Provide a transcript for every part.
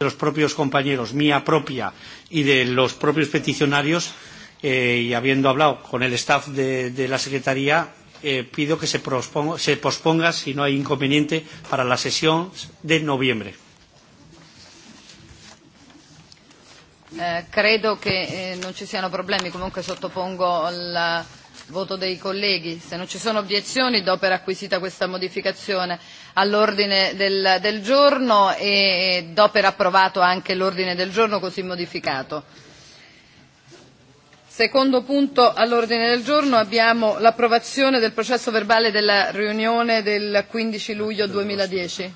de los propios compañeros, mía propia y de los propios peticionarios, eh, y habiendo hablado con el staff de, de la Secretaría, eh, pido que se, posponga, se posponga, si no hay inconveniente, para la sesión de noviembre. Eh, credo che eh, non ci siano problemi, comunque sottopongo la voto dei colleghi. Se non ci sono obiezioni do per acquisita questa modificazione all'ordine del, del giorno e do per approvato anche l'ordine del giorno così modificato. Secondo punto all'ordine del giorno abbiamo l'approvazione del processo verbale della riunione del 15 luglio 2010.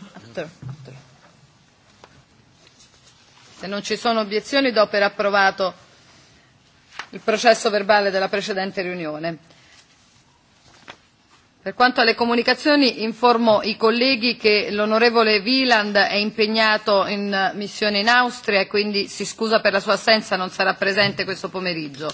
Se non ci sono obiezioni do per approvato il processo verbale della precedente riunione. Per quanto alle comunicazioni, informo i colleghi che l'onorevole Wieland è impegnato in missione in Austria e quindi si scusa per la sua assenza, non sarà presente questo pomeriggio.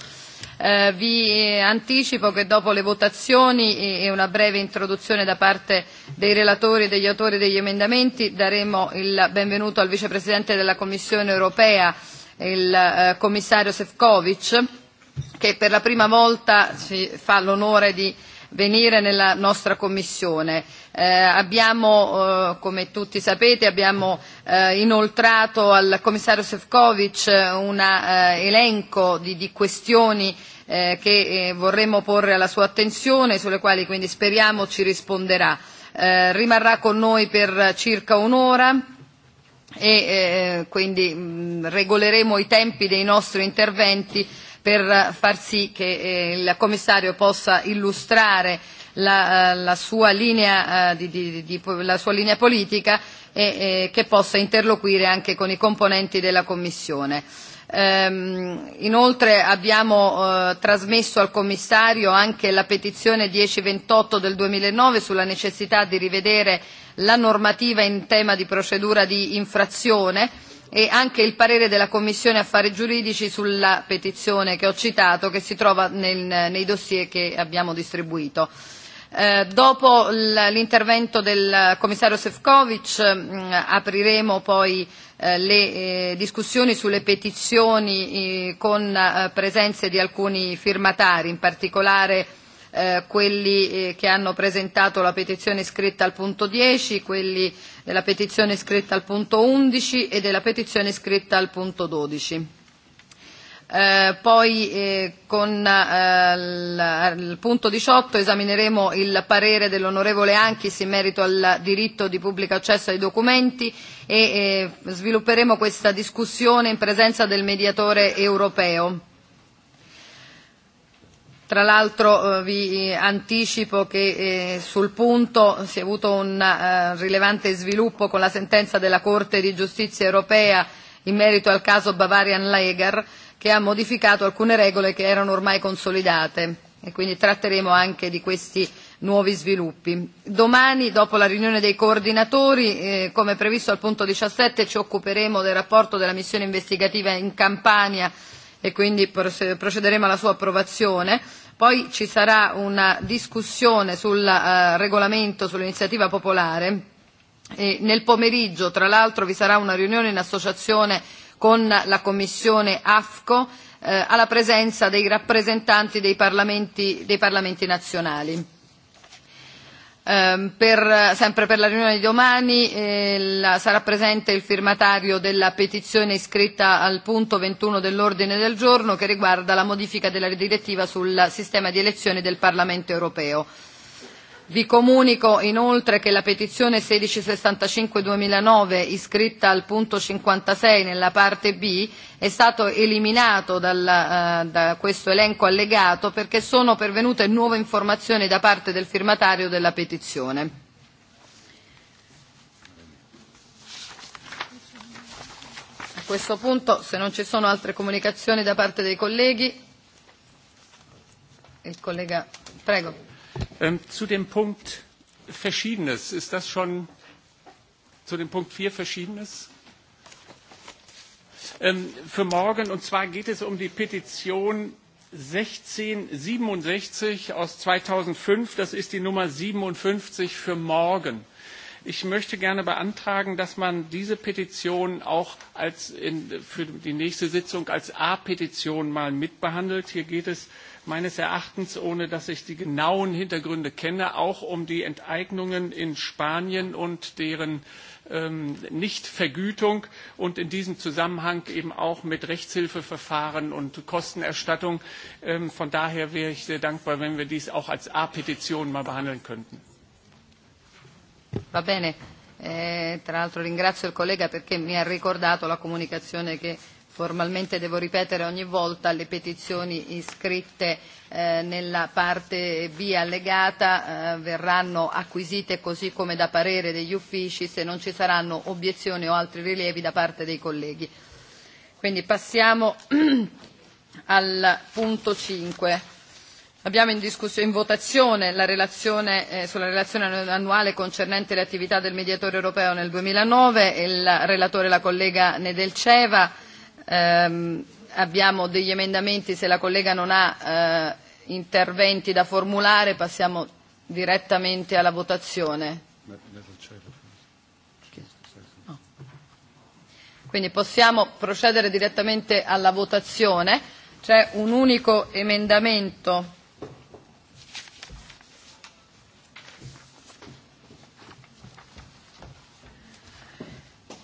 Eh, vi anticipo che dopo le votazioni e, e una breve introduzione da parte dei relatori e degli autori degli emendamenti daremo il benvenuto al vicepresidente della Commissione europea, il eh, commissario Sefcovic che per la prima volta ci fa l'onore di venire nella nostra Commissione. Eh, abbiamo, eh, come tutti sapete, abbiamo eh, inoltrato al commissario Sefcovic eh, un eh, elenco di, di questioni eh, che eh, vorremmo porre alla sua attenzione, sulle quali quindi speriamo ci risponderà. Eh, rimarrà con noi per circa un'ora e eh, quindi mh, mm, regoleremo i tempi dei nostri interventi per far sì che eh, il commissario possa illustrare la, eh, la, sua, linea, eh, di, di, di, la sua linea politica e eh, che possa interloquire anche con i componenti della Commissione. Ehm, inoltre abbiamo eh, trasmesso al Commissario anche la petizione 1028 del 2009 sulla necessità di rivedere la normativa in tema di procedura di infrazione e anche il parere della Commissione Affari Giuridici sulla petizione che ho citato che si trova nel, nei dossier che abbiamo distribuito. Eh, dopo l'intervento del commissario Sefcovic mm, apriremo poi eh, le eh, discussioni sulle petizioni eh, con eh, presenze di alcuni firmatari, in particolare eh, eh, quelli eh, che hanno presentato la petizione scritta al punto 10, quelli della petizione scritta al punto 11 e della petizione scritta al punto 12. Eh, poi eh, con eh, il punto 18 esamineremo il parere dell'onorevole Anchis in merito al diritto di pubblico accesso ai documenti e eh, svilupperemo questa discussione in presenza del mediatore europeo. Tra l'altro eh, vi eh, anticipo che eh, sul punto si è avuto un eh, rilevante sviluppo con la sentenza della Corte di giustizia europea in merito al caso Bavarian Lager, che ha modificato alcune regole che erano ormai consolidate e quindi tratteremo anche di questi nuovi sviluppi. Domani, dopo la riunione dei coordinatori, eh, come previsto al punto 17, ci occuperemo del rapporto della missione investigativa in Campania e quindi procederemo alla sua approvazione. Poi ci sarà una discussione sul eh, regolamento sull'iniziativa popolare. E nel pomeriggio, tra l'altro, vi sarà una riunione in associazione con la Commissione AFCO eh, alla presenza dei rappresentanti dei parlamenti, dei parlamenti nazionali. Ehm, per, sempre per la riunione di domani eh, la, sarà presente il firmatario della petizione iscritta al punto 21 dell'ordine del giorno che riguarda la modifica della direttiva sul sistema di elezioni del Parlamento europeo. Vi comunico inoltre che la petizione 1665-2009 iscritta al punto 56 nella parte B è stato eliminato dal, eh, da questo elenco allegato perché sono pervenute nuove informazioni da parte del firmatario della petizione. A questo punto, se non ci sono altre comunicazioni da parte dei colleghi, il collega, prego. Ähm, zu dem Punkt Verschiedenes, ist das schon zu dem Punkt 4 Verschiedenes? Ähm, für morgen, und zwar geht es um die Petition 1667 aus 2005, das ist die Nummer 57 für morgen. Ich möchte gerne beantragen, dass man diese Petition auch als in, für die nächste Sitzung als A-Petition mal mitbehandelt. Hier geht es meines Erachtens, ohne dass ich die genauen Hintergründe kenne, auch um die Enteignungen in Spanien und deren ähm, Nichtvergütung und in diesem Zusammenhang eben auch mit Rechtshilfeverfahren und Kostenerstattung. Ähm, von daher wäre ich sehr dankbar, wenn wir dies auch als A-Petition mal behandeln könnten. Va bene. Eh, tra l'altro ringrazio il collega perché mi ha ricordato la comunicazione che formalmente devo ripetere ogni volta le petizioni iscritte eh, nella parte B allegata eh, verranno acquisite così come da parere degli uffici se non ci saranno obiezioni o altri rilievi da parte dei colleghi. Quindi passiamo al punto 5. Abbiamo in, in votazione la relazione, eh, sulla relazione annuale concernente le attività del mediatore europeo nel 2009, e il relatore la collega Nedelceva Ehm, abbiamo degli emendamenti, se la collega non ha eh, interventi da formulare passiamo direttamente alla votazione. Quindi possiamo procedere direttamente alla votazione. C'è un unico emendamento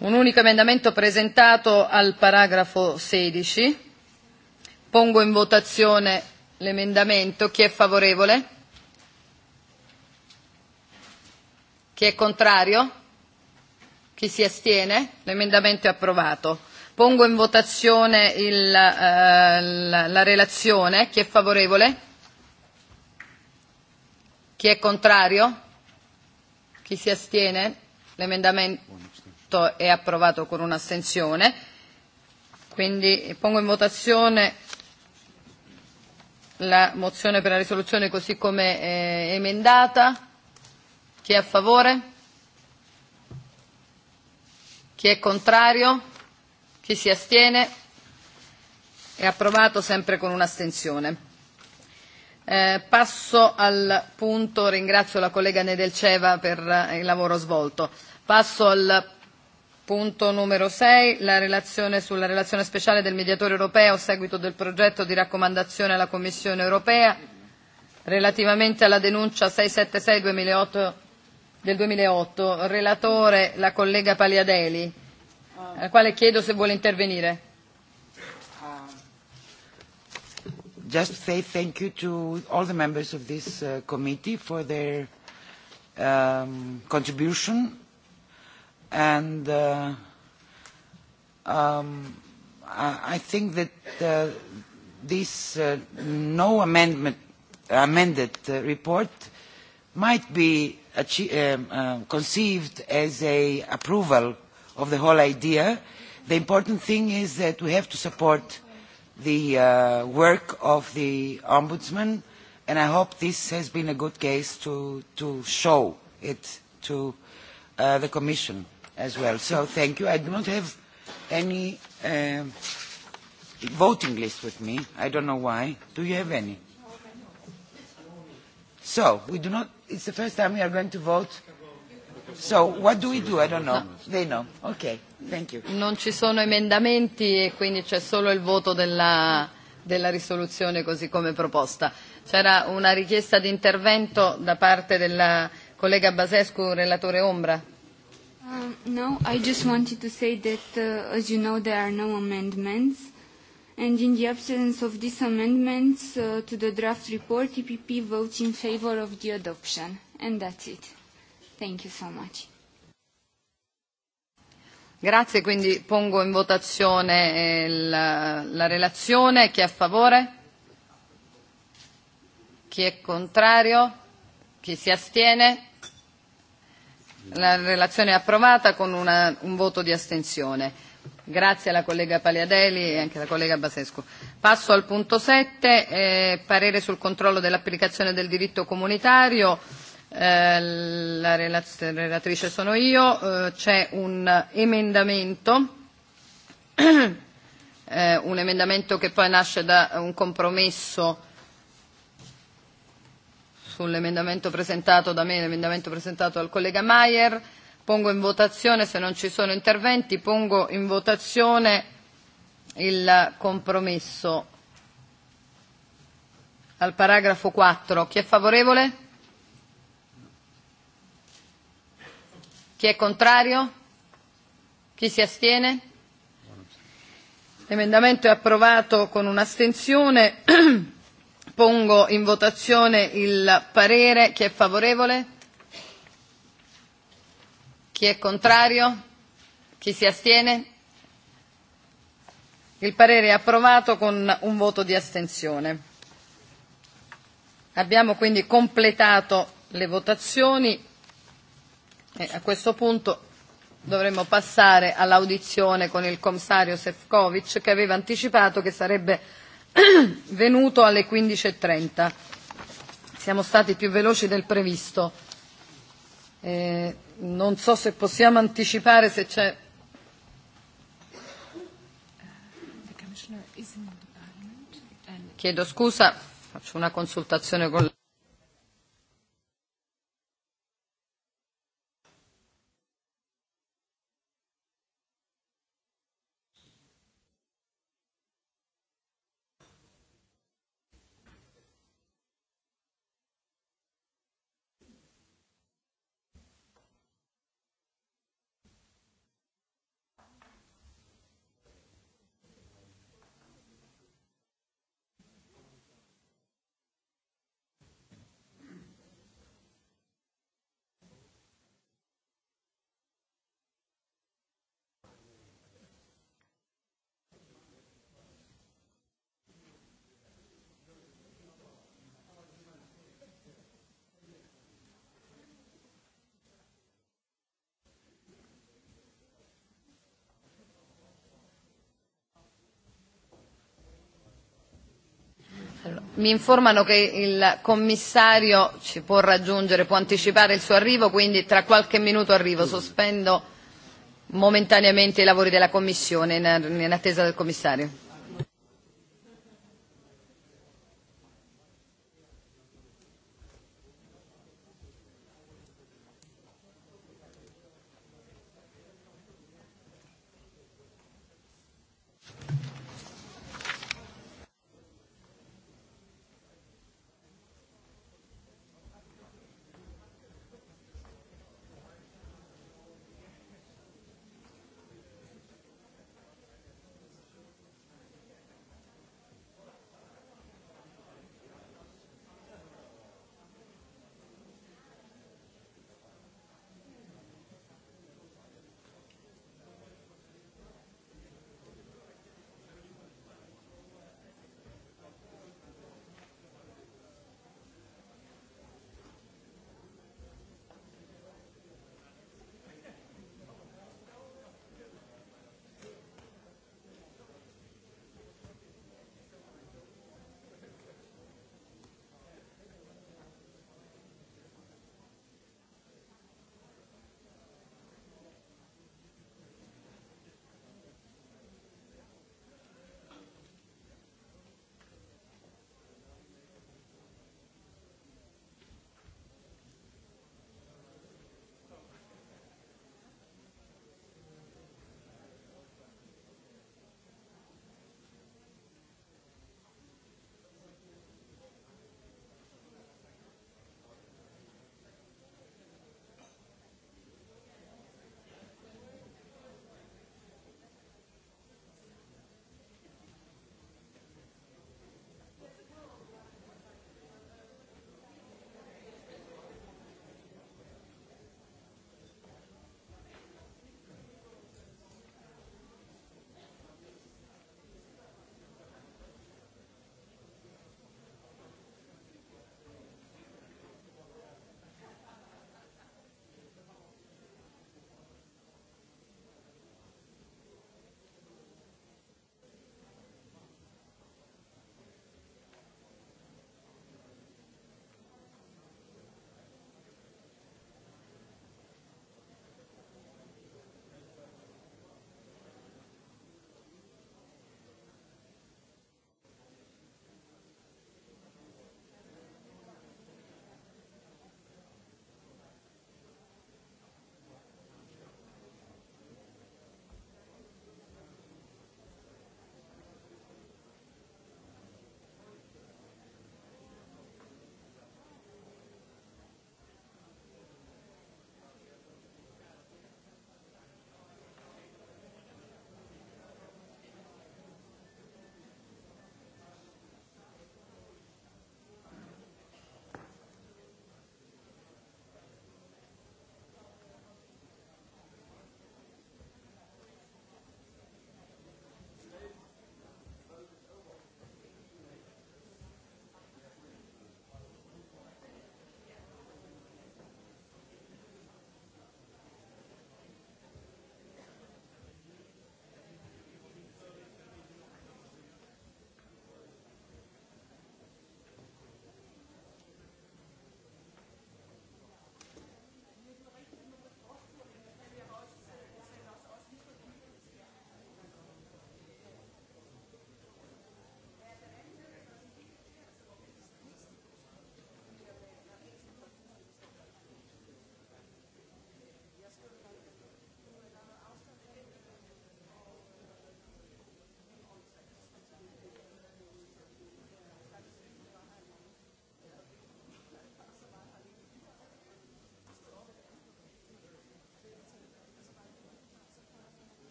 Un unico emendamento presentato al paragrafo 16. Pongo in votazione l'emendamento. Chi è favorevole? Chi è contrario? Chi si astiene? L'emendamento è approvato. Pongo in votazione il, uh, la, la relazione. Chi è favorevole? Chi è contrario? Chi si astiene? L'emendamento 8 è approvato con un'astensione. Quindi pongo in votazione la mozione per la risoluzione così come eh, emendata. Chi è a favore? Chi è contrario? Chi si astiene? È approvato sempre con un'astensione. Eh, passo al punto, ringrazio la collega Nedelceva per eh, il lavoro svolto. Passo al Punto numero 6, la relazione sulla relazione speciale del mediatore europeo a seguito del progetto di raccomandazione alla Commissione europea relativamente alla denuncia 676-2008 del 2008, relatore la collega Paliadeli, alla quale chiedo se vuole intervenire. Uh, just say thank you to all the members of this uh, committee for their um, contribution And uh, um, I think that uh, this uh, no amendment, amended uh, report might be uh, uh, conceived as a approval of the whole idea. The important thing is that we have to support the uh, work of the Ombudsman, and I hope this has been a good case to, to show it to uh, the Commission as well. So thank you. I do not have any uh, voting list with me. I don't know why. Do you have any? So we do not, it's the first time we are going to vote. So what do we do? I don't know. They know. Okay. Thank you. Non ci sono emendamenti e quindi c'è solo il voto della della risoluzione così come proposta. C'era una richiesta di intervento da parte della collega Basescu, relatore Ombra. Um, no, I just wanted to say that, uh, as you know, there are no amendments. And in the absence of these amendments uh, to the draft report, EPP votes in favor of the adoption. And that's it. Thank you so much. Grazie, quindi pongo in votazione eh, il, la relazione. Chi è a favore? Chi è contrario? Chi si astiene? La relazione è approvata con una, un voto di astensione. Grazie alla collega Paliadeli e anche alla collega Basescu. Passo al punto 7, eh, parere sul controllo dell'applicazione del diritto comunitario. Eh, la relatrice sono io, eh, c'è un emendamento, eh, un emendamento che poi nasce da un compromesso sull'emendamento presentato da me, l'emendamento presentato dal collega Maier. Pongo in votazione, se non ci sono interventi, pongo in votazione il compromesso al paragrafo 4. Chi è favorevole? Chi è contrario? Chi si astiene? L'emendamento è approvato con un'astensione. Pongo in votazione il parere. Chi è favorevole? Chi è contrario? Chi si astiene? Il parere è approvato con un voto di astensione. Abbiamo quindi completato le votazioni e a questo punto dovremmo passare all'audizione con il commissario Sefcovic che aveva anticipato che sarebbe venuto alle 15.30. E Siamo stati più veloci del previsto. Eh, non so se possiamo anticipare se c'è. Chiedo scusa, faccio una consultazione con. lei. mi informano che il commissario ci può raggiungere, può anticipare il suo arrivo, quindi tra qualche minuto arrivo. Sospendo momentaneamente i lavori della Commissione in, attesa del commissario.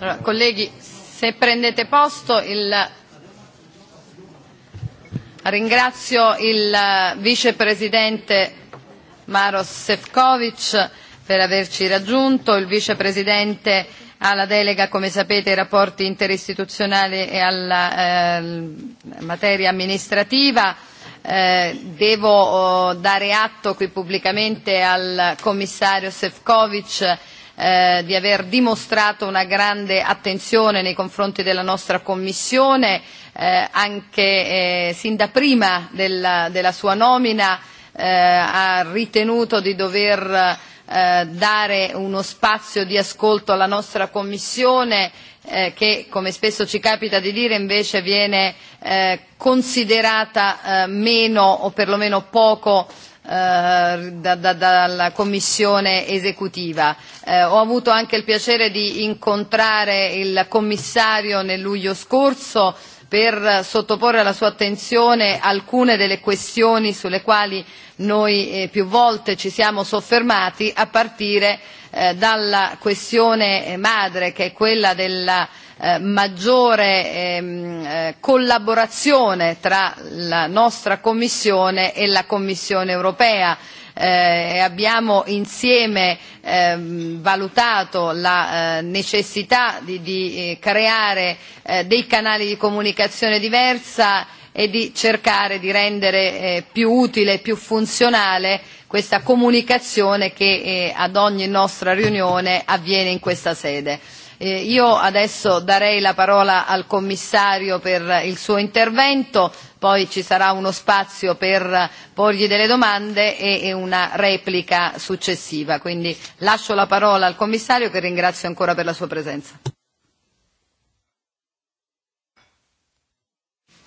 Allora, colleghi, se prendete posto il Ringrazio il eh, vicepresidente Maros Sefcovic per averci raggiunto, il vicepresidente alla delega, come sapete, ai rapporti interistituzionali e alla eh, materia amministrativa. Eh, devo oh, dare atto qui pubblicamente al commissario Sefcovic Eh, di aver dimostrato una grande attenzione nei confronti della nostra Commissione, eh, anche eh, sin da prima della, della sua nomina eh, ha ritenuto di dover eh, dare uno spazio di ascolto alla nostra Commissione eh, che, come spesso ci capita di dire, invece viene eh, considerata eh, meno o perlomeno poco eh, Eh, da, da, dalla commissione esecutiva. Eh, ho avuto anche il piacere di incontrare il commissario nel luglio scorso per sottoporre alla sua attenzione alcune delle questioni sulle quali noi eh, più volte ci siamo soffermati a partire eh, dalla questione eh, madre che è quella della Eh, maggiore ehm, eh, collaborazione tra la nostra Commissione e la Commissione europea eh, e abbiamo insieme ehm, valutato la eh, necessità di, di eh, creare eh, dei canali di comunicazione diversa e di cercare di rendere eh, più utile e più funzionale questa comunicazione che eh, ad ogni nostra riunione avviene in questa sede. Eh, io adesso darei la parola al commissario per il suo intervento, poi ci sarà uno spazio per porgli delle domande e, e una replica successiva. Quindi lascio la parola al commissario che ringrazio ancora per la sua presenza.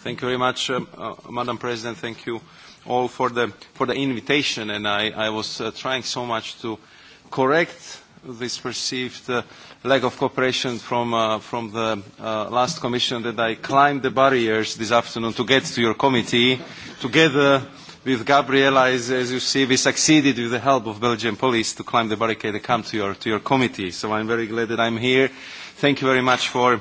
Thank you very much, uh, uh, Madam President. Thank you all for the, for the invitation. And I, I was uh, trying so much to correct this perceived uh, lack of cooperation from, uh, from the uh, last commission that I climbed the barriers this afternoon to get to your committee. Together with Gabriela, as, as you see, we succeeded with the help of Belgian police to climb the barricade and come to your, to your committee. So I'm very glad that I'm here. Thank you very much for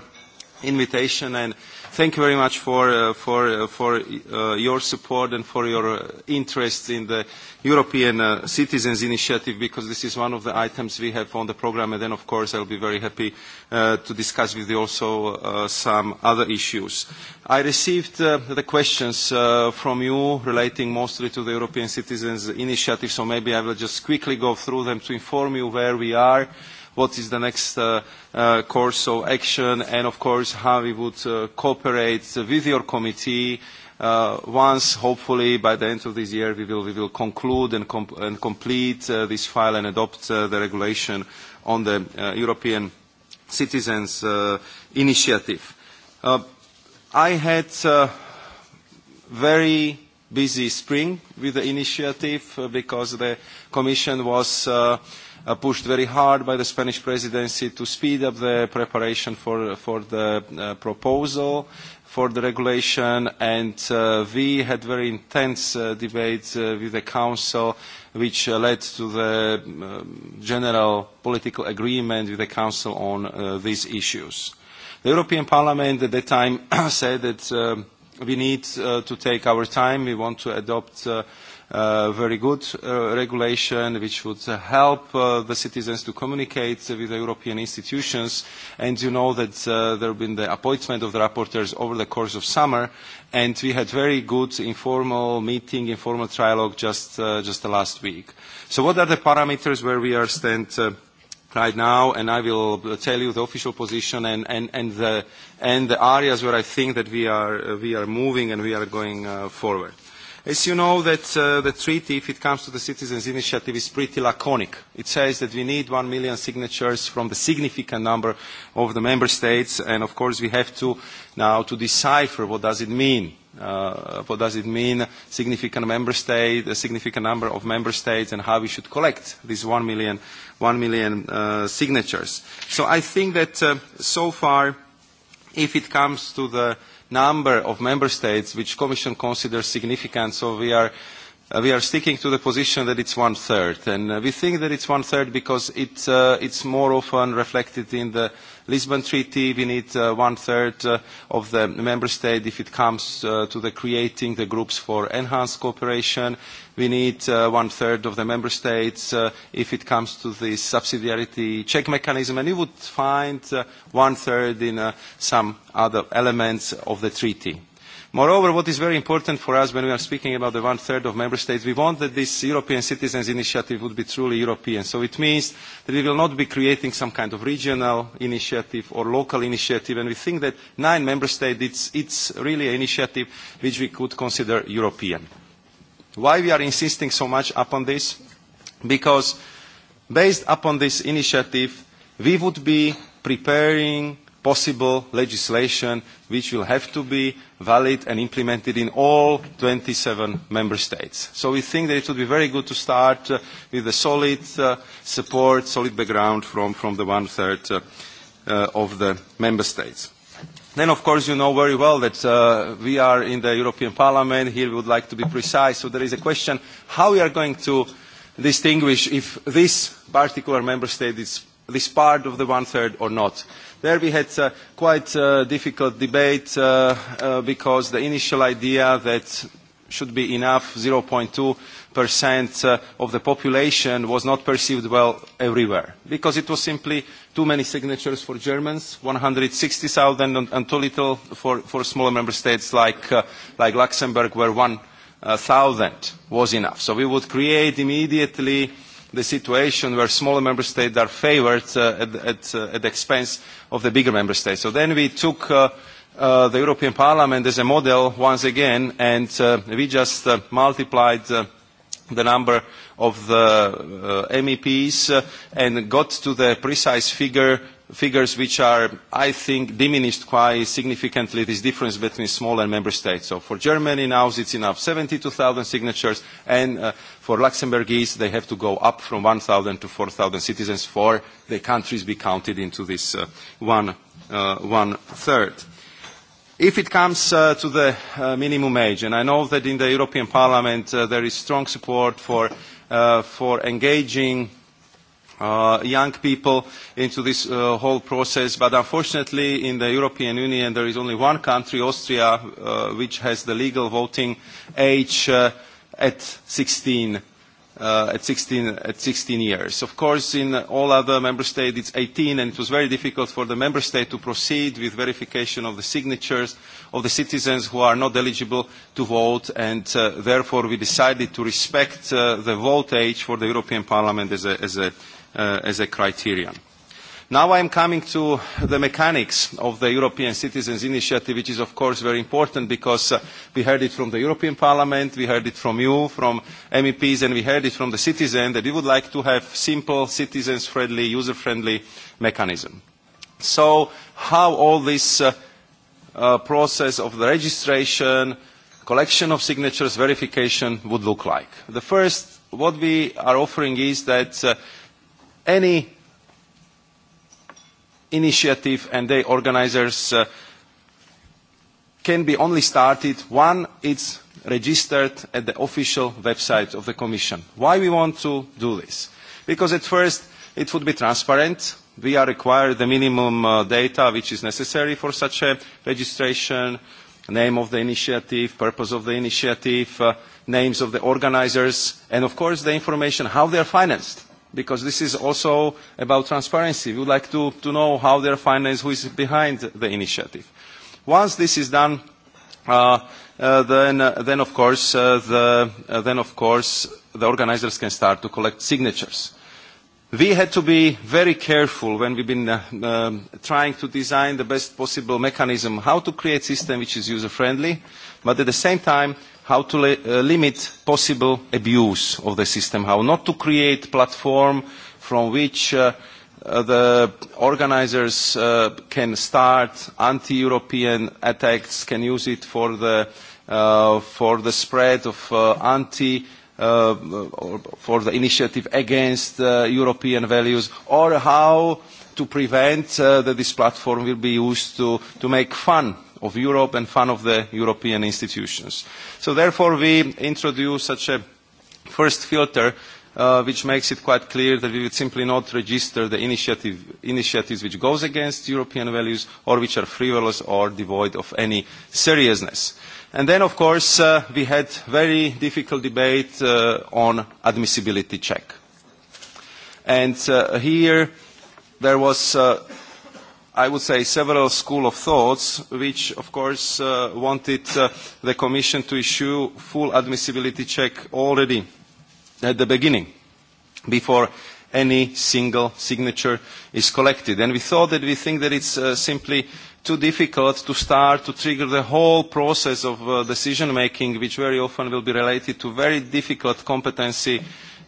invitation and Thank you very much for, uh, for, uh, for uh, your support and for your uh, interest in the European uh, Citizens Initiative because this is one of the items we have on the program and then of course I'll be very happy uh, to discuss with you also uh, some other issues. I received uh, the questions uh, from you relating mostly to the European Citizens Initiative so maybe I will just quickly go through them to inform you where we are what is the next uh, uh, course of action, and of course how we would uh, cooperate with your committee uh, once, hopefully, by the end of this year, we will, we will conclude and, com and complete uh, this file and adopt uh, the regulation on the uh, European Citizens uh, Initiative. Uh, I had a very busy spring with the initiative uh, because the Commission was uh, uh, pushed very hard by the Spanish presidency to speed up the preparation for, for the uh, proposal for the regulation and uh, we had very intense uh, debates uh, with the Council which uh, led to the um, general political agreement with the Council on uh, these issues. The European Parliament at that time said that uh, we need uh, to take our time, we want to adopt uh, uh, very good uh, regulation which would uh, help uh, the citizens to communicate with the European institutions. And you know that uh, there have been the appointment of the rapporteurs over the course of summer, and we had very good informal meeting, informal trialogue just, uh, just the last week. So what are the parameters where we are stand uh, right now, and I will tell you the official position and, and, and, the, and the areas where I think that we are, uh, we are moving and we are going uh, forward. As you know, that, uh, the treaty, if it comes to the citizens' initiative, is pretty laconic. It says that we need one million signatures from the significant number of the member states, and of course we have to now to decipher what does it mean. Uh, what does it mean, significant member state, a significant number of member states, and how we should collect these one million, one million uh, signatures. So I think that uh, so far, if it comes to the number of member states which Commission considers significant, so we are uh, we are sticking to the position that it's one third, and uh, we think that it's one third because it, uh, it's more often reflected in the Lisbon Treaty, we need uh, one-third uh, of the member state if it comes uh, to the creating the groups for enhanced cooperation. We need uh, one-third of the member states uh, if it comes to the subsidiarity check mechanism, and you would find uh, one-third in uh, some other elements of the treaty. Moreover, what is very important for us when we are speaking about the one-third of member states, we want that this European Citizens Initiative would be truly European. So it means that we will not be creating some kind of regional initiative or local initiative, and we think that nine member states, it's, it's really an initiative which we could consider European. Why we are insisting so much upon this? Because based upon this initiative, we would be preparing possible legislation which will have to be valid and implemented in all 27 member states. So we think that it would be very good to start uh, with a solid uh, support, solid background from, from the one-third uh, uh, of the member states. Then, of course, you know very well that uh, we are in the European Parliament. Here we would like to be precise. So there is a question how we are going to distinguish if this particular member state is this part of the one-third or not. There we had uh, a quite uh, difficult debate uh, uh, because the initial idea that should be enough, 0.2% uh, of the population was not perceived well everywhere because it was simply too many signatures for Germans, 160,000 and too little for, for smaller member states like, uh, like Luxembourg where 1,000 uh, was enough. So we would create immediately the situation where smaller member states are favored uh, at, at, uh, at the expense of the bigger member states. So then we took uh, uh, the European Parliament as a model once again, and uh, we just uh, multiplied uh, the number of the uh, MEPs uh, and got to the precise figure figures which are, I think, diminished quite significantly, this difference between small and member states. So for Germany now it's enough 72,000 signatures, and uh, for Luxembourgese they have to go up from 1,000 to 4,000 citizens for the countries be counted into this uh, one, uh, one third. If it comes uh, to the uh, minimum age, and I know that in the European Parliament uh, there is strong support for, uh, for engaging uh, young people into this uh, whole process. But unfortunately, in the European Union, there is only one country, Austria, uh, which has the legal voting age uh, at 16 uh, at, 16, at 16 years. Of course, in all other member states, it's 18, and it was very difficult for the member state to proceed with verification of the signatures of the citizens who are not eligible to vote, and uh, therefore we decided to respect uh, the vote age for the European Parliament as a, as a, uh, as a criterion. Now I am coming to the mechanics of the European Citizens Initiative, which is of course very important because uh, we heard it from the European Parliament, we heard it from you, from MEPs, and we heard it from the citizen that we would like to have simple, citizens-friendly, user-friendly mechanism. So how all this uh, uh, process of the registration, collection of signatures, verification would look like? The first, what we are offering is that uh, any initiative and the organizers uh, can be only started when it's registered at the official website of the Commission. Why we want to do this? Because at first it would be transparent. We are required the minimum uh, data which is necessary for such a registration, name of the initiative, purpose of the initiative, uh, names of the organizers, and of course the information how they are financed because this is also about transparency. We would like to, to know how they are financed, who is behind the initiative. Once this is done, uh, uh, then, uh, then, of course, uh, the, uh, then of course the organizers can start to collect signatures. We had to be very careful when we've been uh, um, trying to design the best possible mechanism how to create a system which is user-friendly, but at the same time how to li uh, limit possible abuse of the system, how not to create platform from which uh, uh, the organizers uh, can start anti-European attacks, can use it for the, uh, for the spread of uh, anti uh, or for the initiative against uh, European values, or how to prevent uh, that this platform will be used to, to make fun of Europe and fan of the European institutions. So therefore we introduce such a first filter uh, which makes it quite clear that we would simply not register the initiative, initiatives which goes against European values or which are frivolous or devoid of any seriousness. And then, of course, uh, we had very difficult debate uh, on admissibility check. And uh, here there was uh, I would say, several school of thoughts, which, of course, uh, wanted uh, the Commission to issue full admissibility check already at the beginning, before any single signature is collected. And we thought that we think that it's uh, simply too difficult to start to trigger the whole process of uh, decision making, which very often will be related to very difficult competency uh,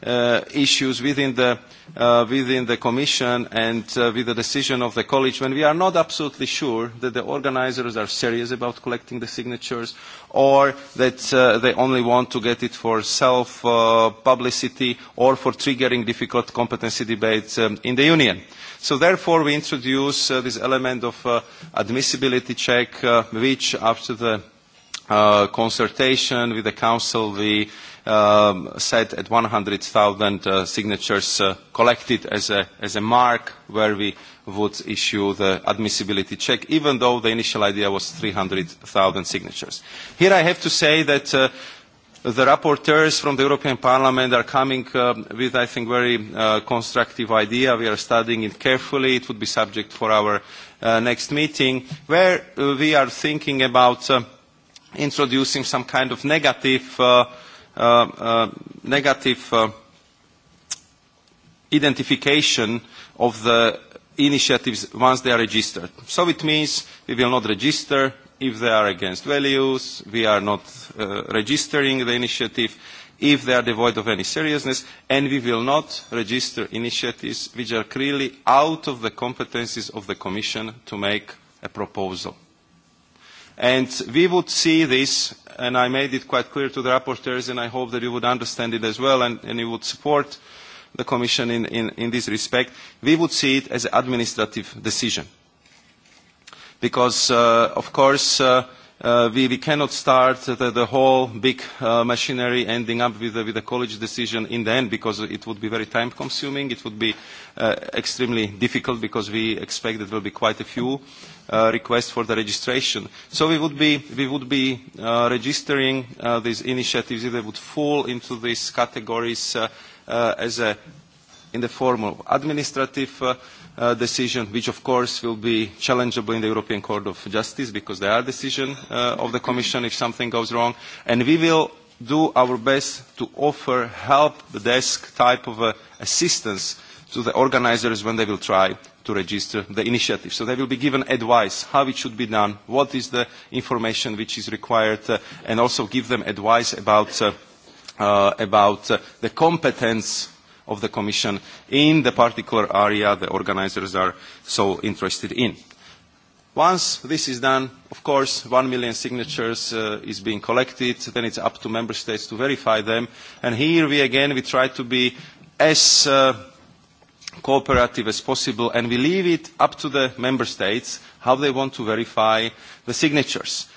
uh, issues within the, uh, within the Commission and uh, with the decision of the College when we are not absolutely sure that the organizers are serious about collecting the signatures or that uh, they only want to get it for self-publicity uh, or for triggering difficult competency debates um, in the Union. So therefore we introduce uh, this element of uh, admissibility check uh, which after the uh, consultation with the Council we um, set at 100,000 uh, signatures uh, collected as a, as a mark where we would issue the admissibility check, even though the initial idea was 300,000 signatures. Here I have to say that uh, the rapporteurs from the European Parliament are coming uh, with, I think, very uh, constructive idea. We are studying it carefully. It would be subject for our uh, next meeting, where uh, we are thinking about uh, introducing some kind of negative uh, Uh, uh, negative uh, identification of the initiatives once they are registered. So it means we will not register if they are against values, we are not uh, registering the initiative, if they are devoid of any seriousness, and we will not register initiatives which are clearly out of the competencies of the Commission to make a proposal. And we would see this, and I made it quite clear to the rapporteurs, and I hope that you would understand it as well, and, and you would support the Commission in, in, in this respect, we would see it as an administrative decision. Because, uh, of course, uh, uh, we, we cannot start the, the whole big uh, machinery ending up with, uh, with a college decision in the end because it would be very time consuming, it would be uh, extremely difficult because we expect there will be quite a few uh, Uh, request for the registration. So we would be, we would be uh, registering uh, these initiatives if they would fall into these categories uh, uh, as a, in the form of administrative uh, uh, decision, which of course will be challengeable in the European Court of Justice because they are decision uh, of the Commission if something goes wrong. And we will do our best to offer help the desk type of uh, assistance to the organizers when they will try to register the initiative. So they will be given advice how it should be done, what is the information which is required, uh, and also give them advice about, uh, uh, about uh, the competence of the Commission in the particular area the organizers are so interested in. Once this is done, of course, one million signatures uh, is being collected, then it's up to member states to verify them. And here we again, we try to be as uh, cooperative as possible and we leave it up to the member states how they want to verify the signatures.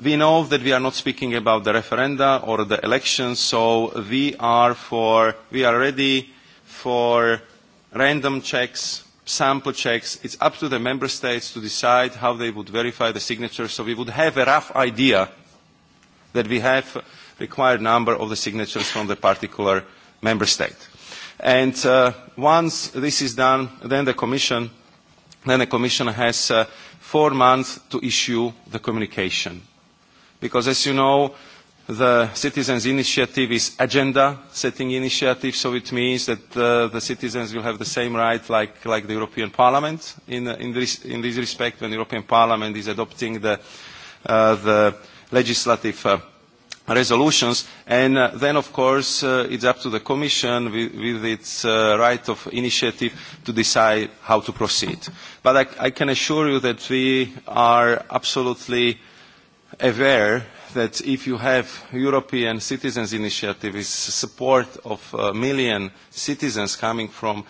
We know that we are not speaking about the referenda or the elections, so we are, for, we are ready for random checks, sample checks. It's up to the member states to decide how they would verify the signatures, so we would have a rough idea that we have required number of the signatures from the particular member state. And uh, once this is done, then the Commission, then the commission has uh, four months to issue the communication. Because as you know, the citizens' initiative is agenda-setting initiative, so it means that uh, the citizens will have the same right like, like the European Parliament in, uh, in, this, in this respect when the European Parliament is adopting the, uh, the legislative uh, resolutions and uh, then of course uh, it's up to the Commission with, with its uh, right of initiative to decide how to proceed. But I, I can assure you that we are absolutely aware that if you have European Citizens Initiative, with support of a uh, million citizens coming from uh,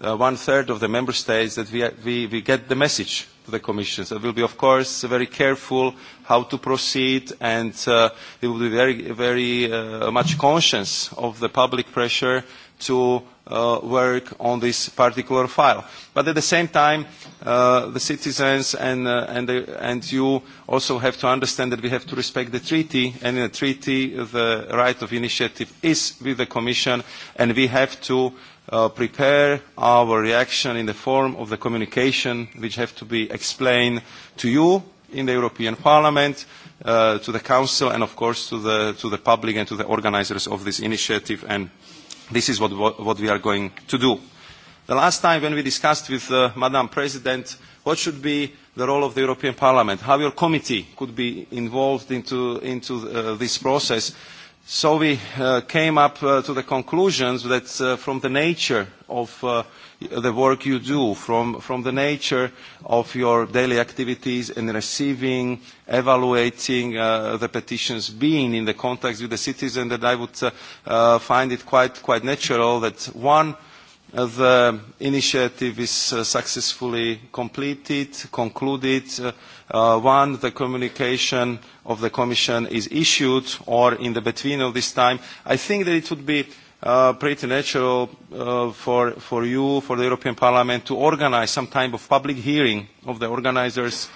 uh, one-third of the member states that we, we, we get the message to the Commission. So it will be, of course, very careful how to proceed, and uh, it will be very, very uh, much conscious of the public pressure to uh, work on this particular file. But at the same time, uh, the citizens and, uh, and, the, and you also have to understand that we have to respect the treaty, and in the treaty the right of initiative is with the Commission, and we have to uh, prepare our reaction in the form of the communication which have to be explained to you in the European Parliament, uh, to the Council and of course to the, to the public and to the organizers of this initiative and this is what, what, what we are going to do. The last time when we discussed with uh, Madam President what should be the role of the European Parliament, how your committee could be involved into, into uh, this process, So we uh, came up uh, to the conclusions that uh, from the nature of uh, the work you do, from, from the nature of your daily activities in receiving, evaluating uh, the petitions, being in the contacts with the citizens, that I would uh, uh, find it quite, quite natural that one – the uh, initiative is uh, successfully completed, concluded, uh, uh, one, the communication of the Commission is issued, or in the between of this time, I think that it would be uh, pretty natural uh, for, for you, for the European Parliament, to organize some type of public hearing of the organizers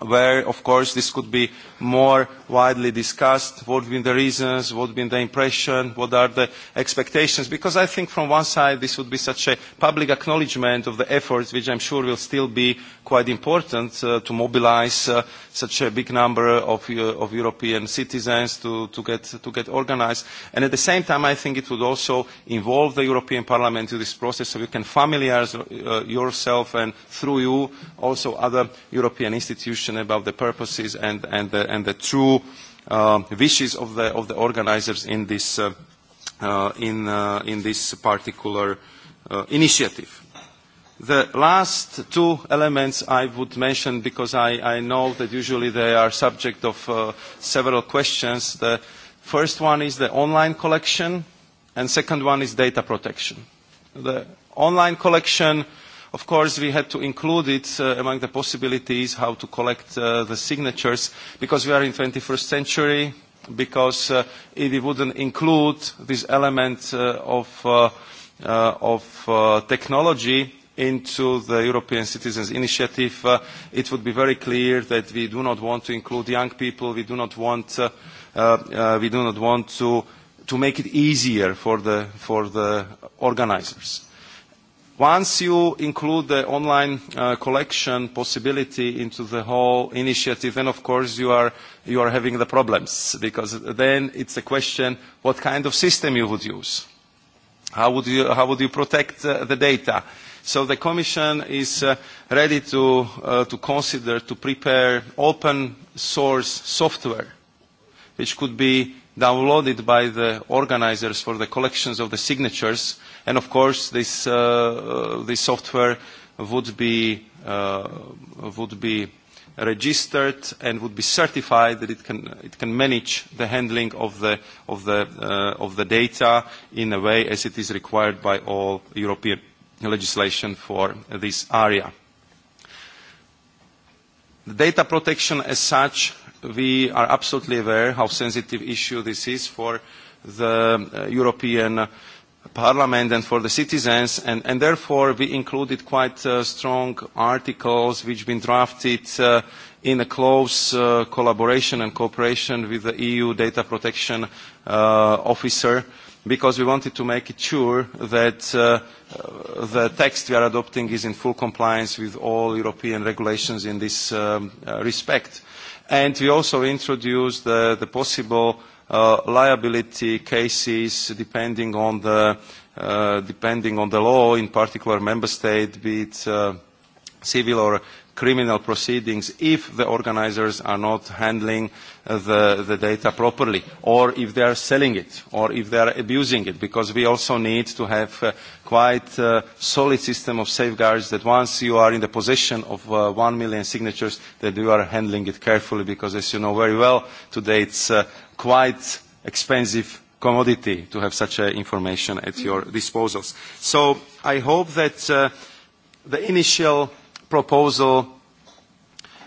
where, of course, this could be more widely discussed, what have been the reasons, what have been the impression, what are the expectations, because I think from one side this would be such a public acknowledgement of the efforts, which I'm sure will still be quite important uh, to mobilize uh, such a big number of, uh, of European citizens to, to, get, to get organized. And at the same time, I think it would also involve the European Parliament in this process so you can familiarize uh, yourself and through you also other European institutions question about the purposes and, and, the, and the true uh, wishes of the, of the organizers in this, uh, uh, in, uh, in this particular uh, initiative. The last two elements I would mention because I, I know that usually they are subject of uh, several questions. The first one is the online collection and second one is data protection. The online collection Of course, we had to include it uh, among the possibilities how to collect uh, the signatures because we are in 21st century, because uh, we wouldn't include this element uh, of, uh, uh, of uh, technology into the European Citizens Initiative, uh, it would be very clear that we do not want to include young people, we do not want, uh, uh, we do not want to, to make it easier for the, for the organizers. Once you include the online uh, collection possibility into the whole initiative, then of course you are, you are having the problems because then it's a question what kind of system you would use. How would you, how would you protect uh, the data? So the Commission is uh, ready to, uh, to consider to prepare open source software which could be downloaded by the organizers for the collections of the signatures And of course, this, uh, uh, this software would be, uh, would be registered and would be certified that it can, it can manage the handling of the, of, the, uh, of the data in a way as it is required by all European legislation for this area. The data protection as such, we are absolutely aware how sensitive issue this is for the uh, European uh, parliament and for the citizens and, and therefore we included quite uh, strong articles which been drafted uh, in a close uh, collaboration and cooperation with the EU data protection uh, officer because we wanted to make it sure that uh, uh, the text we are adopting is in full compliance with all European regulations in this um, uh, respect. And we also introduced uh, the possible uh, liability cases depending on the uh, depending on the law in particular member state be it uh, civil or criminal proceedings if the organizers are not handling uh, the, the data properly or if they are selling it or if they are abusing it because we also need to have uh, quite a uh, solid system of safeguards that once you are in the possession of uh, one million signatures that you are handling it carefully because as you know very well today it's uh, quite expensive commodity to have such uh, information at mm-hmm. your disposal. So I hope that uh, the initial proposal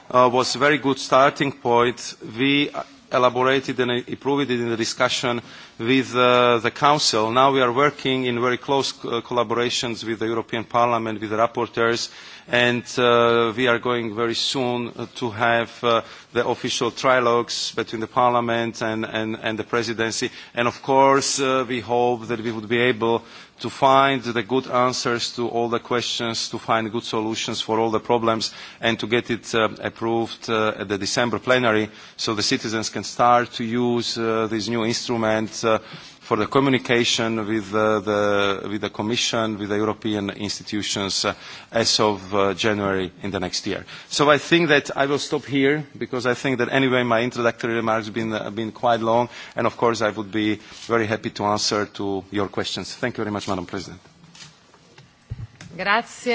uh, was a very good starting point. We uh, elaborated and improved it in the discussion with uh, the Council. Now we are working in very close uh, collaborations with the European Parliament, with the rapporteurs, and uh, we are going very soon uh, to have uh, the official trilogues between the Parliament and, and, and the Presidency. And of course, uh, we hope that we would be able to find the good answers to all the questions, to find good solutions for all the problems, and to get it uh, approved uh, at the December plenary so the citizens can start to use uh, this new instrument uh, for the communication with, uh, the, with the Commission, with the European institutions uh, as of uh, January in the next year. So I think that I will stop here because I think that anyway my introductory remarks have been, uh, been quite long and of course I would be very happy to answer to your questions. Thank you very much, Madam President. Grazie,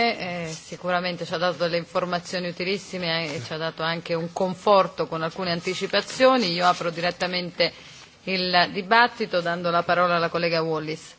eh, sicuramente ci ha dato delle informazioni utilissime eh, e ci ha dato anche un conforto con alcune anticipazioni. Io apro direttamente il dibattito dando la parola alla collega Wallis.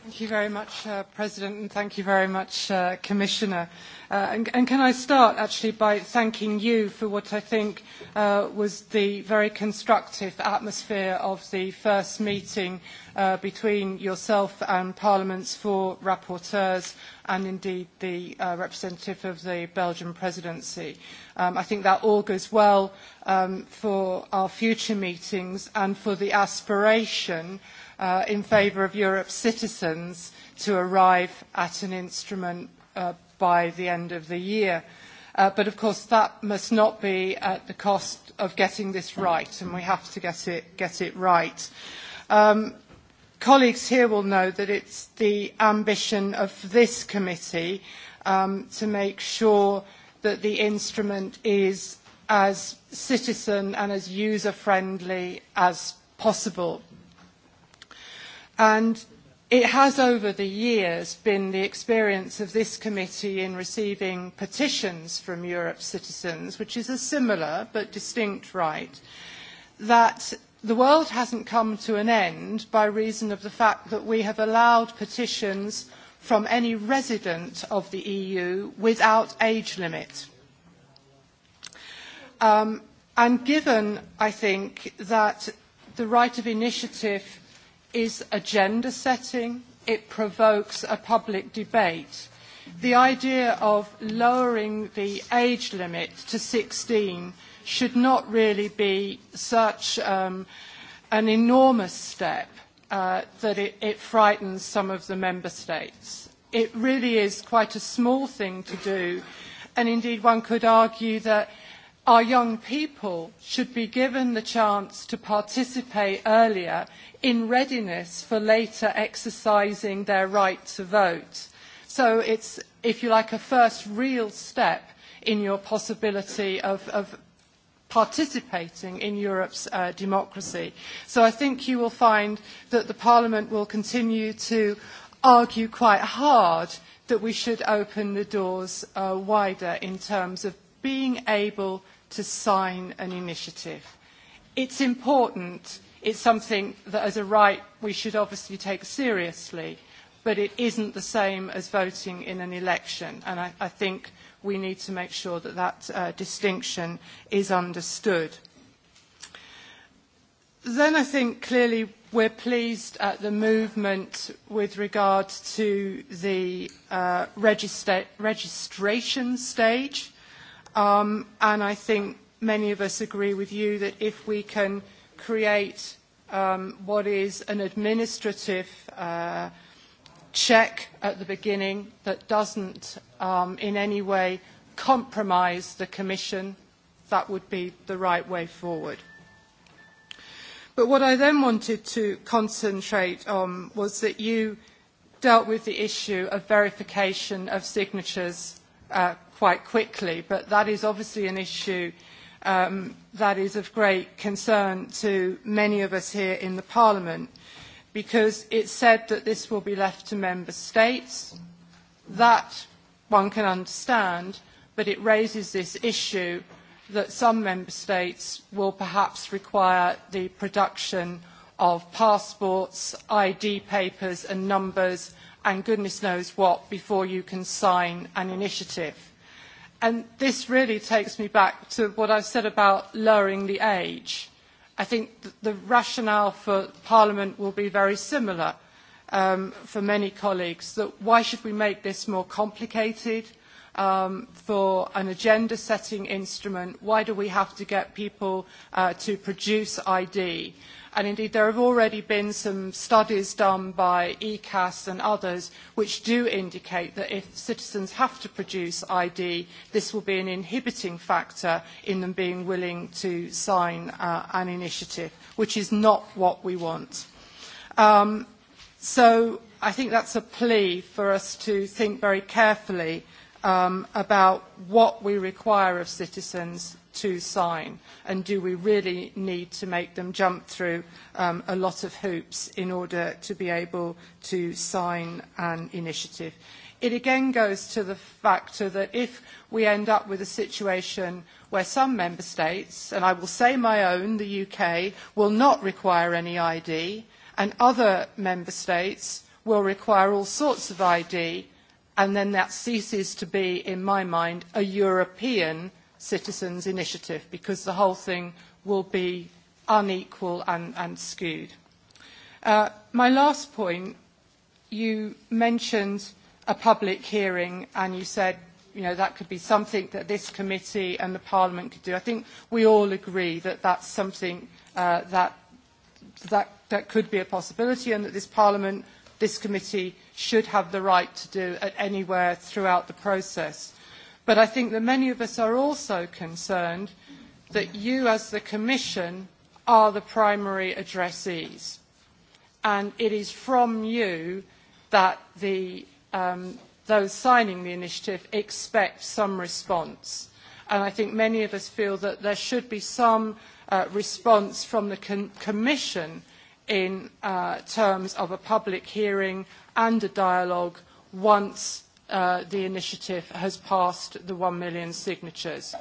Thank you very much, uh, President, and thank you very much, uh, Commissioner. Uh, and, and can I start actually by thanking you for what I think uh, was the very constructive atmosphere of the first meeting uh, between yourself and Parliament's four rapporteurs and indeed the uh, representative of the Belgian presidency. Um, I think that augurs well um, for our future meetings and for the aspiration uh, in favour of Europe's citizens to arrive at an instrument uh, by the end of the year. Uh, but of course that must not be at the cost of getting this right and we have to get it, get it right. Um, colleagues here will know that it's the ambition of this committee um, to make sure that the instrument is as citizen and as user friendly as possible. And It has over the years been the experience of this committee in receiving petitions from Europe's citizens, which is a similar but distinct right, that the world hasn't come to an end by reason of the fact that we have allowed petitions from any resident of the EU without age limit. Um, and given, I think, that the right of initiative is agenda setting. It provokes a public debate. The idea of lowering the age limit to 16 should not really be such um, an enormous step uh, that it, it frightens some of the member states. It really is quite a small thing to do, and indeed one could argue that our young people should be given the chance to participate earlier in readiness for later exercising their right to vote. So it's, if you like, a first real step in your possibility of, of participating in Europe's uh, democracy. So I think you will find that the Parliament will continue to argue quite hard that we should open the doors uh, wider in terms of being able to sign an initiative. It's important. It's something that as a right we should obviously take seriously, but it isn't the same as voting in an election. And I, I think we need to make sure that that uh, distinction is understood. Then I think clearly we're pleased at the movement with regard to the uh, registra registration stage Um, and I think many of us agree with you that if we can create um, what is an administrative uh, check at the beginning that doesn't um, in any way compromise the Commission, that would be the right way forward. But what I then wanted to concentrate on was that you dealt with the issue of verification of signatures uh, quite quickly, but that is obviously an issue um, that is of great concern to many of us here in the Parliament because it's said that this will be left to member states. That one can understand, but it raises this issue that some member states will perhaps require the production of passports, ID papers and numbers and goodness knows what before you can sign an initiative. And this really takes me back to what I said about lowering the age. I think the rationale for Parliament will be very similar um, for many colleagues, that why should we make this more complicated um, for an agenda-setting instrument? Why do we have to get people uh, to produce ID? And indeed, there have already been some studies done by ECAS and others which do indicate that if citizens have to produce ID, this will be an inhibiting factor in them being willing to sign uh, an initiative, which is not what we want. Um, so I think that's a plea for us to think very carefully um, about what we require of citizens to sign? And do we really need to make them jump through um, a lot of hoops in order to be able to sign an initiative? It again goes to the factor that if we end up with a situation where some member states, and I will say my own, the UK, will not require any ID, and other member states will require all sorts of ID, and then that ceases to be, in my mind, a European citizens' initiative because the whole thing will be unequal and, and skewed. Uh, my last point, you mentioned a public hearing and you said you know, that could be something that this committee and the Parliament could do. I think we all agree that that's something uh, that, that, that could be a possibility and that this Parliament, this committee, should have the right to do at anywhere throughout the process. But I think that many of us are also concerned that you as the Commission are the primary addressees. And it is from you that the, um, those signing the initiative expect some response. And I think many of us feel that there should be some uh, response from the com Commission in uh, terms of a public hearing and a dialogue once uh, the initiative has passed the 1 million signatures.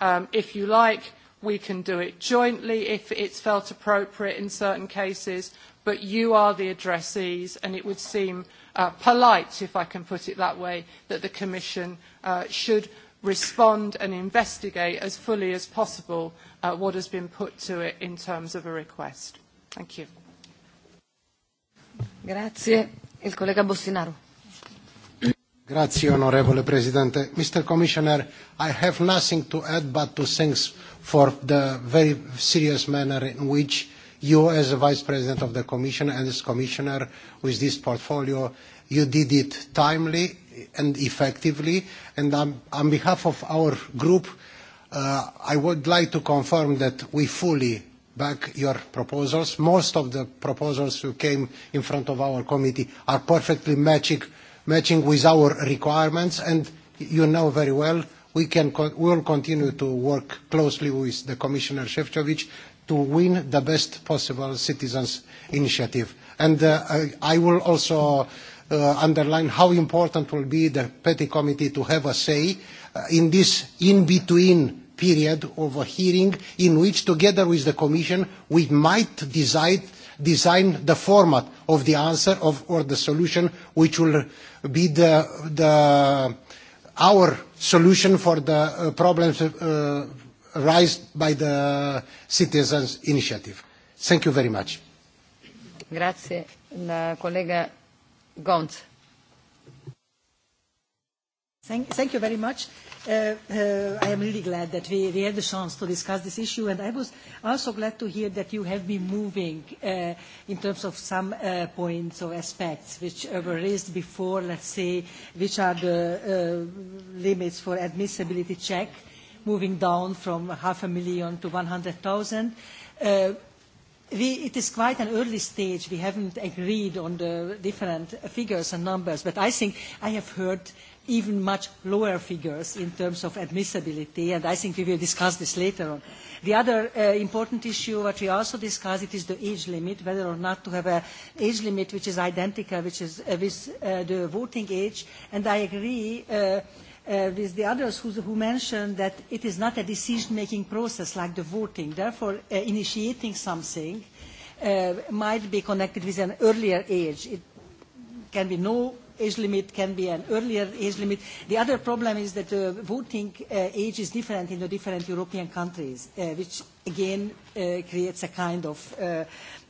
Um, if you like, we can do it jointly if it's felt appropriate in certain cases, but you are the addressees and it would seem uh, polite, if I can put it that way, that the Commission uh, should respond and investigate as fully as possible uh, what has been put to it in terms of a request. Thank you. Grazie. Il collega Bostinaro. Grazie, onorevole President. Mr. Commissioner, I have nothing to add but to thanks for the very serious manner in which you, as a Vice President of the Commission and as Commissioner with this portfolio, you did it timely and effectively. And on, on behalf of our group, uh, I would like to confirm that we fully back your proposals. Most of the proposals who came in front of our committee are perfectly matching matching with our requirements, and you know very well we can con will continue to work closely with the Commissioner Shevchovich to win the best possible citizens' initiative. And uh, I, I will also uh, underline how important will be the Petty Committee to have a say uh, in this in-between period of a hearing in which, together with the Commission, we might decide design the format of the answer of, or the solution which will be the, the, our solution for the uh, problems uh, raised by the citizens initiative. Thank you very much. Grazie. La collega Gont. Thank, thank you very much. Uh, uh, I am really glad that we, we had the chance to discuss this issue, and I was also glad to hear that you have been moving uh, in terms of some uh, points or aspects which uh, were raised before, let's say, which are the uh, limits for admissibility check, moving down from half a million to 100,000. Uh, We, it is quite an early stage. We haven't agreed on the different figures and numbers, but I think I have heard even much lower figures in terms of admissibility, and I think we will discuss this later on. The other uh, important issue that we also discussed it is the age limit, whether or not to have an age limit which is identical which is, uh, with uh, the voting age, and I agree uh, uh, with the others who, who mentioned that it is not a decision-making process like the voting. Therefore, uh, initiating something uh, might be connected with an earlier age. It can be no age limit, can be an earlier age limit. The other problem is that the uh, voting uh, age is different in the different European countries, uh, which again uh, creates a kind of uh,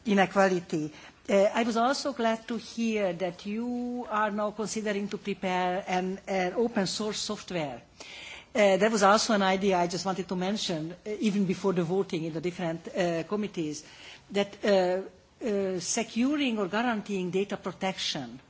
inequality. Uh, I was also glad to hear that you are now considering to prepare an, an open source software. Uh, that was also an idea I just wanted to mention, uh, even before the voting in the different uh, committees, that uh, uh, securing or guaranteeing data protection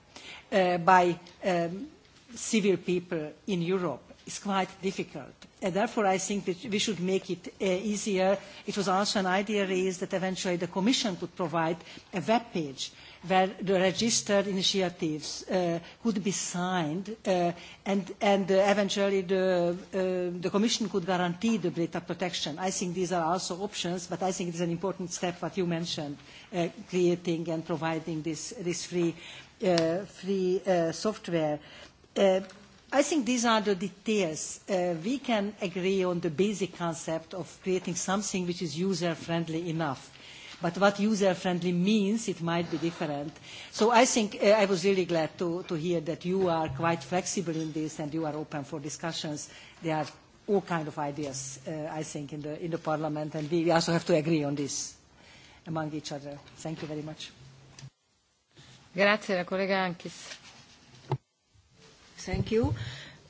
uh, by um, civil people in Europe is quite difficult. And therefore, I think that we should make it uh, easier. It was also an idea raised that eventually the Commission could provide a web page where the registered initiatives uh, could be signed uh, and, and uh, eventually the, uh, the Commission could guarantee the data protection. I think these are also options, but I think it is an important step what you mentioned, uh, creating and providing this, this free uh, free uh, software. Uh, I think these are the details. Uh, we can agree on the basic concept of creating something which is user-friendly enough. But what user-friendly means, it might be different. So I think uh, I was really glad to, to hear that you are quite flexible in this and you are open for discussions. There are all kinds of ideas, uh, I think, in the, in the Parliament, and we also have to agree on this among each other. Thank you very much. Grazie, la collega Ankis. Thank you.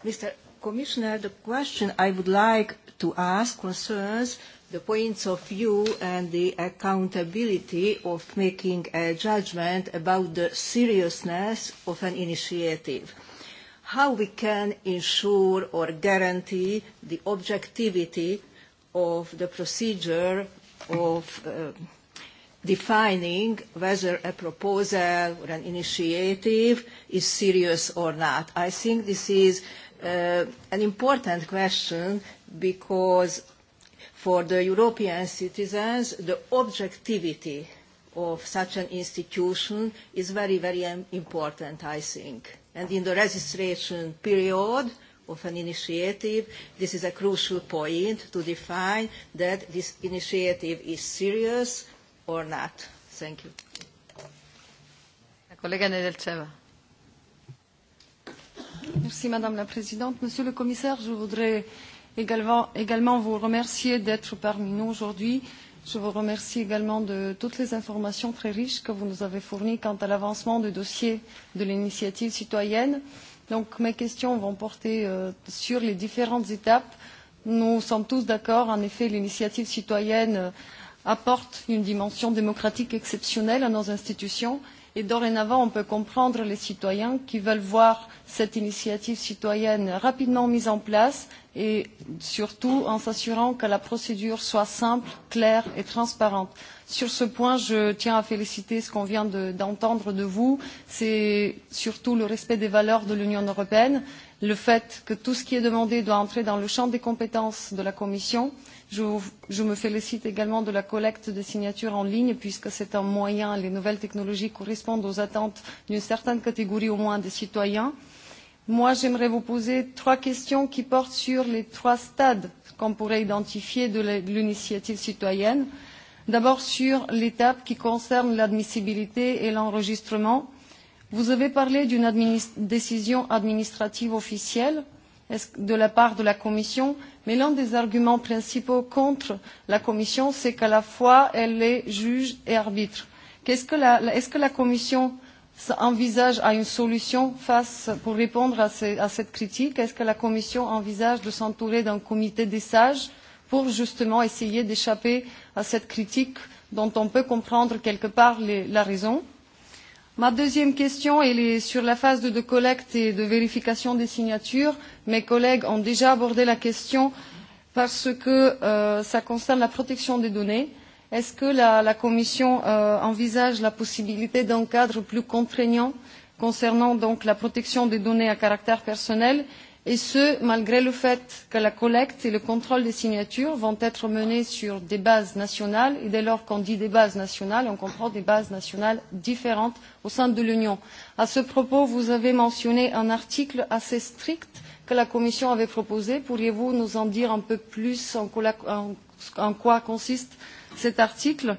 Mr. Commissioner, the question I would like to ask concerns the points of view and the accountability of making a judgment about the seriousness of an initiative. How we can ensure or guarantee the objectivity of the procedure of uh, defining whether a proposal or an initiative is serious or not. I think this is uh, an important question because for the European citizens, the objectivity of such an institution is very, very um, important, I think. And in the registration period of an initiative, this is a crucial point to define that this initiative is serious, or not. Thank you. Merci Madame la Présidente. Monsieur le Commissaire, je voudrais également, également vous remercier d'être parmi nous aujourd'hui. Je vous remercie également de toutes les informations très riches que vous nous avez fournies quant à l'avancement du dossier de l'initiative citoyenne. Donc mes questions vont porter euh, sur les différentes étapes. Nous sommes tous d'accord, en effet, l'initiative citoyenne euh, apporte une dimension démocratique exceptionnelle à nos institutions et dorénavant on peut comprendre les citoyens qui veulent voir cette initiative citoyenne rapidement mise en place et surtout en s'assurant que la procédure soit simple, claire et transparente. Sur ce point, je tiens à féliciter ce qu'on vient d'entendre de, de vous. C'est surtout le respect des valeurs de l'Union européenne, le fait que tout ce qui est demandé doit entrer dans le champ des compétences de la Commission Je, je me félicite également de la collecte de signatures en ligne puisque c'est un moyen, les nouvelles technologies correspondent aux attentes d'une certaine catégorie au moins des citoyens. Moi, j'aimerais vous poser trois questions qui portent sur les trois stades qu'on pourrait identifier de l'initiative citoyenne. D'abord sur l'étape qui concerne l'admissibilité et l'enregistrement. Vous avez parlé d'une administ décision administrative officielle de la part de la Commission, mais l'un des arguments principaux contre la Commission, c'est qu'à la fois, elle est juge et arbitre. Qu Est-ce que, la, est que la Commission envisage à une solution face, pour répondre à, ces, à cette critique Est-ce que la Commission envisage de s'entourer d'un comité des sages pour justement essayer d'échapper à cette critique dont on peut comprendre quelque part les, la raison Ma deuxième question elle est sur la phase de, collecte et de vérification des signatures. Mes collègues ont déjà abordé la question parce que euh, ça concerne la protection des données. Est-ce que la, la Commission euh, envisage la possibilité d'un cadre plus contraignant concernant donc la protection des données à caractère personnel et ce, malgré le fait que la collecte et le contrôle des signatures vont être menés sur des bases nationales, et dès lors qu'on dit des bases nationales, on comprend des bases nationales différentes au sein de l'Union. À ce propos, vous avez mentionné un article assez strict que la Commission avait proposé. Pourriez-vous nous en dire un peu plus en quoi, consiste cet article euh,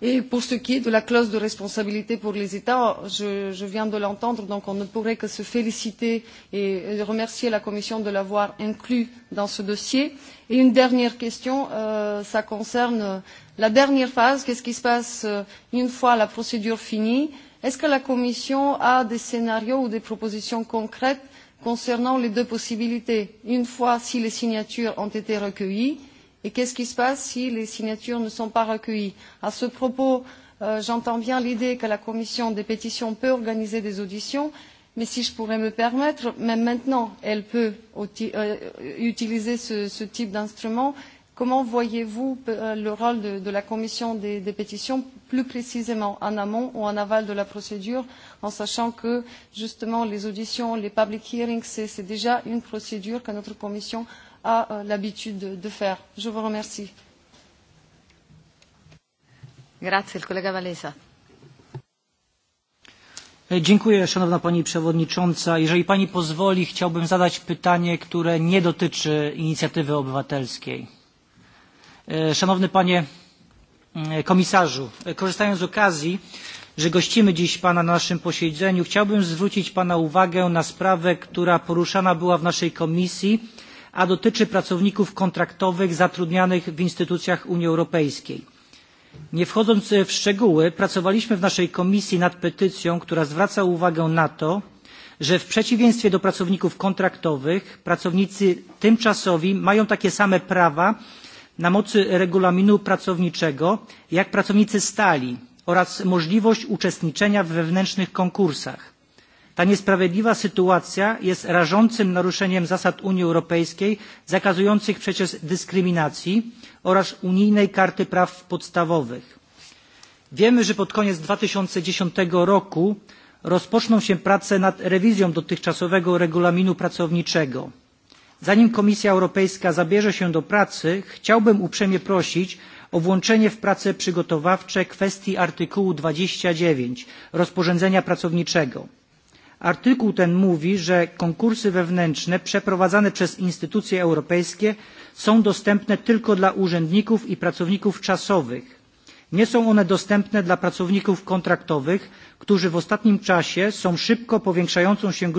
Et pour ce qui est de la clause de responsabilité pour les États, je, je viens de l'entendre, donc on ne pourrait que se féliciter et remercier la Commission de l'avoir inclus dans ce dossier. Et une dernière question, euh, ça concerne la dernière phase, qu'est-ce qui se passe euh, une fois la procédure finie Est-ce que la Commission a des scénarios ou des propositions concrètes concernant les deux possibilités Une fois si les signatures ont été recueillies Et qu'est-ce qui se passe si les signatures ne sont pas recueillies À ce propos, euh, j'entends bien l'idée que la commission des pétitions peut organiser des auditions, mais si je pourrais me permettre, même maintenant, elle peut euh, utiliser ce, ce type d'instrument. Comment voyez-vous euh, le rôle de, de la commission des, des pétitions plus précisément en amont ou en aval de la procédure, en sachant que justement les auditions, les public hearings, c'est déjà une procédure que notre commission a euh, l'habitude de faire. Je vous remercie. Grazie, il collega Valesa. E, dziękuję, Szanowna Pani Przewodnicząca. Jeżeli Pani pozwoli, chciałbym zadać pytanie, które nie dotyczy inicjatywy obywatelskiej. E, szanowny Panie mm, e, Komisarzu, korzystając z okazji, że gościmy dziś Pana na naszym posiedzeniu, chciałbym zwrócić Pana uwagę na sprawę, która poruszana była w naszej komisji a dotyczy pracowników kontraktowych zatrudnianych w instytucjach Unii Europejskiej. Nie wchodząc w szczegóły, pracowaliśmy w naszej komisji nad petycją, która zwraca uwagę na to, że w przeciwieństwie do pracowników kontraktowych pracownicy tymczasowi mają takie same prawa na mocy regulaminu pracowniczego jak pracownicy stali oraz możliwość uczestniczenia w wewnętrznych konkursach. Ta niesprawiedliwa sytuacja jest rażącym naruszeniem zasad Unii Europejskiej zakazujących przecież dyskryminacji oraz unijnej karty praw podstawowych. Wiemy, że pod koniec 2010 roku rozpoczną się prace nad rewizją dotychczasowego regulaminu pracowniczego. Zanim Komisja Europejska zabierze się do pracy, chciałbym uprzejmie prosić o włączenie w prace przygotowawcze kwestii artykułu 29 rozporządzenia pracowniczego Artykuł ten mówi, że konkursy wewnętrzne przeprowadzane przez instytucje europejskie są dostępne tylko dla urzędników i pracowników czasowych. Nie są one dostępne dla pracowników kontraktowych, którzy w ostatnim czasie są szybko powiększającą się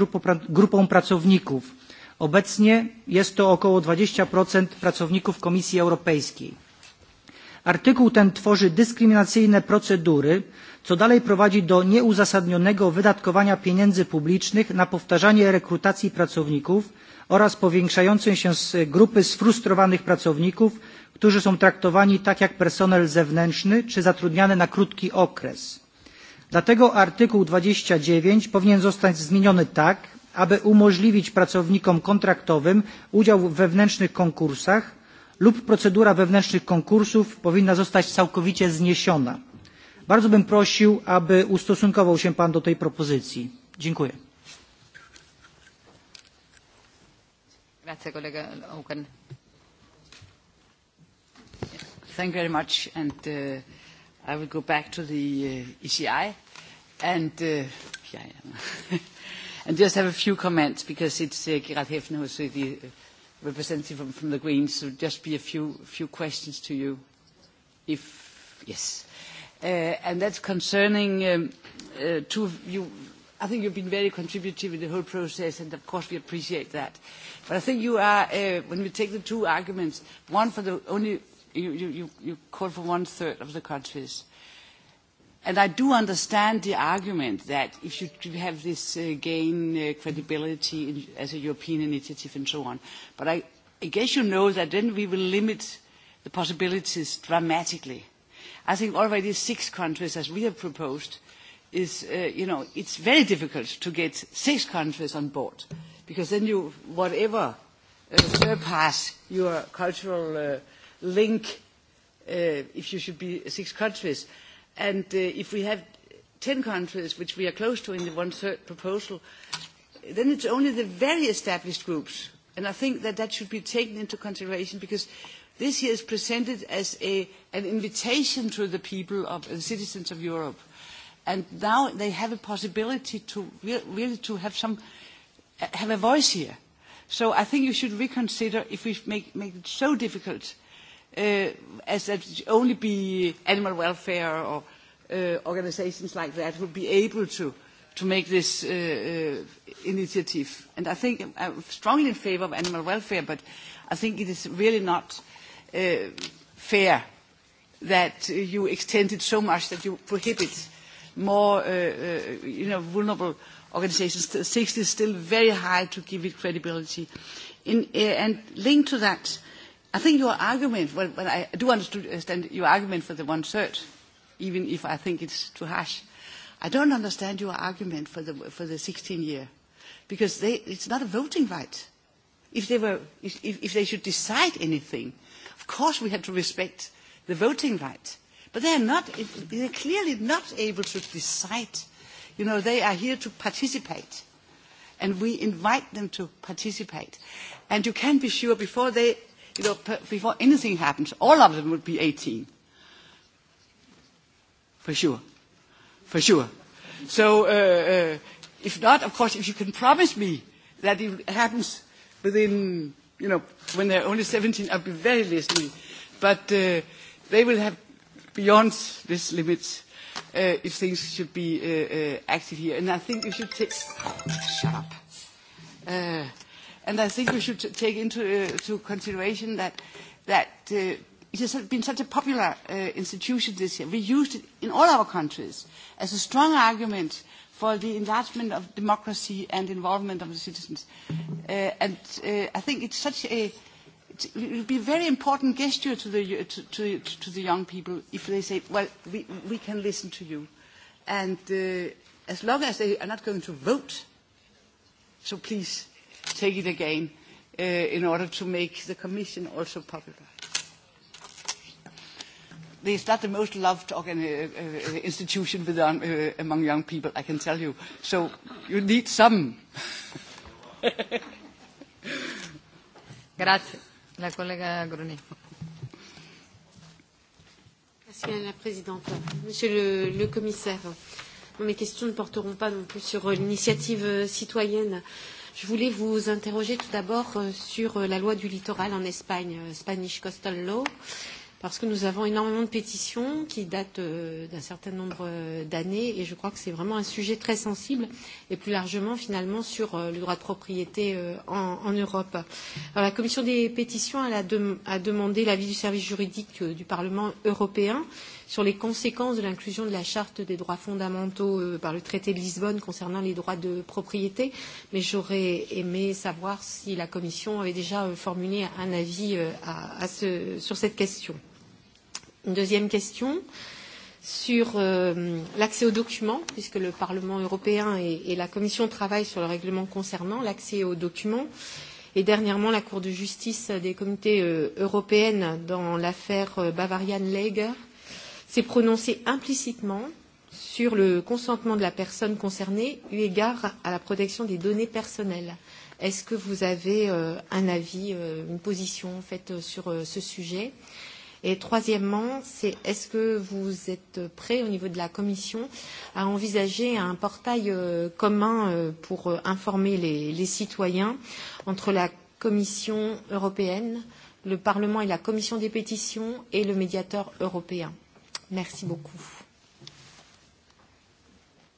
grupą pracowników. Obecnie jest to około 20% pracowników Komisji Europejskiej. Artykuł ten tworzy dyskryminacyjne procedury, co dalej prowadzi do nieuzasadnionego wydatkowania pieniędzy publicznych na powtarzanie rekrutacji pracowników oraz powiększającej się grupy sfrustrowanych pracowników, którzy są traktowani tak jak personel zewnętrzny czy zatrudniany na krótki okres. Dlatego artykuł 29 powinien zostać zmieniony tak, aby umożliwić pracownikom kontraktowym udział w wewnętrznych konkursach lub procedura wewnętrznych konkursów powinna zostać całkowicie zniesiona. Bardzo bym prosił, aby ustosunkował się Pan do tej propozycji. Dziękuję. Grazie, kolega Hogan. Thank you very much. And uh, I will go back to the uh, ECI and, uh, yeah, yeah. and just have a few comments because it's uh, Gerard Hefner who's the uh, representative from, from the Greens, so just be a few, few questions to you. If, yes. Uh, and that's concerning um, uh, two of you. I think you've been very contributive in the whole process, and of course we appreciate that. But I think you are, uh, when we take the two arguments, one for the only, you, you, you call for one third of the countries. Uh, And I do understand the argument that if you have this uh, gain uh, credibility in, as a European initiative and so on. But I, I guess you know that then we will limit the possibilities dramatically. I think already six countries, as we have proposed, is, uh, you know, it's very difficult to get six countries on board because then you, whatever uh, surpass your cultural uh, link, uh, if you should be six countries, And uh, if we have 10 countries, which we are close to in the one-third proposal, then it's only the very established groups. And I think that that should be taken into consideration because this year is presented as a, an invitation to the people of the citizens of Europe. And now they have a possibility to re really to have, some, uh, have a voice here. So I think you should reconsider if we make, make it so difficult uh, as that it only be animal welfare or uh, organizations like that would be able to, to make this uh, uh, initiative. And I think I'm uh, strongly in favor of animal welfare, but I think it is really not uh, fair that uh, you extend it so much that you prohibit more uh, uh, you know, vulnerable organizations. 60 is still very high to give it credibility. In, uh, and linked to that, I think your argument, well, well I do understand your argument for the one third, even if I think it's too harsh. I don't understand your argument for the, for the 16 year, because they, it's not a voting right. If they, were, if, if they should decide anything, of course we have to respect the voting right. But they are not, they're clearly not able to decide. You know, they are here to participate. And we invite them to participate. And you can be sure before they, you know, before anything happens, all of them would be 18 for sure, for sure. So uh, uh, if not, of course, if you can promise me that it happens within, you know, when they're only 17, I'll be very listening. But uh, they will have beyond this limit uh, if things should be uh, uh, active here. And I think we should take... Shut up. Uh, and I think we should take into uh, to consideration that, that uh, it has been such a popular uh, institution this year. We used it in all our countries as a strong argument for the enlargement of democracy and involvement of the citizens. Uh, and uh, I think it's such a, it's, it would be a very important gesture to the, to, to, to the young people if they say, well, we, we can listen to you. And uh, as long as they are not going to vote, so please take it again uh, in order to make the Commission also popular the, They not the most loved organ, uh, uh, institution with, um, uh, among young people, I can tell you. So you need some. Grazie. La collega Gruni. Merci Madame la Présidente. Monsieur le, le Commissaire, mes questions ne porteront pas non plus sur euh, l'initiative euh, citoyenne. Je voulais vous interroger tout d'abord euh, sur la loi du littoral en Espagne, Spanish Coastal Law parce que nous avons énormément de pétitions qui datent euh, d'un certain nombre euh, d'années et je crois que c'est vraiment un sujet très sensible et plus largement finalement sur euh, le droit de propriété euh, en, en Europe. Alors, la commission des pétitions elle a, de, a demandé l'avis du service juridique euh, du Parlement européen sur les conséquences de l'inclusion de la charte des droits fondamentaux euh, par le traité de Lisbonne concernant les droits de propriété, mais j'aurais aimé savoir si la Commission avait déjà euh, formulé un avis euh, à, à ce, sur cette question. Une deuxième question sur euh, l'accès aux documents, puisque le Parlement européen et, et la Commission travaillent sur le règlement concernant l'accès aux documents. Et dernièrement, la Cour de justice des communautés euh, européennes, dans l'affaire euh, Bavarian Lager, s'est prononcée implicitement sur le consentement de la personne concernée eu égard à la protection des données personnelles. Est-ce que vous avez euh, un avis, euh, une position en fait, euh, sur euh, ce sujet euh, Et troisièmement, c'est est-ce que vous êtes prêt au niveau de la Commission à envisager un portail euh, commun euh, pour euh, informer les, les citoyens entre la Commission européenne, le Parlement et la Commission des pétitions et le médiateur européen Merci beaucoup.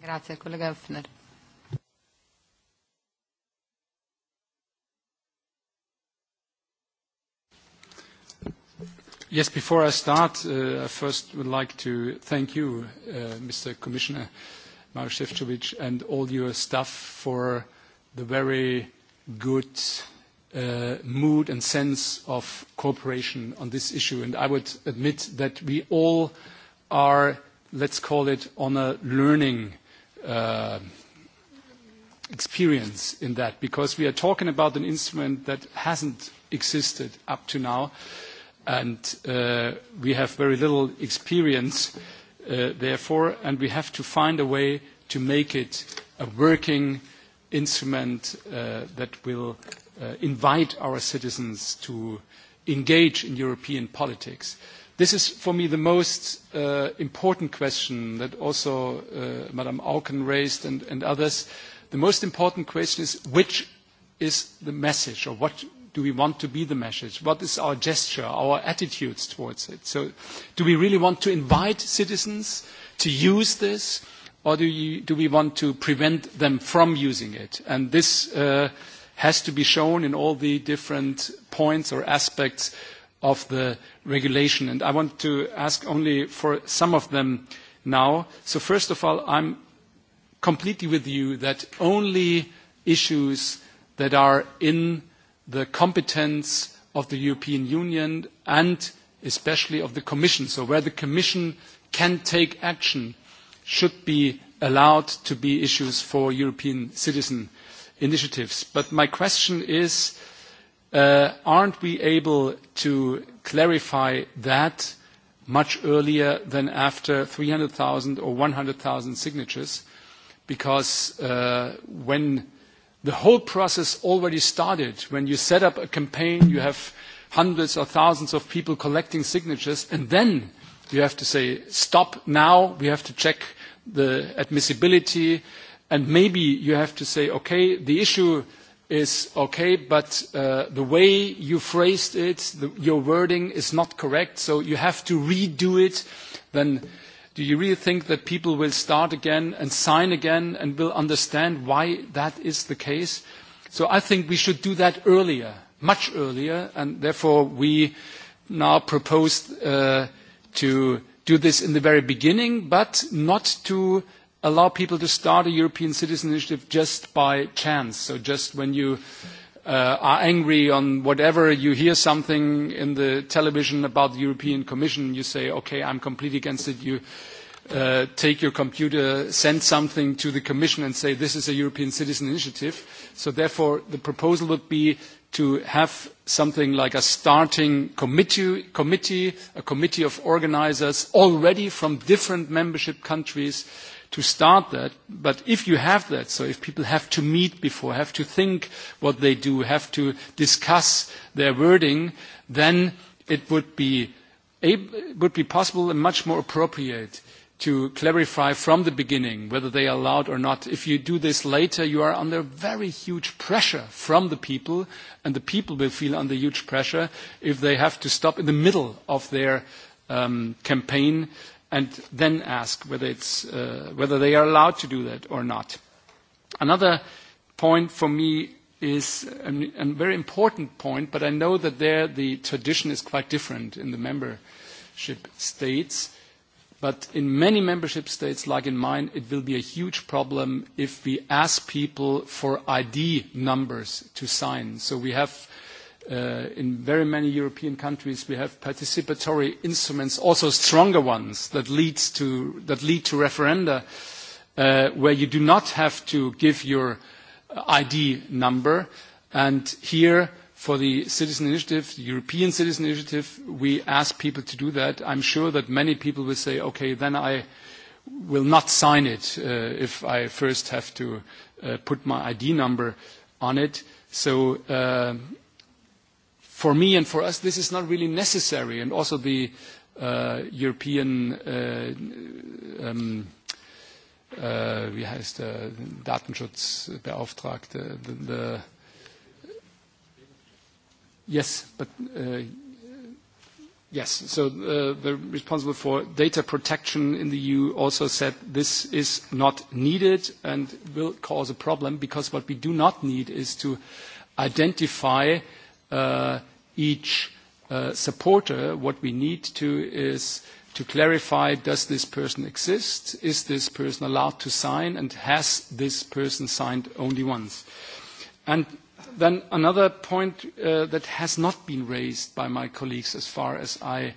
Grazie, collega Hoffner. Yes, before I start, uh, I first would like to thank you, uh, Mr. Commissioner Maroš and all your staff for the very good uh, mood and sense of cooperation on this issue. And I would admit that we all are, let's call it, on a learning uh, experience in that, because we are talking about an instrument that hasn't existed up to now. Uh, and uh, we have very little experience, uh, therefore, and we have to find a way to make it a working instrument uh, that will uh, invite our citizens to engage in European politics. This is, for me, the most uh, important question that also uh, Madame Auken raised and, and others. The most important question is which is the message or what do we want to be the message? What is our gesture, our attitudes towards it? So do we really want to invite citizens to use this or do, you, do we want to prevent them from using it? And this uh, has to be shown in all the different points or aspects of the regulation. And I want to ask only for some of them now. So first of all, I'm completely with you that only issues that are in the competence of the European Union and especially of the Commission. So where the Commission can take action should be allowed to be issues for European citizen initiatives. But my question is, uh, aren't we able to clarify that much earlier than after 300,000 or 100,000 signatures? Because uh, when the whole process already started. When you set up a campaign, you have hundreds or thousands of people collecting signatures, and then you have to say, stop now, we have to check the admissibility, and maybe you have to say, okay, the issue is okay, but uh, the way you phrased it, the, your wording is not correct, so you have to redo it, then Do you really think that people will start again and sign again and will understand why that is the case? So I think we should do that earlier, much earlier, and therefore we now propose uh, to do this in the very beginning, but not to allow people to start a European citizen initiative just by chance. So just when you uh, are angry on whatever you hear something in the television about the European Commission, you say, okay, I'm completely against it. You uh, take your computer, send something to the Commission and say, this is a European citizen initiative. So therefore, the proposal would be to have something like a starting committee, committee a committee of organizers already from different membership countries uh, to start that. But if you have that, so if people have to meet before, have to think what they do, have to discuss their wording, then it would be, it would be possible and much more appropriate to clarify from the beginning whether they are allowed or not. If you do this later, you are under very huge pressure from the people, and the people will feel under huge pressure if they have to stop in the middle of their um, campaign and then ask whether, it's, uh, whether they are allowed to do that or not. Another point for me is a, a very important point, but I know that there the tradition is quite different in the membership states. But in many membership states, like in mine, it will be a huge problem if we ask people for ID numbers to sign. So we have Uh, in very many European countries, we have participatory instruments, also stronger ones that, leads to, that lead to referenda, uh, where you do not have to give your ID number. And here, for the citizen initiative, the European citizen initiative, we ask people to do that. I'm sure that many people will say, okay, then I will not sign it uh, if I first have to uh, put my ID number on it. So, uh, for me and for us, this is not really necessary. And also the uh, European, uh, um, uh, wie heißt der Datenschutzbeauftragte? The, the, yes, but uh, yes. So uh, the responsible for data protection in the EU also said this is not needed and will cause a problem because what we do not need is to identify. Uh, each uh, supporter, what we need to is to clarify, does this person exist? Is this person allowed to sign? And has this person signed only once? And then another point uh, that has not been raised by my colleagues as far as I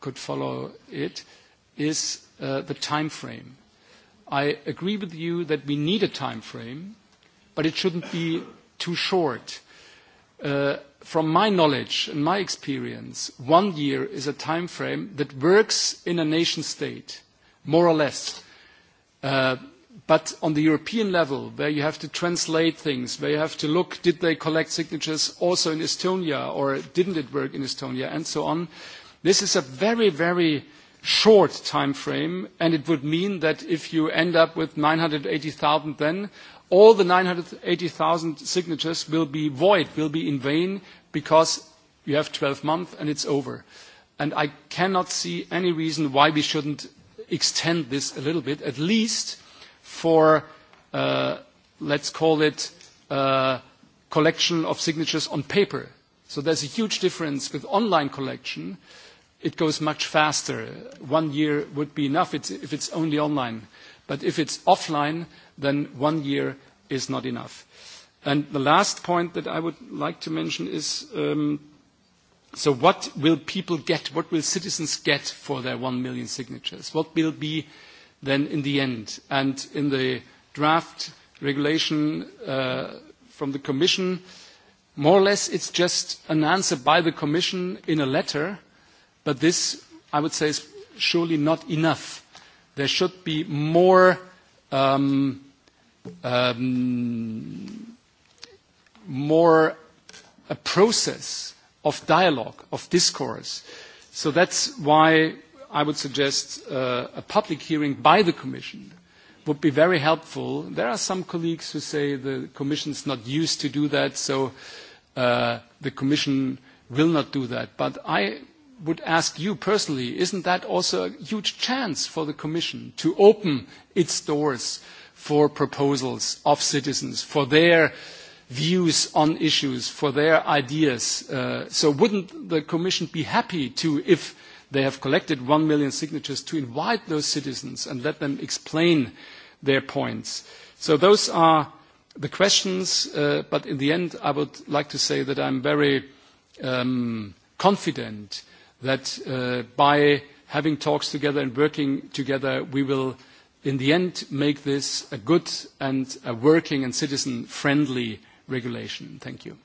could follow it is uh, the time frame. I agree with you that we need a time frame, but it shouldn't be too short. Uh, from my knowledge and my experience, one year is a time frame that works in a nation state, more or less. Uh, but on the European level, where you have to translate things, where you have to look, did they collect signatures also in Estonia, or didn't it work in Estonia, and so on, this is a very, very short time frame, and it would mean that if you end up with 980,000 then, all the 980,000 signatures will be void, will be in vain, because you have 12 months and it's over. And I cannot see any reason why we shouldn't extend this a little bit, at least for, uh, let's call it, uh, collection of signatures on paper. So there's a huge difference with online collection. It goes much faster. One year would be enough if it's only online. But if it's offline, then one year is not enough. And the last point that I would like to mention is, um, so what will people get? What will citizens get for their one million signatures? What will be then in the end? And in the draft regulation uh, from the Commission, more or less it's just an answer by the Commission in a letter, but this, I would say, is surely not enough there should be more um, um, more a process of dialogue, of discourse. So that's why I would suggest uh, a public hearing by the Commission would be very helpful. There are some colleagues who say the Commission is not used to do that, so uh, the Commission will not do that. But I would ask you personally, isn't that also a huge chance for the Commission to open its doors for proposals of citizens, for their views on issues, for their ideas? Uh, so wouldn't the Commission be happy to, if they have collected one million signatures, to invite those citizens and let them explain their points? So those are the questions, uh, but in the end, I would like to say that I'm very um, confident that uh, by having talks together and working together, we will in the end make this a good and a working and citizen-friendly regulation. Thank you.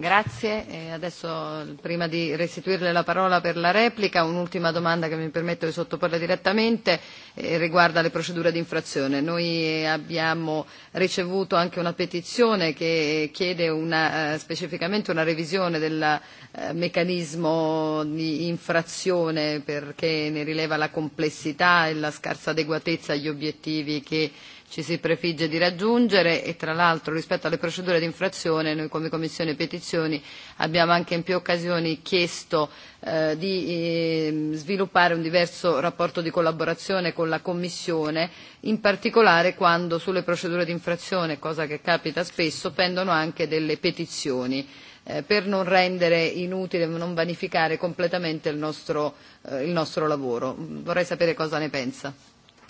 Grazie. E adesso, prima di restituirle la parola per la replica, un'ultima domanda che mi permetto di sottoporre direttamente eh, riguarda le procedure di infrazione. Noi eh, abbiamo ricevuto anche una petizione che chiede una, eh, specificamente una revisione del eh, meccanismo di infrazione perché ne rileva la complessità e la scarsa adeguatezza agli obiettivi che ci si prefigge di raggiungere e tra l'altro rispetto alle procedure di infrazione noi come Commissione Petizioni abbiamo anche in più occasioni chiesto eh, di eh, sviluppare un diverso rapporto di collaborazione con la Commissione, in particolare quando sulle procedure di infrazione, cosa che capita spesso, pendono anche delle petizioni eh, per non rendere inutile, non vanificare completamente il nostro, eh, il nostro lavoro. Vorrei sapere cosa ne pensa.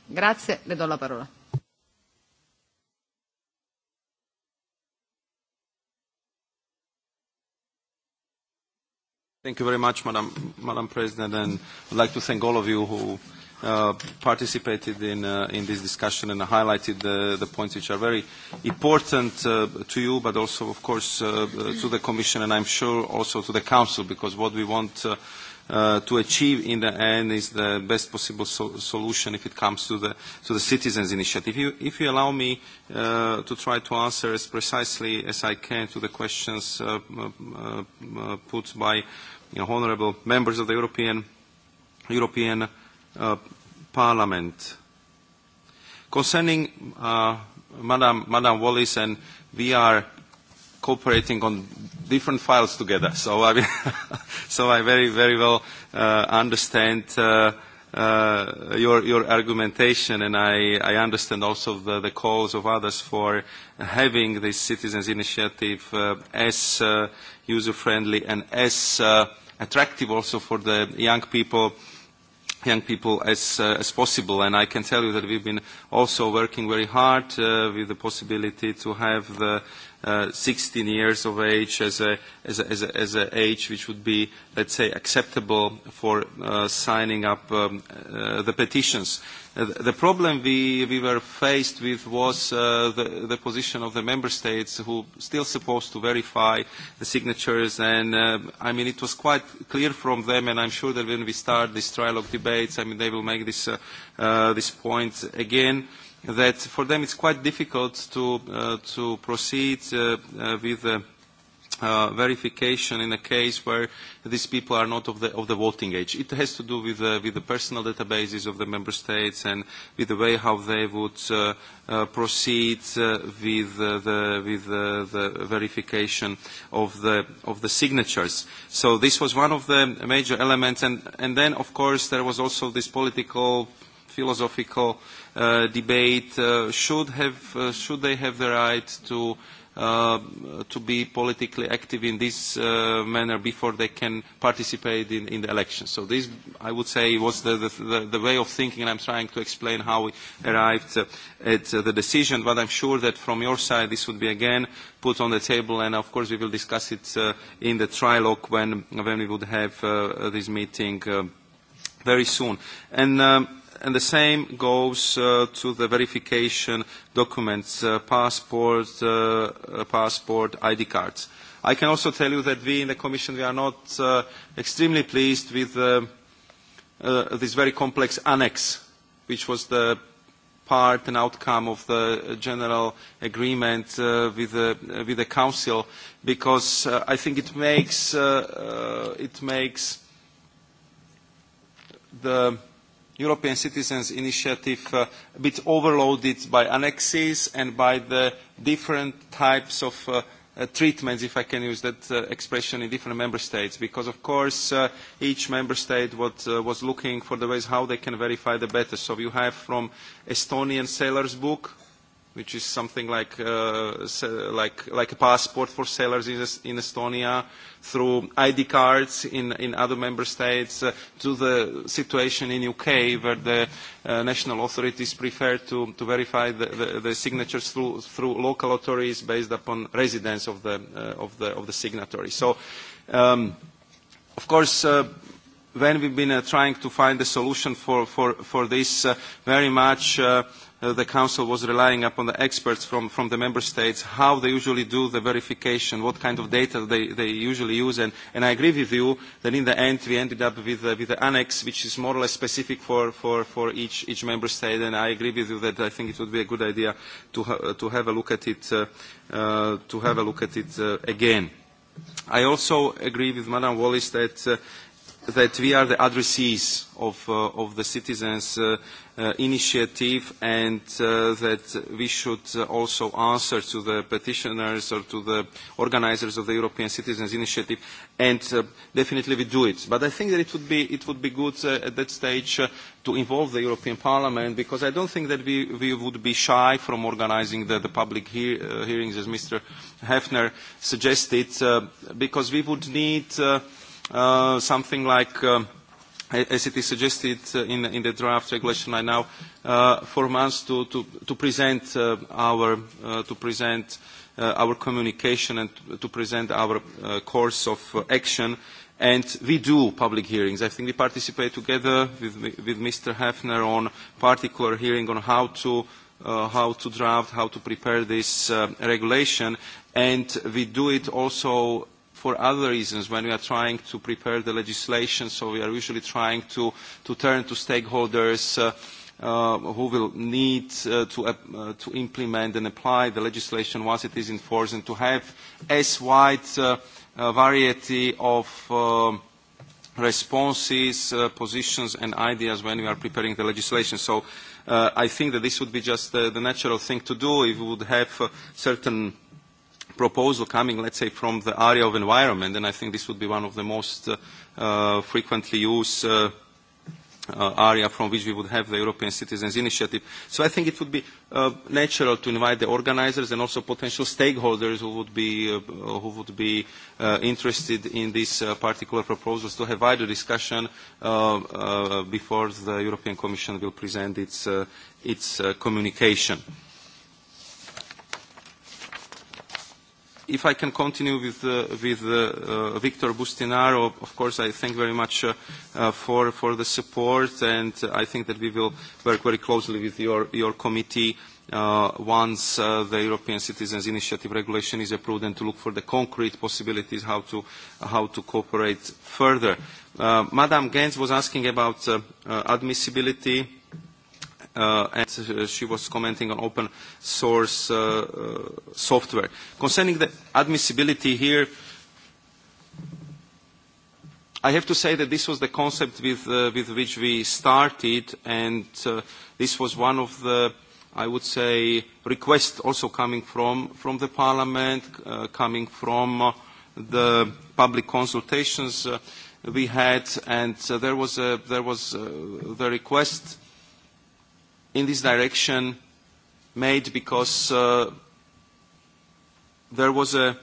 Grazie, le do la parola. Thank you very much, Madam, Madam President, and I'd like to thank all of you who uh, participated in, uh, in this discussion and highlighted the, the points which are very important uh, to you, but also, of course, uh, to the Commission and I'm sure also to the Council, because what we want uh, uh, to achieve in the end is the best possible so solution if it comes to the, to the citizens' initiative. If you, if you allow me uh, to try to answer as precisely as I can to the questions uh, uh, uh, put by you know, honorable members of the European, European uh, Parliament. Concerning uh, Madam, Madam Wallis and we are cooperating on different files together, so I, mean so I very, very well uh, understand uh, uh, your, your argumentation, and I, I understand also the, the calls of others for having this citizens' initiative uh, as uh, user-friendly and as uh, attractive also for the young people young people as, uh, as possible. And I can tell you that we've been also working very hard uh, with the possibility to have the uh, 16 years of age as a, as a, as a, as a age which would be, let's say, acceptable for uh, signing up um, uh, the petitions. Uh, the problem we, we were faced with was uh, the, the position of the member states who still supposed to verify the signatures and uh, I mean it was quite clear from them and I'm sure that when we start these trilogue debates I mean they will make this, uh, uh, this point again. Uh, that for them it's quite difficult to, uh, to proceed uh, uh, with uh, uh, verification in a case where these people are not of the, of the voting age. It has to do with, uh, with the personal databases of the member states and with the way how they would uh, uh, proceed uh, with, uh, the, with uh, the verification of the, of the signatures. So this was one of the major elements. And, and then, of course, there was also this political philosophical uh, debate. Uh, should, have, uh, should they have the right to, uh, to be politically active in this uh, manner before they can participate in, in the elections? So this, I would say, was the, the, the, the way of thinking, and I'm trying to explain how we arrived uh, at uh, the decision. But I'm sure that from your side, this would be, again, put on the table, and of course we will discuss it uh, in the trilogue when, when we would have uh, this meeting uh, very soon. And um, and the same goes uh, to the verification documents, uh, passport, uh, uh passport, ID cards. I can also tell you that we in the Commission, we are not uh, extremely pleased with uh, uh, this very complex annex, which was the part and outcome of the general agreement uh, with, the, uh, with the Council, because uh, I think it makes, uh, uh, it makes the European Citizens Initiative uh, a bit overloaded by annexes and by the different types of uh, uh, treatments, if I can use that uh, expression, in different member states, because of course uh, each member state what, uh, was looking for the ways how they can verify the better. So you have from Estonian sailors book, which is something like, uh, like, like a passport for sailors in, in Estonia, through ID cards in, in other member states, uh, to the situation in UK where the uh, national authorities prefer to, to verify the, the, the signatures through, through local authorities based upon residence of the, uh, of the, of the signatory. So, um, of course, uh, when we've been uh, trying to find a solution for, for, for this, uh, very much uh, uh, the Council was relying upon the experts from, from the Member States, how they usually do the verification, what kind of data they, they usually use. And, and I agree with you that in the end we ended up with, uh, with the annex, which is more or less specific for, for, for each, each Member State. And I agree with you that I think it would be a good idea to, ha to have a look at it, uh, uh, to have a look at it uh, again. I also agree with Madam Wallis that uh, that we are the addressees of, uh, of the citizens' uh, uh, initiative and uh, that we should uh, also answer to the petitioners or to the organizers of the European Citizens' Initiative and uh, definitely we do it. But I think that it would be, it would be good uh, at that stage uh, to involve the European Parliament because I don't think that we, we would be shy from organizing the, the public hear, uh, hearings as Mr. Hefner suggested uh, because we would need uh, – uh, something like, uh, as it is suggested uh, in, in the draft regulation right now, uh, for months to, to, to present uh, our, uh, to present uh, our communication and to present our uh, course of uh, action And we do public hearings. I think we participate together with, with Mr. Hefner on particular hearing on how to, uh, how to draft, how to prepare this uh, regulation. And we do it also for other reasons when we are trying to prepare the legislation, so we are usually trying to, to turn to stakeholders uh, uh, who will need uh, to, uh, to implement and apply the legislation once it is enforced and to have as wide uh, a variety of uh, responses, uh, positions and ideas when we are preparing the legislation. So uh, I think that this would be just uh, the natural thing to do if we would have uh, certain uh, proposal coming, let's say, from the area of environment, and I think this would be one of the most uh, uh, frequently used uh, uh, area from which we would have the European Citizens Initiative. So I think it would be uh, natural to invite the organizers and also potential stakeholders who would be, uh, who would be uh, interested in these uh, particular proposals to have wider discussion uh, uh, before the European Commission will present its, uh, its uh, communication. Uh, if I can continue with, uh, with uh, uh, Victor Bustinaro, of course, I thank very much uh, uh, for, for the support, and I think that we will work very closely with your, your committee uh, once uh, the European Citizens Initiative regulation is approved and to look for the concrete possibilities how to, how to cooperate further. Uh, Madam Gaines was asking about uh, uh, admissibility uh, and uh, she was commenting on open source uh, uh, software. Concerning the admissibility here, I have to say that this was the concept with, uh, with which we started, and uh, this was one of the, I would say, requests also coming from, from the Parliament, uh, coming from uh, the public consultations uh, we had, and uh, there was, a, there was uh, the request in this direction made because uh, there was a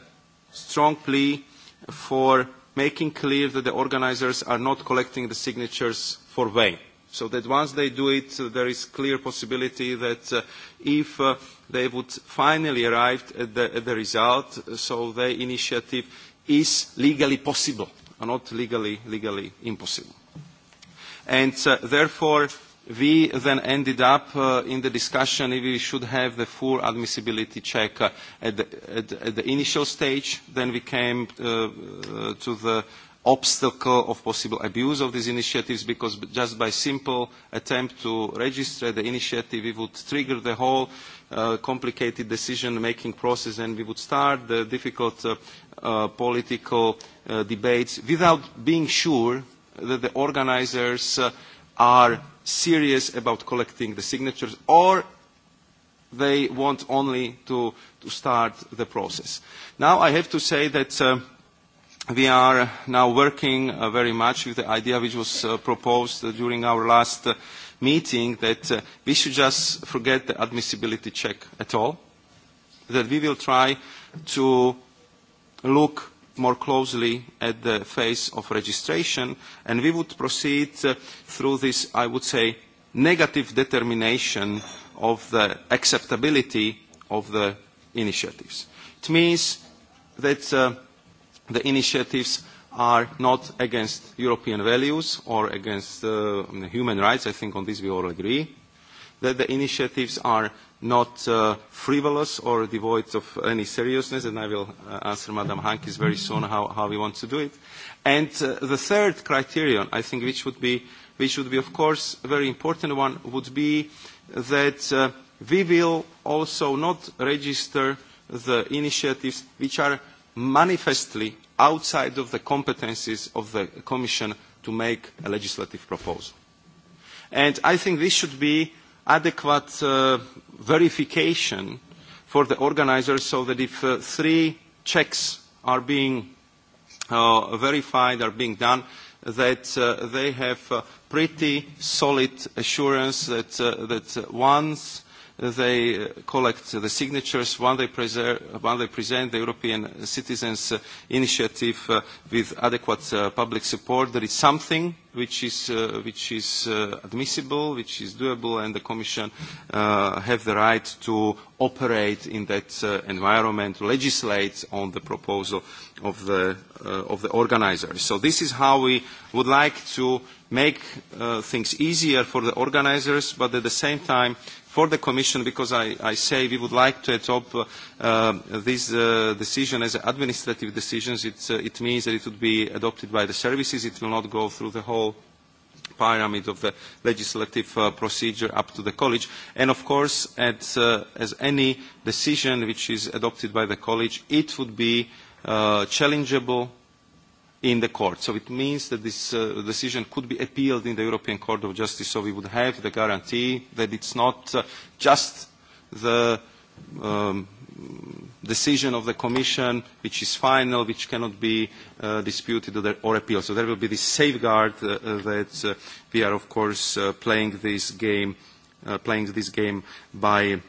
strong plea for making clear that the organizers are not collecting the signatures for vain. So that once they do it, uh, there is clear possibility that uh, if uh, they would finally arrive at the, at the result, so their initiative is legally possible, not legally, legally impossible. And uh, therefore, we then ended up uh, in the discussion if we should have the full admissibility check uh, at, the, at, at the initial stage. Then we came uh, uh to the obstacle of possible abuse of these initiatives because just by simple attempt to register the initiative we would trigger the whole uh, complicated decision-making process and we would start the difficult uh, uh, political uh, debates without being sure that the organizers uh, are serious about collecting the signatures or they want only to, to start the process. Now I have to say that uh, we are now working uh, very much with the idea which was uh, proposed uh, during our last uh, meeting that uh, we should just forget the admissibility check at all, that we will try to look more closely at the phase of registration and we would proceed uh, through this, I would say, negative determination of the acceptability of the initiatives. It means that uh, the initiatives are not against European values or against uh, human rights, I think on this we all agree, that the initiatives are not uh, frivolous or devoid of any seriousness, and I will uh, answer Madam Hankis very soon how, how we want to do it. And uh, the third criterion, I think, which would be, which would be of course, a very important one, would be that uh, we will also not register the initiatives which are manifestly outside of the competences of the Commission to make a legislative proposal. And I think this should be adequate uh, verification for the organizers so that if uh, three checks are being uh, verified, are being done, that uh, they have uh, pretty solid assurance that, uh, that once they uh, collect the signatures, when they, preserve, they present the European Citizens uh, Initiative uh, with adequate uh, public support. There is something which is, uh, which is uh, admissible, which is doable, and the Commission uh, have the right to operate in that uh, environment, legislate on the proposal of the, uh, of the organizers. So this is how we would like to make uh, things easier for the organizers, but at the same time for the Commission because I, I say we would like to adopt uh, uh, this uh, decision as administrative decisions. It, uh, it means that it would be adopted by the services. It will not go through the whole pyramid of the legislative uh, procedure up to the college. And of course, at, uh, as any decision which is adopted by the college, it would be uh, challengeable in the court. So it means that this uh, decision could be appealed in the European Court of Justice, so we would have the guarantee that it's not uh, just the um, decision of the Commission, which is final, which cannot be uh, disputed or appealed. So there will be this safeguard uh, uh, that uh, we are, of course, uh, playing this game, uh, playing this game by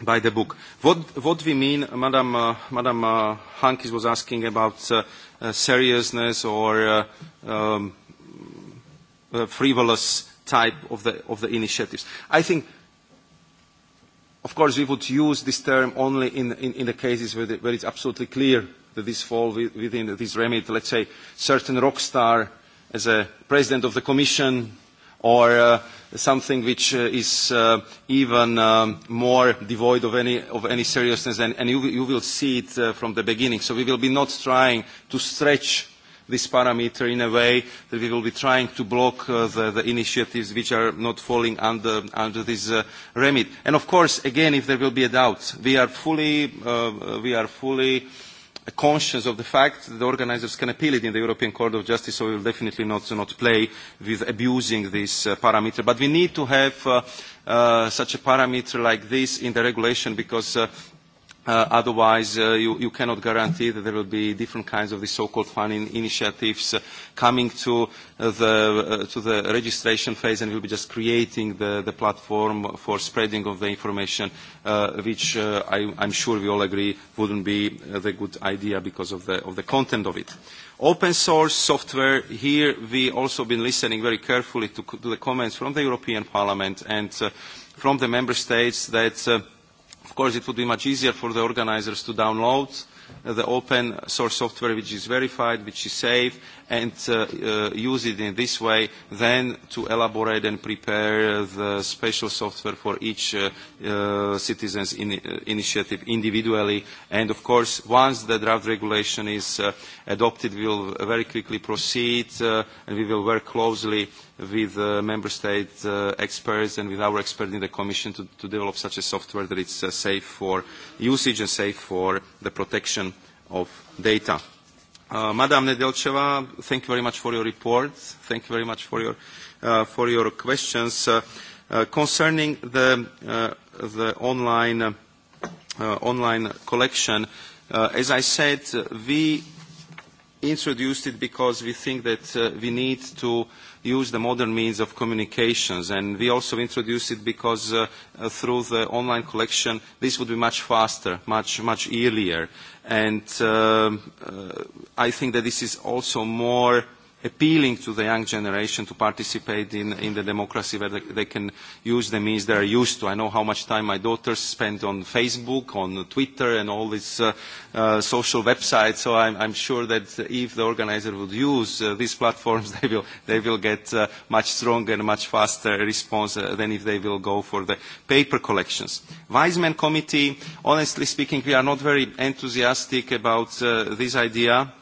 by the book. What, what we mean, Madam, uh, Madam uh, Hankis was asking about uh, Uh, seriousness or uh, um, uh, frivolous type of the, of the initiatives. I think, of course, we would use this term only in, in, in the cases where, the, where it's absolutely clear that this fall within this remit, let's say, certain rock star as a president of the commission or uh, something which uh, is uh, even um, more devoid of any, of any seriousness, and, and you, you will see it uh, from the beginning. So we will be not trying to stretch this parameter in a way that we will be trying to block uh, the, the initiatives which are not falling under, under this uh, remit. And of course, again, if there will be a doubt, we are fully, uh, we are fully uh, conscious of the fact that the organizers can appeal it in the European Court of Justice, so we will definitely not, not play with abusing this uh, parameter. But we need to have uh, uh, such a parameter like this in the regulation because uh, Uh, otherwise, uh, you, you cannot guarantee that there will be different kinds of the so-called funding initiatives uh, coming to, uh, the, uh, to the registration phase and will be just creating the, the platform for spreading of the information, uh, which uh, I, I'm sure we all agree wouldn't be uh, the good idea because of the, of the content of it. Open source software, here we also been listening very carefully to, to the comments from the European Parliament and uh, from the member states that uh, Of course, it would be much easier for the organizers to download the open source software which is verified, which is safe, and uh, uh, use it in this way than to elaborate and prepare the special software for each uh, uh, citizen's in, uh, initiative individually. And of course, once the draft regulation is uh, adopted, we will very quickly proceed uh, and we will work closely with uh, member state uh, experts and with our experts in the Commission to, to develop such a software that it's uh, safe for usage and safe for the protection of data. Uh, Madam Nedelcheva, thank you very much for your report. Thank you very much for your, uh, for your questions. Uh, uh, concerning the, uh, the online, uh, uh, online collection, uh, as I said, we introduced it because we think that uh, we need to use the modern means of communications and we also introduced it because uh, uh, through the online collection this would be much faster, much, much earlier And uh, uh, I think that this is also more appealing to the young generation to participate in, in the democracy where they, they can use the means they are used to. I know how much time my daughters spend on Facebook, on Twitter and all these uh, uh, social websites, so I'm, I'm sure that if the organizer would use uh, these platforms, they will, they will get uh, much stronger and much faster response uh, than if they will go for the paper collections. Weizmann Committee, honestly speaking, we are not very enthusiastic about uh, this idea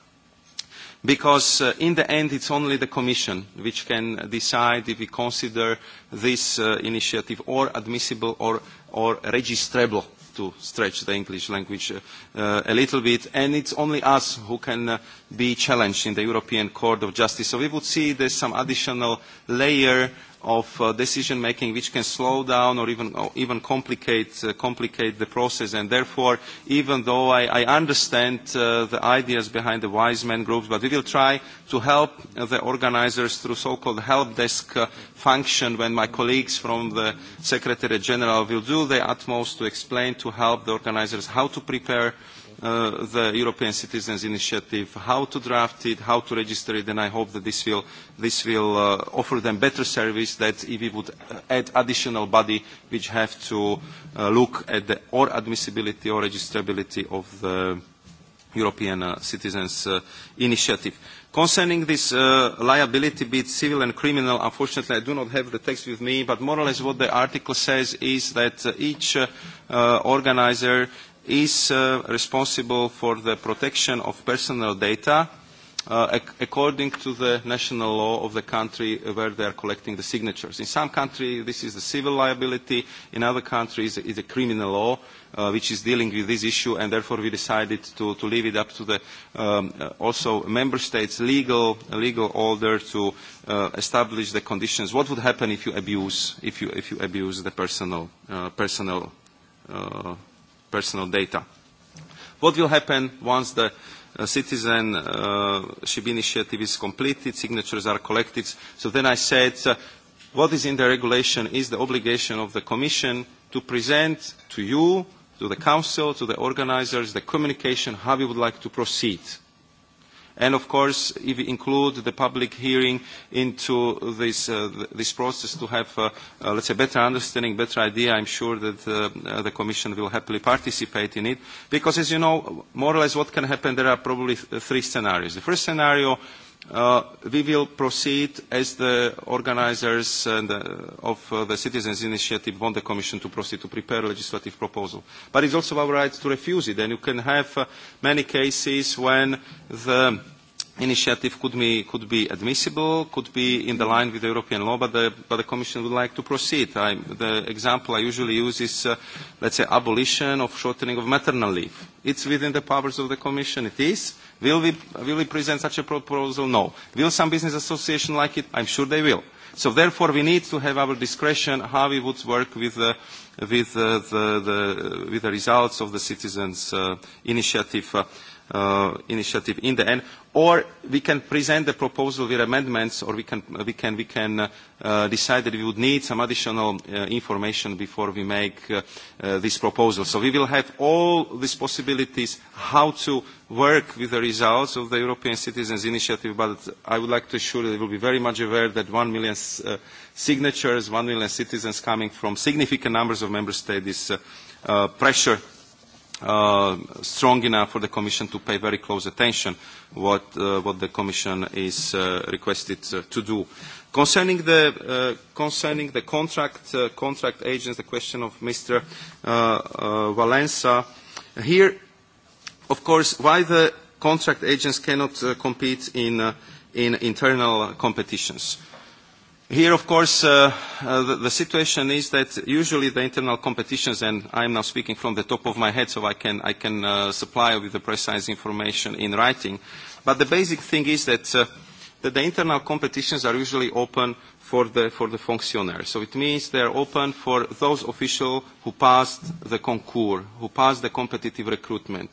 because uh, in the end it's only the Commission which can decide if we consider this uh, initiative or admissible or, or registrable to stretch the English language uh, uh, a little bit, and it's only us who can uh, be challenged in the European Court of Justice. So we would see there's some additional layer of uh, decision making which can slow down or even, or even complicate, uh, complicate the process and therefore even though I, I understand uh, the ideas behind the wise men groups but we will try to help the organizers through so-called help desk uh, function when my colleagues from the Secretary General will do their utmost to explain to help the organizers how to prepare uh, Uh, the European Citizens Initiative, how to draft it, how to register it, and I hope that this will, this will uh, offer them better service that if we would add additional body which have to uh, look at the or admissibility or registrability of the European uh, Citizens uh, Initiative. Concerning this uh, liability, be it civil and criminal, unfortunately I do not have the text with me, but more or less what the article says is that uh, each uh, uh, organizer is uh, responsible for the protection of personal data uh, ac according to the national law of the country where they are collecting the signatures. In some countries, this is the civil liability. In other countries, is a criminal law uh, which is dealing with this issue, and therefore we decided to, to leave it up to the um, uh, also member states' legal, legal order to uh, establish the conditions. What would happen if you abuse, if you, if you abuse the personal, uh, personal uh, personal data. What will happen once the uh, citizen uh, SHIB initiative is completed, signatures are collected? So then I said, uh, what is in the regulation is the obligation of the Commission to present to you, to the Council, to the organizers, the communication, how we would like to proceed. And of course, if we include the public hearing into this, uh, this process to have, uh, uh, let's say, better understanding, better idea, I'm sure that uh, uh, the Commission will happily participate in it. Because as you know, more or less what can happen, there are probably th three scenarios. The first scenario Uh, we will proceed as the organizers and, uh, of uh, the Citizens Initiative want the Commission to proceed to prepare a legislative proposal. But it's also our right to refuse it, and you can have uh, many cases when the initiative could be, could be admissible, could be in the line with the European law, but the, but the Commission would like to proceed. I, the example I usually use is, uh, let's say, abolition of shortening of maternal leave. It's within the powers of the Commission, it is. Will we, will we present such a proposal? No. Will some business association like it? I'm sure they will. So therefore we need to have our discretion how we would work with the, with, the, uh, the, the, with the results of the citizens' uh, initiative uh, uh, initiative in the end, or we can present the proposal with amendments, or we can, uh, we can, we can uh, uh, decide that we would need some additional uh, information before we make uh, uh, this proposal. So we will have all these possibilities how to work with the results of the European Citizens Initiative, but I would like to assure you that we will be very much aware that one million uh, signatures, one million citizens coming from significant numbers of member states is uh, uh, pressure uh, strong enough for the Commission to pay very close attention what, uh, what the Commission is uh, requested uh, to do. Concerning the, uh, concerning the contract, uh, contract agents, the question of Mr. Uh, uh, Valenza, here, of course, why the contract agents cannot uh, compete in, uh, in internal competitions. Uh, Here, of course, uh, uh, the, the situation is that usually the internal competitions, and I'm now speaking from the top of my head, so I can, I can uh, supply with the precise information in writing. But the basic thing is that, uh, that the internal competitions are usually open for the, for the functionaries. So it means they are open for those officials who passed the concours, who passed the competitive recruitment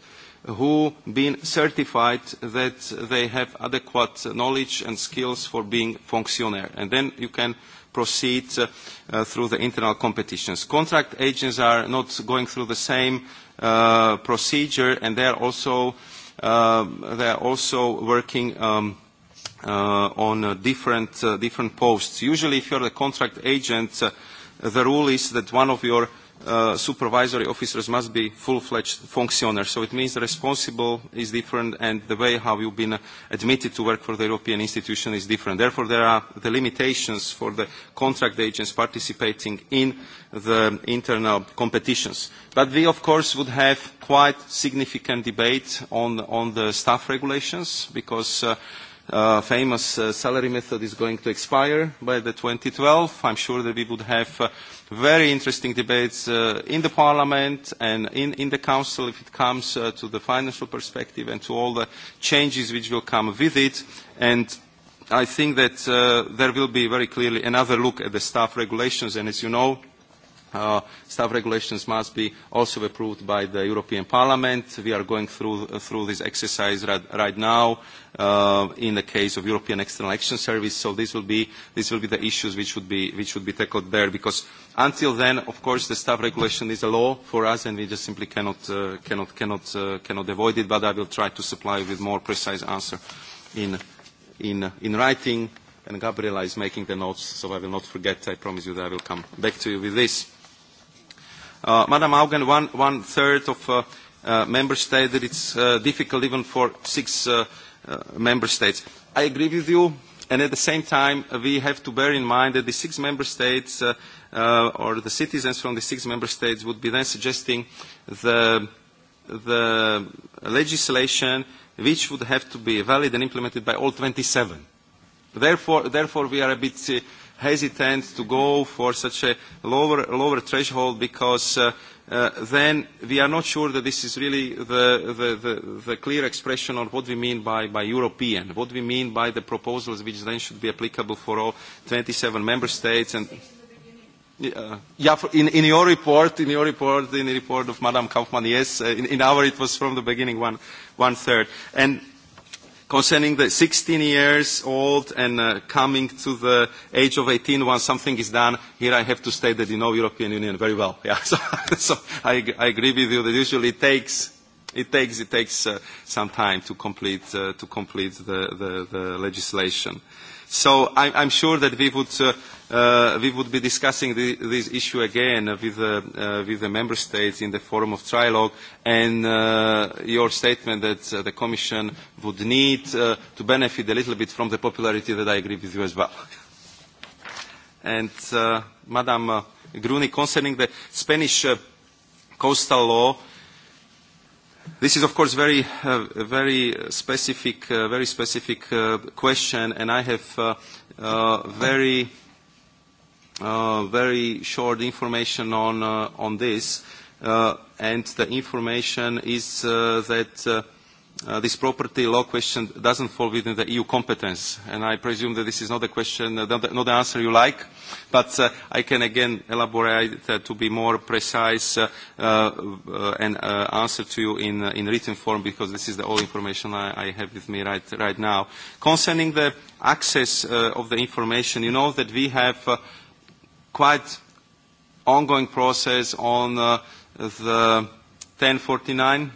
who been certified that they have adequate knowledge and skills for being functional. And then you can proceed uh, uh, through the internal competitions. Contract agents are not going through the same uh, procedure and they are also, uh, they are also working um, uh, on uh, different, uh, different posts. Usually if you're the contract agent, uh, the rule is that one of your uh, supervisory officers must be full-fledged functioners. So it means responsible is different and the way how you've been admitted to work for the European institution is different. Therefore, there are the limitations for the contract agents participating in the internal competitions. But we, of course, would have quite significant debate on, on the staff regulations because uh, uh, famous uh, salary method is going to expire by the 2012. I'm sure that we would have uh, very interesting debates uh, in the Parliament and in, in the Council if it comes uh, to the financial perspective and to all the changes which will come with it. And I think that uh, there will be very clearly another look at the staff regulations. And as you know, Uh, staff regulations must be also approved by the European Parliament. We are going through, uh, through this exercise right, right now uh, in the case of European External Action Service, so this will be, this will be the issues which would be, which would be tackled there, because until then, of course, the staff regulation is a law for us, and we just simply cannot, uh, cannot, cannot, uh, cannot avoid it, but I will try to supply with more precise answer in, in, in writing, and Gabriela is making the notes, so I will not forget. I promise you that I will come back to you with this. Uh, Madam Augen, one, one third of uh, uh, member states that it's uh, difficult even for six uh, uh, member states. I agree with you, and at the same time, uh, we have to bear in mind that the six member states uh, uh, or the citizens from the six member states would be then suggesting the, the legislation which would have to be valid and implemented by all 27. Therefore, therefore we are a bit... Uh, hesitant to go for such a lower, lower threshold because uh, uh, then we are not sure that this is really the, the, the, the clear expression of what we mean by, by European, what we mean by the proposals which then should be applicable for all 27 member states. And, uh, yeah, in, in your report, in your report, in the report of Madame Kaufmann, yes, uh, in, in our it was from the beginning one, one third. And concerning the 16 years old and uh, coming to the age of 18 once something is done, here I have to state that you know European Union very well. Yeah, so so I, I agree with you that usually it takes, it takes, it takes uh, some time to complete, uh, to complete the, the, the legislation. So I I'm sure that we would, uh, uh, we would be discussing the, this issue again with, uh, uh, with the Member States in the forum of trilogue and uh, your statement that uh, the Commission would need uh, to benefit a little bit from the popularity that I agree with you as well. and uh, Madam uh, Gruni, concerning the Spanish uh, coastal law, This is, of course, very, uh, very specific, uh, very specific uh, question, and I have uh, uh, very, uh, very short information on uh, on this, uh, and the information is uh, that. Uh, uh, this property law question doesn't fall within the EU competence, and I presume that this is not a question, uh, not the answer you like, but uh, I can again elaborate uh, to be more precise uh, uh, and uh, answer to you in, uh, in written form, because this is the all information I, I have with me right, right now. Concerning the access uh, of the information, you know that we have uh, quite ongoing process on uh, the 1049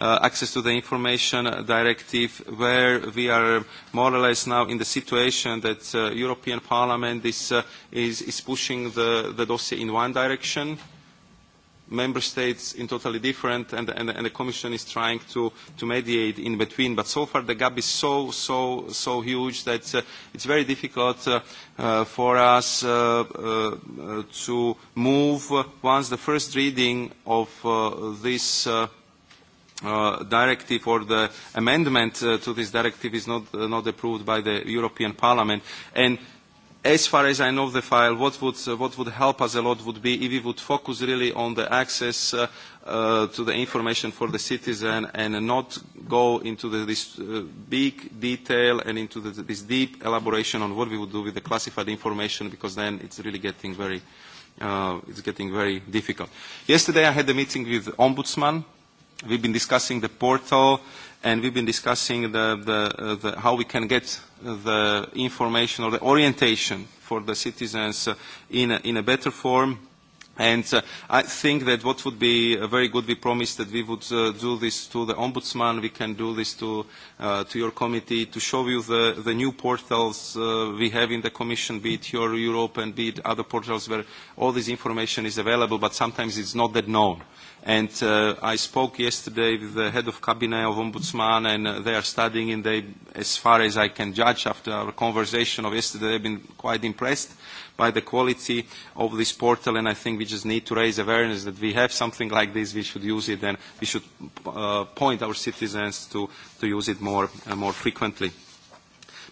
uh, access to the information directive where we are more or less now in the situation that uh, European Parliament is, uh, is, is pushing the, the dossier in one direction member states in totally different and, and, and the commission is trying to, to mediate in between but so far the gap is so so so huge that uh, it's very difficult uh, uh, for us uh, uh, to move once the first reading of uh, this uh, uh, directive or the amendment uh, to this directive is not, uh, not approved by the European Parliament. And as far as I know the file, what would, uh, what would help us a lot would be if we would focus really on the access uh, uh, to the information for the citizen and not go into the, this uh, big detail and into the, this deep elaboration on what we would do with the classified information because then it's really getting very, uh, it's getting very difficult. Yesterday I had a meeting with Ombudsman We've been discussing the portal and we've been discussing the, the, uh, the, how we can get the information or the orientation for the citizens uh, in, a, in a better form And uh, I think that what would be uh, very good, we promised that we would uh, do this to the Ombudsman, we can do this to, uh, to your committee, to show you the, the new portals uh, we have in the Commission, be it your Europe and be it other portals where all this information is available, but sometimes it's not that known. And uh, I spoke yesterday with the head of cabinet of Ombudsman, and uh, they are studying, and they, as far as I can judge after our conversation of yesterday, they've been quite impressed by the quality of this portal, and I think we just need to raise awareness that we have something like this, we should use it, and we should uh, point our citizens to, to use it more, uh, more frequently.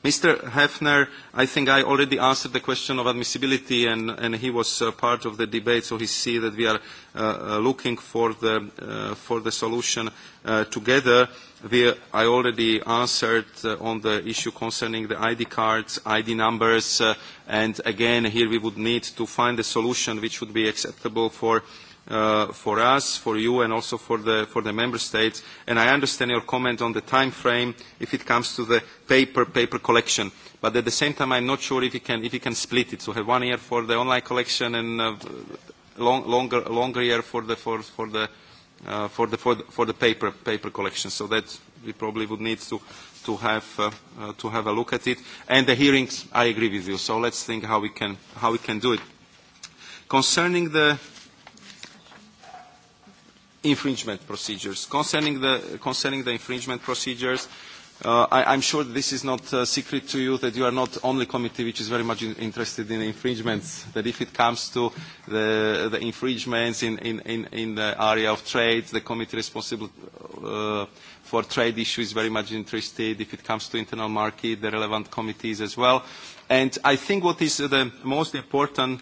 Mr. Hefner, I think I already answered the question of admissibility and, and he was uh, part of the debate, so he see that we are uh, uh looking for the, uh, for the solution uh, together. The I already answered uh, on the issue concerning the ID cards, ID numbers, uh, and again, here we would need to find a solution which would be acceptable for uh, for us, for you, and also for the, for the member states. And I understand your comment on the time frame if it comes to the paper, paper collection. But at the same time, I'm not sure if you can, if you can split it. So have one year for the online collection and uh, long, longer, longer year for the, for, for the uh, for, the, for, the, for the paper, paper collection. So that we probably would need to, to, have, uh, uh, to have a look at it. And the hearings, I agree with you. So let's think how we can, how we can do it. Concerning the infringement procedures, concerning the, concerning the infringement procedures, uh, Uh, I, I'm sure this is not a secret to you that you are not only committee which is very much in, interested in infringements, that if it comes to the, the infringements in, in, in, in the area of trade, the committee responsible uh, for trade issues is very much interested. If it comes to internal market, the relevant committees as well. And I think what is the most important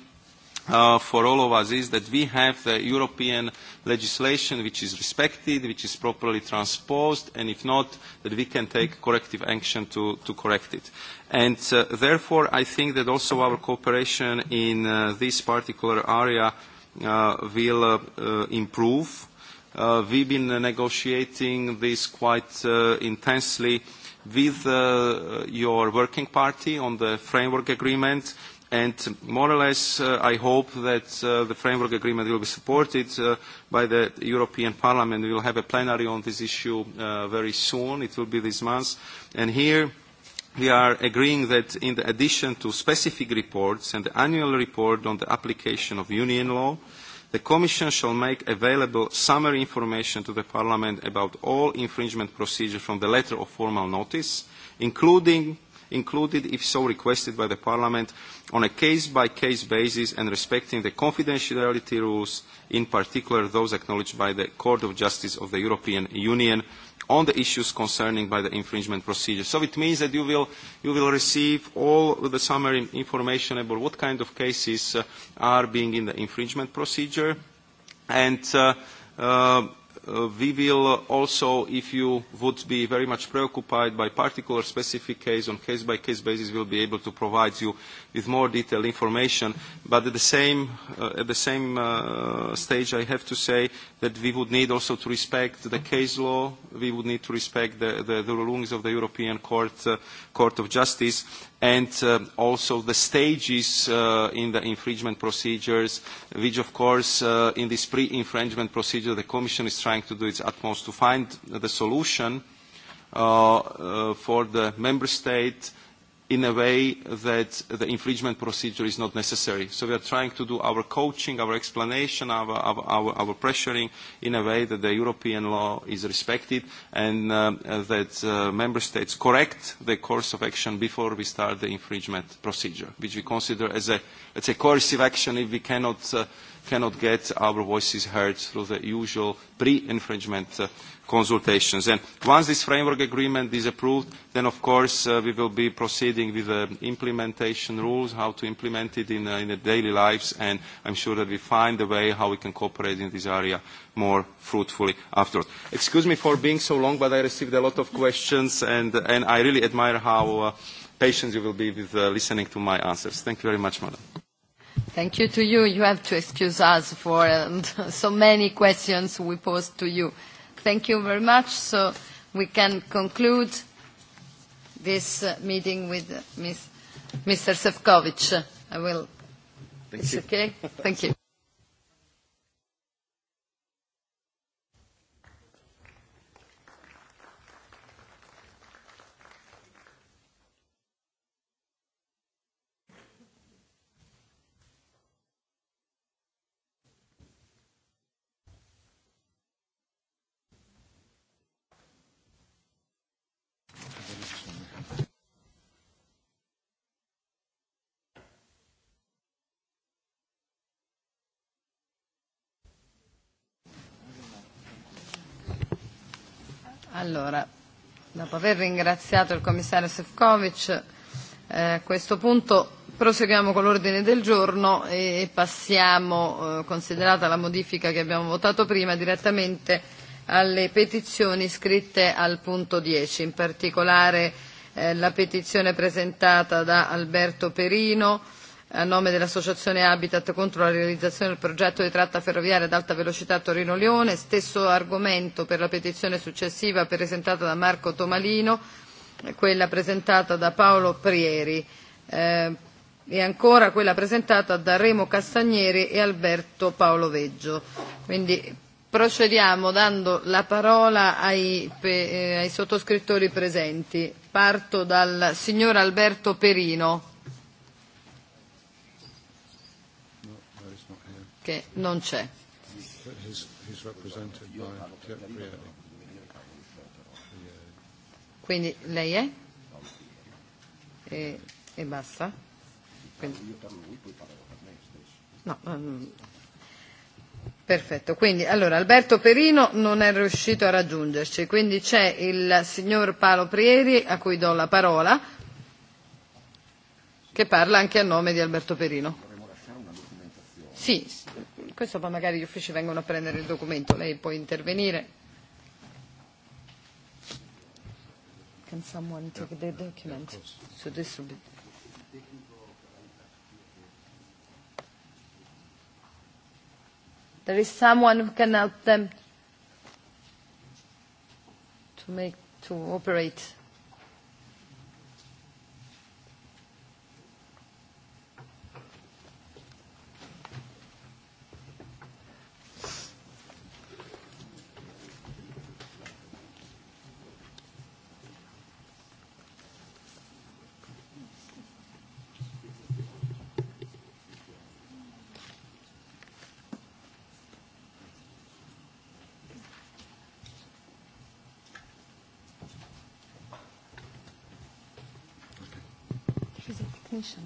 Uh, for all of us is that we have the European legislation which is respected, which is properly transposed, and if not, that we can take corrective action to, to correct it. And uh, therefore, I think that also our cooperation in uh, this particular area uh, will uh, uh, improve. Uh, we've been uh, negotiating this quite uh, intensely with uh, your working party on the framework agreement And more or less, uh, I hope that uh, the framework agreement will be supported uh, by the European Parliament. We will have a plenary on this issue uh, very soon. It will be this month. And here, we are agreeing that in addition to specific reports and the annual report on the application of union law, the Commission shall make available summary information to the Parliament about all infringement procedures from the letter of formal notice, including included if so requested by the Parliament, on a case-by-case -case basis and respecting the confidentiality rules, in particular those acknowledged by the Court of Justice of the European Union, on the issues concerning by the infringement procedure. So it means that you will, you will receive all the summary information about what kind of cases uh, are being in the infringement procedure and uh, uh, Uh, we will also, if you would be very much preoccupied by particular specific case on case-by-case -case basis, we'll be able to provide you with more detailed information. But at the same, uh, at the same uh, stage, I have to say that we would need also to respect the case law. We would need to respect the, the, the rulings of the European Court, uh, Court of Justice and uh, also the stages uh, in the infringement procedures, which of course uh, in this pre-infringement procedure the Commission is trying to do its utmost to find the solution uh, uh, for the member state in a way that the infringement procedure is not necessary. So we are trying to do our coaching, our explanation, our, our, our, our pressuring in a way that the European law is respected and uh, that uh, member states correct the course of action before we start the infringement procedure, which we consider as a, as a coercive action if we cannot, uh, cannot get our voices heard through the usual pre-infringement uh, consultations. And once this framework agreement is approved, then of course uh, we will be proceeding with the uh, implementation rules, how to implement it in, uh, in the daily lives, and I'm sure that we find a way how we can cooperate in this area more fruitfully afterwards. Excuse me for being so long, but I received a lot of questions, and, and I really admire how uh, patient you will be with uh, listening to my answers. Thank you very much, madam. Thank you to you. You have to excuse us for um, so many questions we posed to you. Thank you very much. So we can conclude this uh, meeting with uh, Ms. Mr. Sefcovic. I will. Thank It's you. okay? Thank you. Allora, dopo aver ringraziato il commissario Sefcovic, eh, a questo punto proseguiamo con l'ordine del giorno e, e passiamo, eh, considerata la modifica che abbiamo votato prima, direttamente alle petizioni scritte al punto 10, in particolare eh, la petizione presentata da Alberto Perino, a nome dell'Associazione Habitat contro la realizzazione del progetto di tratta ferroviaria ad alta velocità Torino-Lione, stesso argomento per la petizione successiva presentata da Marco Tomalino, e quella presentata da Paolo Prieri eh, e ancora quella presentata da Remo Castagneri e Alberto Paolo Veggio. Quindi procediamo dando la parola ai, pe, eh, ai sottoscrittori presenti. Parto dal signor Alberto Perino. che non c'è. Quindi lei è? E, e basta? Quindi... No, um, perfetto. Quindi, allora, Alberto Perino non è riuscito a raggiungerci, quindi c'è il signor Paolo Prieri a cui do la parola, che parla anche a nome di Alberto Perino. Sì, questo poi magari gli uffici vengono a prendere il documento, lei può intervenire. Can someone take the document? So this will be... There is someone who can help them to make, to operate information.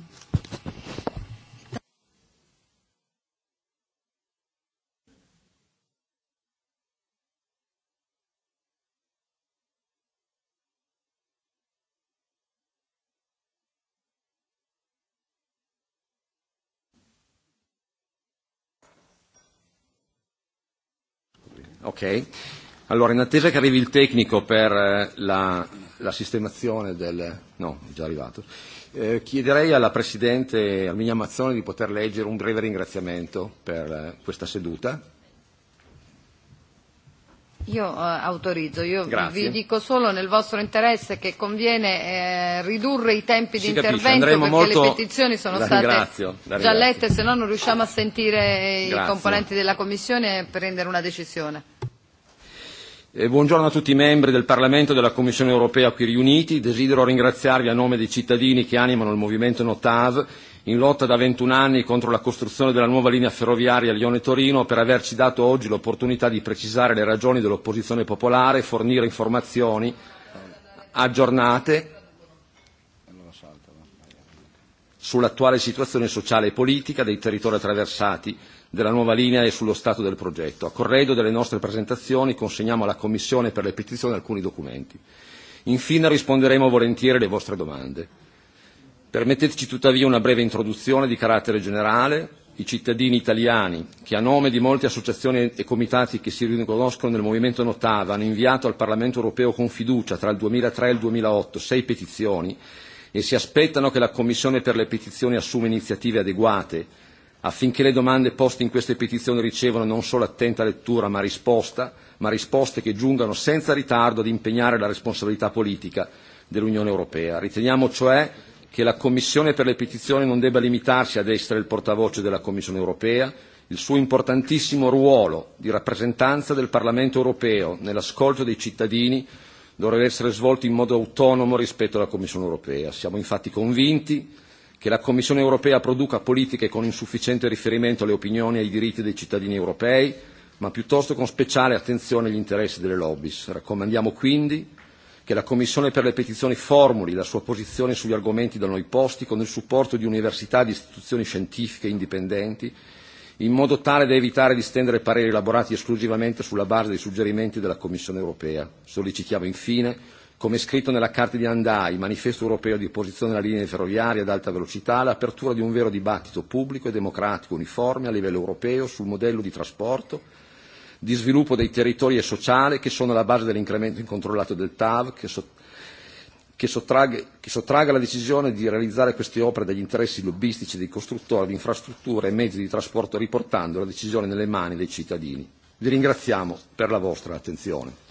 Okay. Allora, in attesa che arrivi il tecnico per eh, la, la sistemazione del... No, è già arrivato. Eh, chiederei alla Presidente Arminia Mazzone di poter leggere un breve ringraziamento per eh, questa seduta. Io eh, autorizzo, io Grazie. vi dico solo nel vostro interesse che conviene eh, ridurre i tempi si di intervento Andremo perché molto... le petizioni sono la state ringrazio, ringrazio. già lette, se no non riusciamo a sentire Grazie. i componenti della Commissione e prendere una decisione. Eh, buongiorno a tutti i membri del Parlamento e della Commissione europea qui riuniti. Desidero ringraziarvi a nome dei cittadini che animano il movimento Notav in lotta da 21 anni contro la costruzione della nuova linea ferroviaria Lione-Torino per averci dato oggi l'opportunità di precisare le ragioni dell'opposizione popolare e fornire informazioni aggiornate sull'attuale situazione sociale e politica dei territori attraversati della nuova linea e sullo stato del progetto. A corredo delle nostre presentazioni consegniamo alla Commissione per le petizioni alcuni documenti. Infine risponderemo volentieri alle vostre domande. Permetteteci tuttavia una breve introduzione di carattere generale. I cittadini italiani, che a nome di molte associazioni e comitati che si riconoscono nel movimento Notava, hanno inviato al Parlamento europeo con fiducia tra il 2003 e il 2008 sei petizioni e si aspettano che la Commissione per le petizioni assuma iniziative adeguate affinché le domande poste in queste petizioni ricevano non solo attenta lettura ma risposta, ma risposte che giungano senza ritardo ad impegnare la responsabilità politica dell'Unione Europea. Riteniamo cioè che la Commissione per le petizioni non debba limitarsi ad essere il portavoce della Commissione Europea, il suo importantissimo ruolo di rappresentanza del Parlamento Europeo nell'ascolto dei cittadini dovrebbe essere svolto in modo autonomo rispetto alla Commissione Europea. Siamo infatti convinti che la Commissione europea produca politiche con insufficiente riferimento alle opinioni e ai diritti dei cittadini europei, ma piuttosto con speciale attenzione agli interessi delle lobbies. Raccomandiamo quindi che la Commissione per le petizioni formuli la sua posizione sugli argomenti da noi posti con il supporto di università e di istituzioni scientifiche indipendenti, in modo tale da evitare di stendere pareri elaborati esclusivamente sulla base dei suggerimenti della Commissione europea. Sollecitiamo infine Come scritto nella Carta di Andai, manifesto europeo di opposizione alla linea ferroviaria ad alta velocità, l'apertura di un vero dibattito pubblico e democratico uniforme a livello europeo sul modello di trasporto, di sviluppo dei territori e sociale che sono alla base dell'incremento incontrollato del TAV, che, so, che, sottragga, che sottragga la decisione di realizzare queste opere dagli interessi lobbistici dei costruttori di infrastrutture e mezzi di trasporto, riportando la decisione nelle mani dei cittadini. Vi ringraziamo per la vostra attenzione.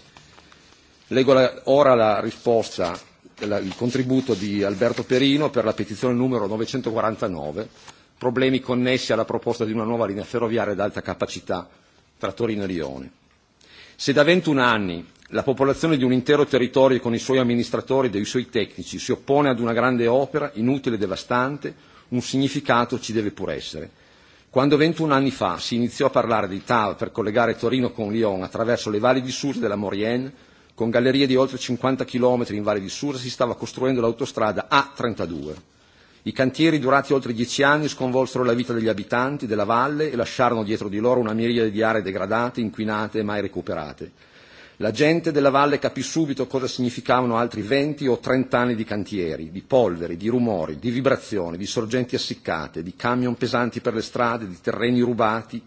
Leggo la, ora la risposta, la, il contributo di Alberto Perino per la petizione numero 949, problemi connessi alla proposta di una nuova linea ferroviaria ad alta capacità tra Torino e Lione. Se da 21 anni la popolazione di un intero territorio con i suoi amministratori e dei suoi tecnici si oppone ad una grande opera inutile e devastante, un significato ci deve pur essere. Quando 21 anni fa si iniziò a parlare di TAV per collegare Torino con Lyon attraverso le valli di Sud della Morienne con gallerie di oltre 50 km in Valle di Susa, si stava costruendo l'autostrada A32. I cantieri durati oltre dieci anni sconvolsero la vita degli abitanti della valle e lasciarono dietro di loro una miriade di aree degradate, inquinate e mai recuperate. La gente della valle capì subito cosa significavano altri venti o trent'anni di cantieri, di polveri, di rumori, di vibrazioni, di sorgenti essiccate, di camion pesanti per le strade, di terreni rubati,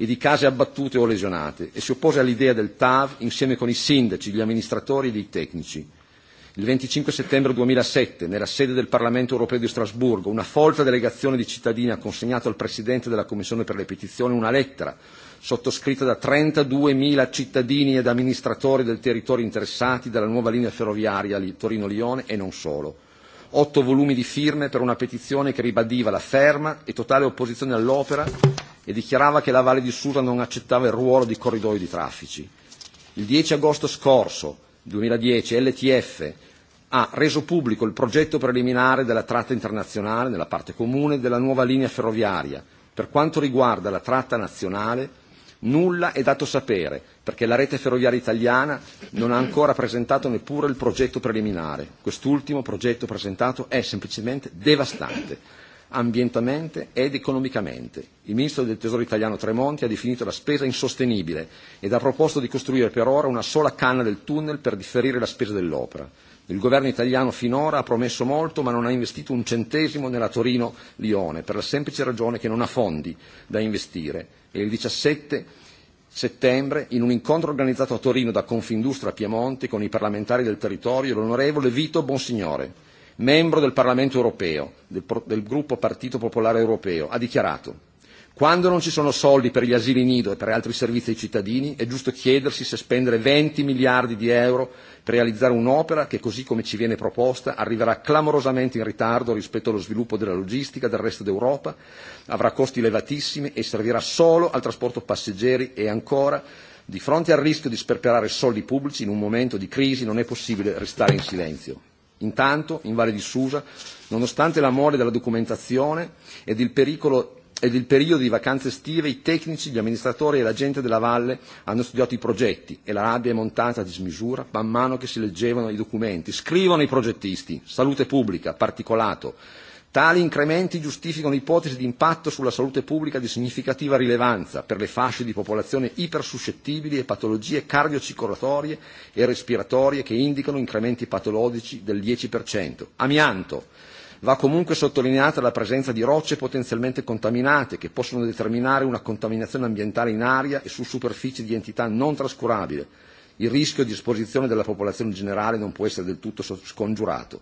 e di case abbattute o lesionate e si oppose all'idea del TAV insieme con i sindaci, gli amministratori e i tecnici. Il 25 settembre 2007, nella sede del Parlamento europeo di Strasburgo, una folta delegazione di cittadini ha consegnato al Presidente della Commissione per le petizioni una lettera sottoscritta da 32.000 cittadini ed amministratori del territorio interessati dalla nuova linea ferroviaria Torino-Lione e non solo otto volumi di firme per una petizione che ribadiva la ferma e totale opposizione all'opera e dichiarava che la Valle di Susa non accettava il ruolo di corridoio di traffici. Il 10 agosto scorso, 2010, LTF ha reso pubblico il progetto preliminare della tratta internazionale nella parte comune della nuova linea ferroviaria. Per quanto riguarda la tratta nazionale, Nulla è dato sapere, perché la rete ferroviaria italiana non ha ancora presentato neppure il progetto preliminare. Quest'ultimo progetto presentato è semplicemente devastante, ambientalmente ed economicamente. Il ministro del Tesoro italiano Tremonti ha definito la spesa insostenibile ed ha proposto di costruire per ora una sola canna del tunnel per differire la spesa dell'opera. Il governo italiano finora ha promesso molto ma non ha investito un centesimo nella Torino-Lione per la semplice ragione che non ha fondi da investire e il 17 settembre, in un incontro organizzato a Torino da Confindustria Piemonte con i parlamentari del territorio, l'onorevole Vito Bonsignore, membro del Parlamento europeo, del, del gruppo Partito Popolare Europeo, ha dichiarato Quando non ci sono soldi per gli asili nido e per altri servizi ai cittadini, è giusto chiedersi se spendere 20 miliardi di euro per realizzare un'opera che, così come ci viene proposta, arriverà clamorosamente in ritardo rispetto allo sviluppo della logistica del resto d'Europa, avrà costi elevatissimi e servirà solo al trasporto passeggeri e ancora, di fronte al rischio di sperperare soldi pubblici in un momento di crisi, non è possibile restare in silenzio. Intanto, in Valle di Susa, nonostante la mole della documentazione ed il pericolo ed il periodo di vacanze estive i tecnici, gli amministratori e la gente della valle hanno studiato i progetti e la rabbia è montata a dismisura man mano che si leggevano i documenti. Scrivono i progettisti, salute pubblica, particolato. Tali incrementi giustificano ipotesi di impatto sulla salute pubblica di significativa rilevanza per le fasce di popolazione ipersuscettibili e patologie cardiocircolatorie e respiratorie che indicano incrementi patologici del 10%. Amianto Va comunque sottolineata la presenza di rocce potenzialmente contaminate che possono determinare una contaminazione ambientale in aria e su superfici di entità non trascurabile. Il rischio di esposizione della popolazione generale non può essere del tutto scongiurato.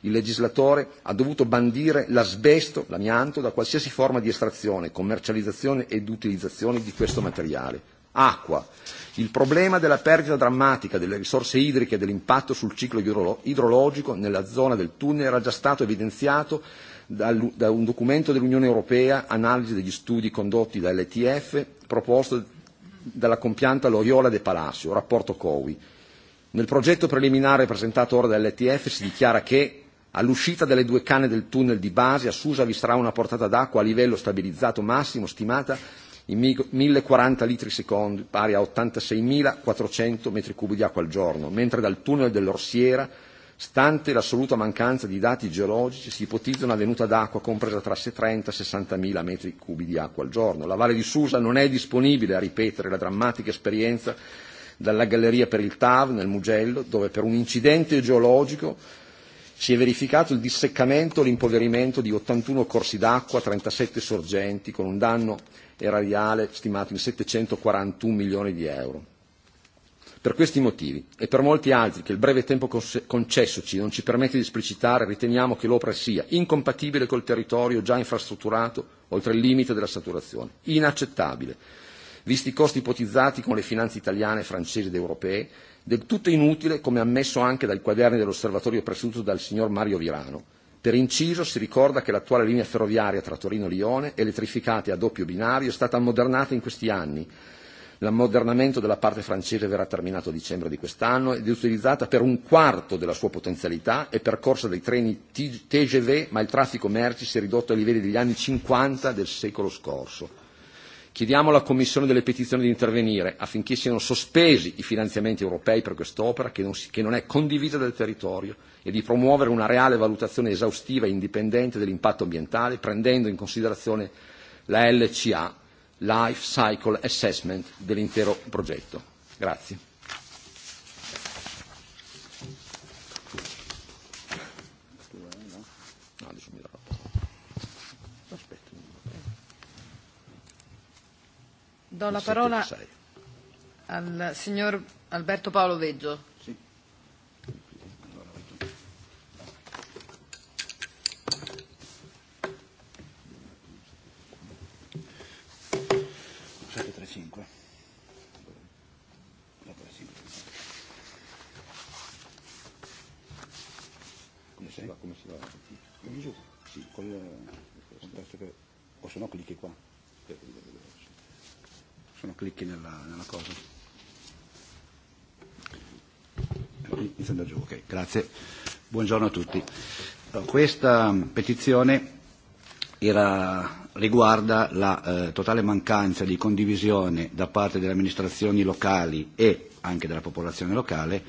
Il legislatore ha dovuto bandire l'asbesto, l'amianto, da qualsiasi forma di estrazione, commercializzazione ed utilizzazione di questo materiale. Acqua. Il problema della perdita drammatica delle risorse idriche e dell'impatto sul ciclo idrologico nella zona del tunnel era già stato evidenziato da un documento dell'Unione Europea, analisi degli studi condotti dall'ETF, proposto dalla compianta Loyola de Palacio, rapporto COWI. Nel progetto preliminare presentato ora dall'ETF si dichiara che All'uscita delle due canne del tunnel di base a Susa vi sarà una portata d'acqua a livello stabilizzato massimo stimata in 1040 litri secondi, pari a 86.400 metri cubi di acqua al giorno, mentre dal tunnel dell'Orsiera, stante l'assoluta mancanza di dati geologici, si ipotizza una venuta d'acqua compresa tra 30 e 60.000 metri cubi di acqua al giorno. La Valle di Susa non è disponibile a ripetere la drammatica esperienza dalla galleria per il TAV nel Mugello, dove per un incidente geologico si è verificato il disseccamento e l'impoverimento di 81 corsi d'acqua, 37 sorgenti, con un danno erariale stimato in 741 milioni di euro. Per questi motivi e per molti altri che il breve tempo concessoci non ci permette di esplicitare, riteniamo che l'opera sia incompatibile col territorio già infrastrutturato oltre il limite della saturazione, inaccettabile, visti i costi ipotizzati con le finanze italiane, francesi ed europee, del tutto inutile come ammesso anche dai quaderni dell'osservatorio presieduto dal signor Mario Virano, Per inciso si ricorda che l'attuale linea ferroviaria tra Torino e Lione, elettrificata e a doppio binario, è stata ammodernata in questi anni. L'ammodernamento della parte francese verrà terminato a dicembre di quest'anno ed è utilizzata per un quarto della sua potenzialità e percorsa dai treni TGV, ma il traffico merci si è ridotto ai livelli degli anni 50 del secolo scorso. Chiediamo alla Commissione delle petizioni di intervenire affinché siano sospesi i finanziamenti europei per quest'opera che non, che non è condivisa dal territorio e di promuovere una reale valutazione esaustiva e indipendente dell'impatto ambientale prendendo in considerazione la LCA, Life Cycle Assessment, dell'intero progetto. Grazie. Do la parola al signor Alberto Paolo Veggio. Sì. Come si va? Come si va? Sì, col, con eh, questo che... O se no clicchi qua sono clicchi nella, nella cosa. Eh, mi sento giù, ok, grazie. Buongiorno a tutti. Allora, questa petizione era, riguarda la eh, totale mancanza di condivisione da parte delle amministrazioni locali e anche della popolazione locale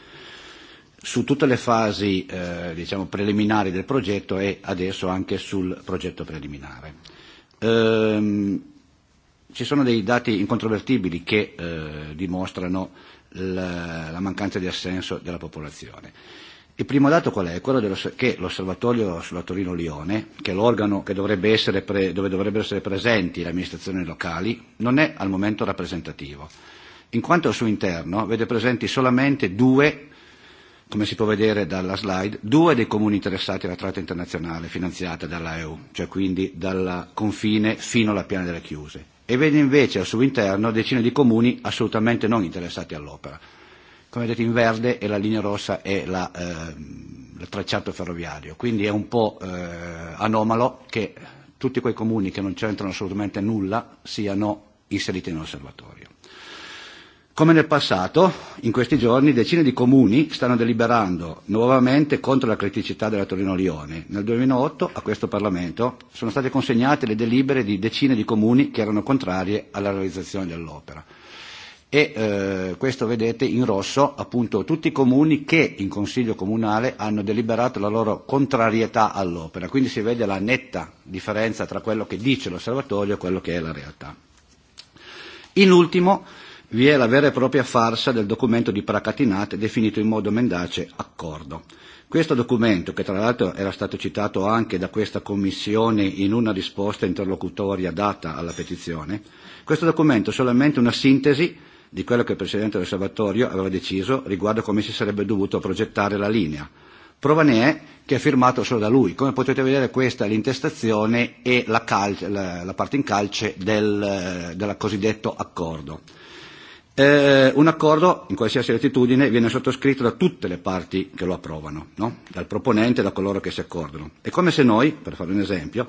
su tutte le fasi eh, diciamo, preliminari del progetto e adesso anche sul progetto preliminare. Ehm, ci sono dei dati incontrovertibili che eh, dimostrano la, la mancanza di assenso della popolazione. Il primo dato qual è? Quello dello, che l'osservatorio sulla Torino-Lione, che è l'organo che dovrebbe essere pre, dove dovrebbero essere presenti le amministrazioni locali, non è al momento rappresentativo, in quanto al suo interno vede presenti solamente due, come si può vedere dalla slide, due dei comuni interessati alla tratta internazionale finanziata dalla EU, cioè quindi dal confine fino alla piana delle chiuse, e vede invece al suo interno decine di comuni assolutamente non interessati all'opera. Come vedete in verde e la linea rossa è e la, eh, il tracciato ferroviario, quindi è un po' eh, anomalo che tutti quei comuni che non c'entrano assolutamente nulla siano inseriti nell'osservatorio. Come nel passato, in questi giorni decine di comuni stanno deliberando nuovamente contro la criticità della Torino-Lione. Nel 2008 a questo Parlamento sono state consegnate le delibere di decine di comuni che erano contrarie alla realizzazione dell'opera. E eh, questo vedete in rosso appunto tutti i comuni che in Consiglio Comunale hanno deliberato la loro contrarietà all'opera, quindi si vede la netta differenza tra quello che dice l'osservatorio e quello che è la realtà. In ultimo, vi è la vera e propria farsa del documento di Pracatinat definito in modo mendace accordo. Questo documento, che tra l'altro era stato citato anche da questa Commissione in una risposta interlocutoria data alla petizione, questo documento è solamente una sintesi di quello che il Presidente del Salvatorio aveva deciso riguardo come si sarebbe dovuto progettare la linea. Prova ne è che è firmato solo da lui. Come potete vedere questa è l'intestazione e la, calce, la, la parte in calce del, del cosiddetto accordo. Eh, un accordo in qualsiasi latitudine viene sottoscritto da tutte le parti che lo approvano, no? dal proponente e da coloro che si accordano. È come se noi, per fare un esempio,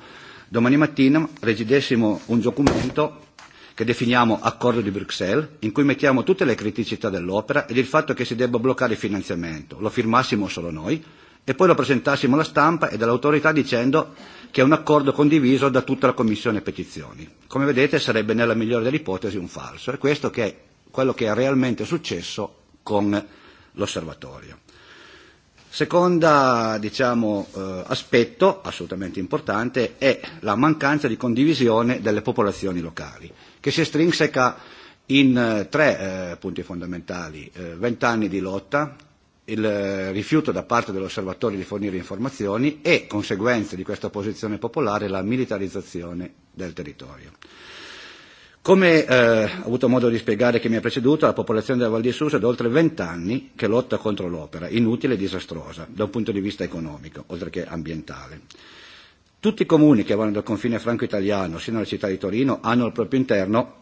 domani mattina regidessimo un documento che definiamo accordo di Bruxelles, in cui mettiamo tutte le criticità dell'opera ed il fatto che si debba bloccare il finanziamento. Lo firmassimo solo noi e poi lo presentassimo alla stampa e dall'autorità dicendo che è un accordo condiviso da tutta la Commissione Petizioni. Come vedete sarebbe nella migliore delle ipotesi un falso e questo che è quello che è realmente successo con l'osservatorio. Seconda diciamo, eh, aspetto assolutamente importante è la mancanza di condivisione delle popolazioni locali, che si estrinseca in eh, tre eh, punti fondamentali. Eh, vent'anni eh, di lotta, il eh, rifiuto da parte dell'osservatorio di fornire informazioni e, conseguenza di questa posizione popolare, la militarizzazione del territorio. Come eh, ho avuto modo di spiegare chi mi ha preceduto, la popolazione della Val di Susa è da oltre vent'anni che lotta contro l'opera, inutile e disastrosa, da un punto di vista economico, oltre che ambientale. Tutti i comuni che vanno dal confine franco-italiano sino alla città di Torino hanno al proprio interno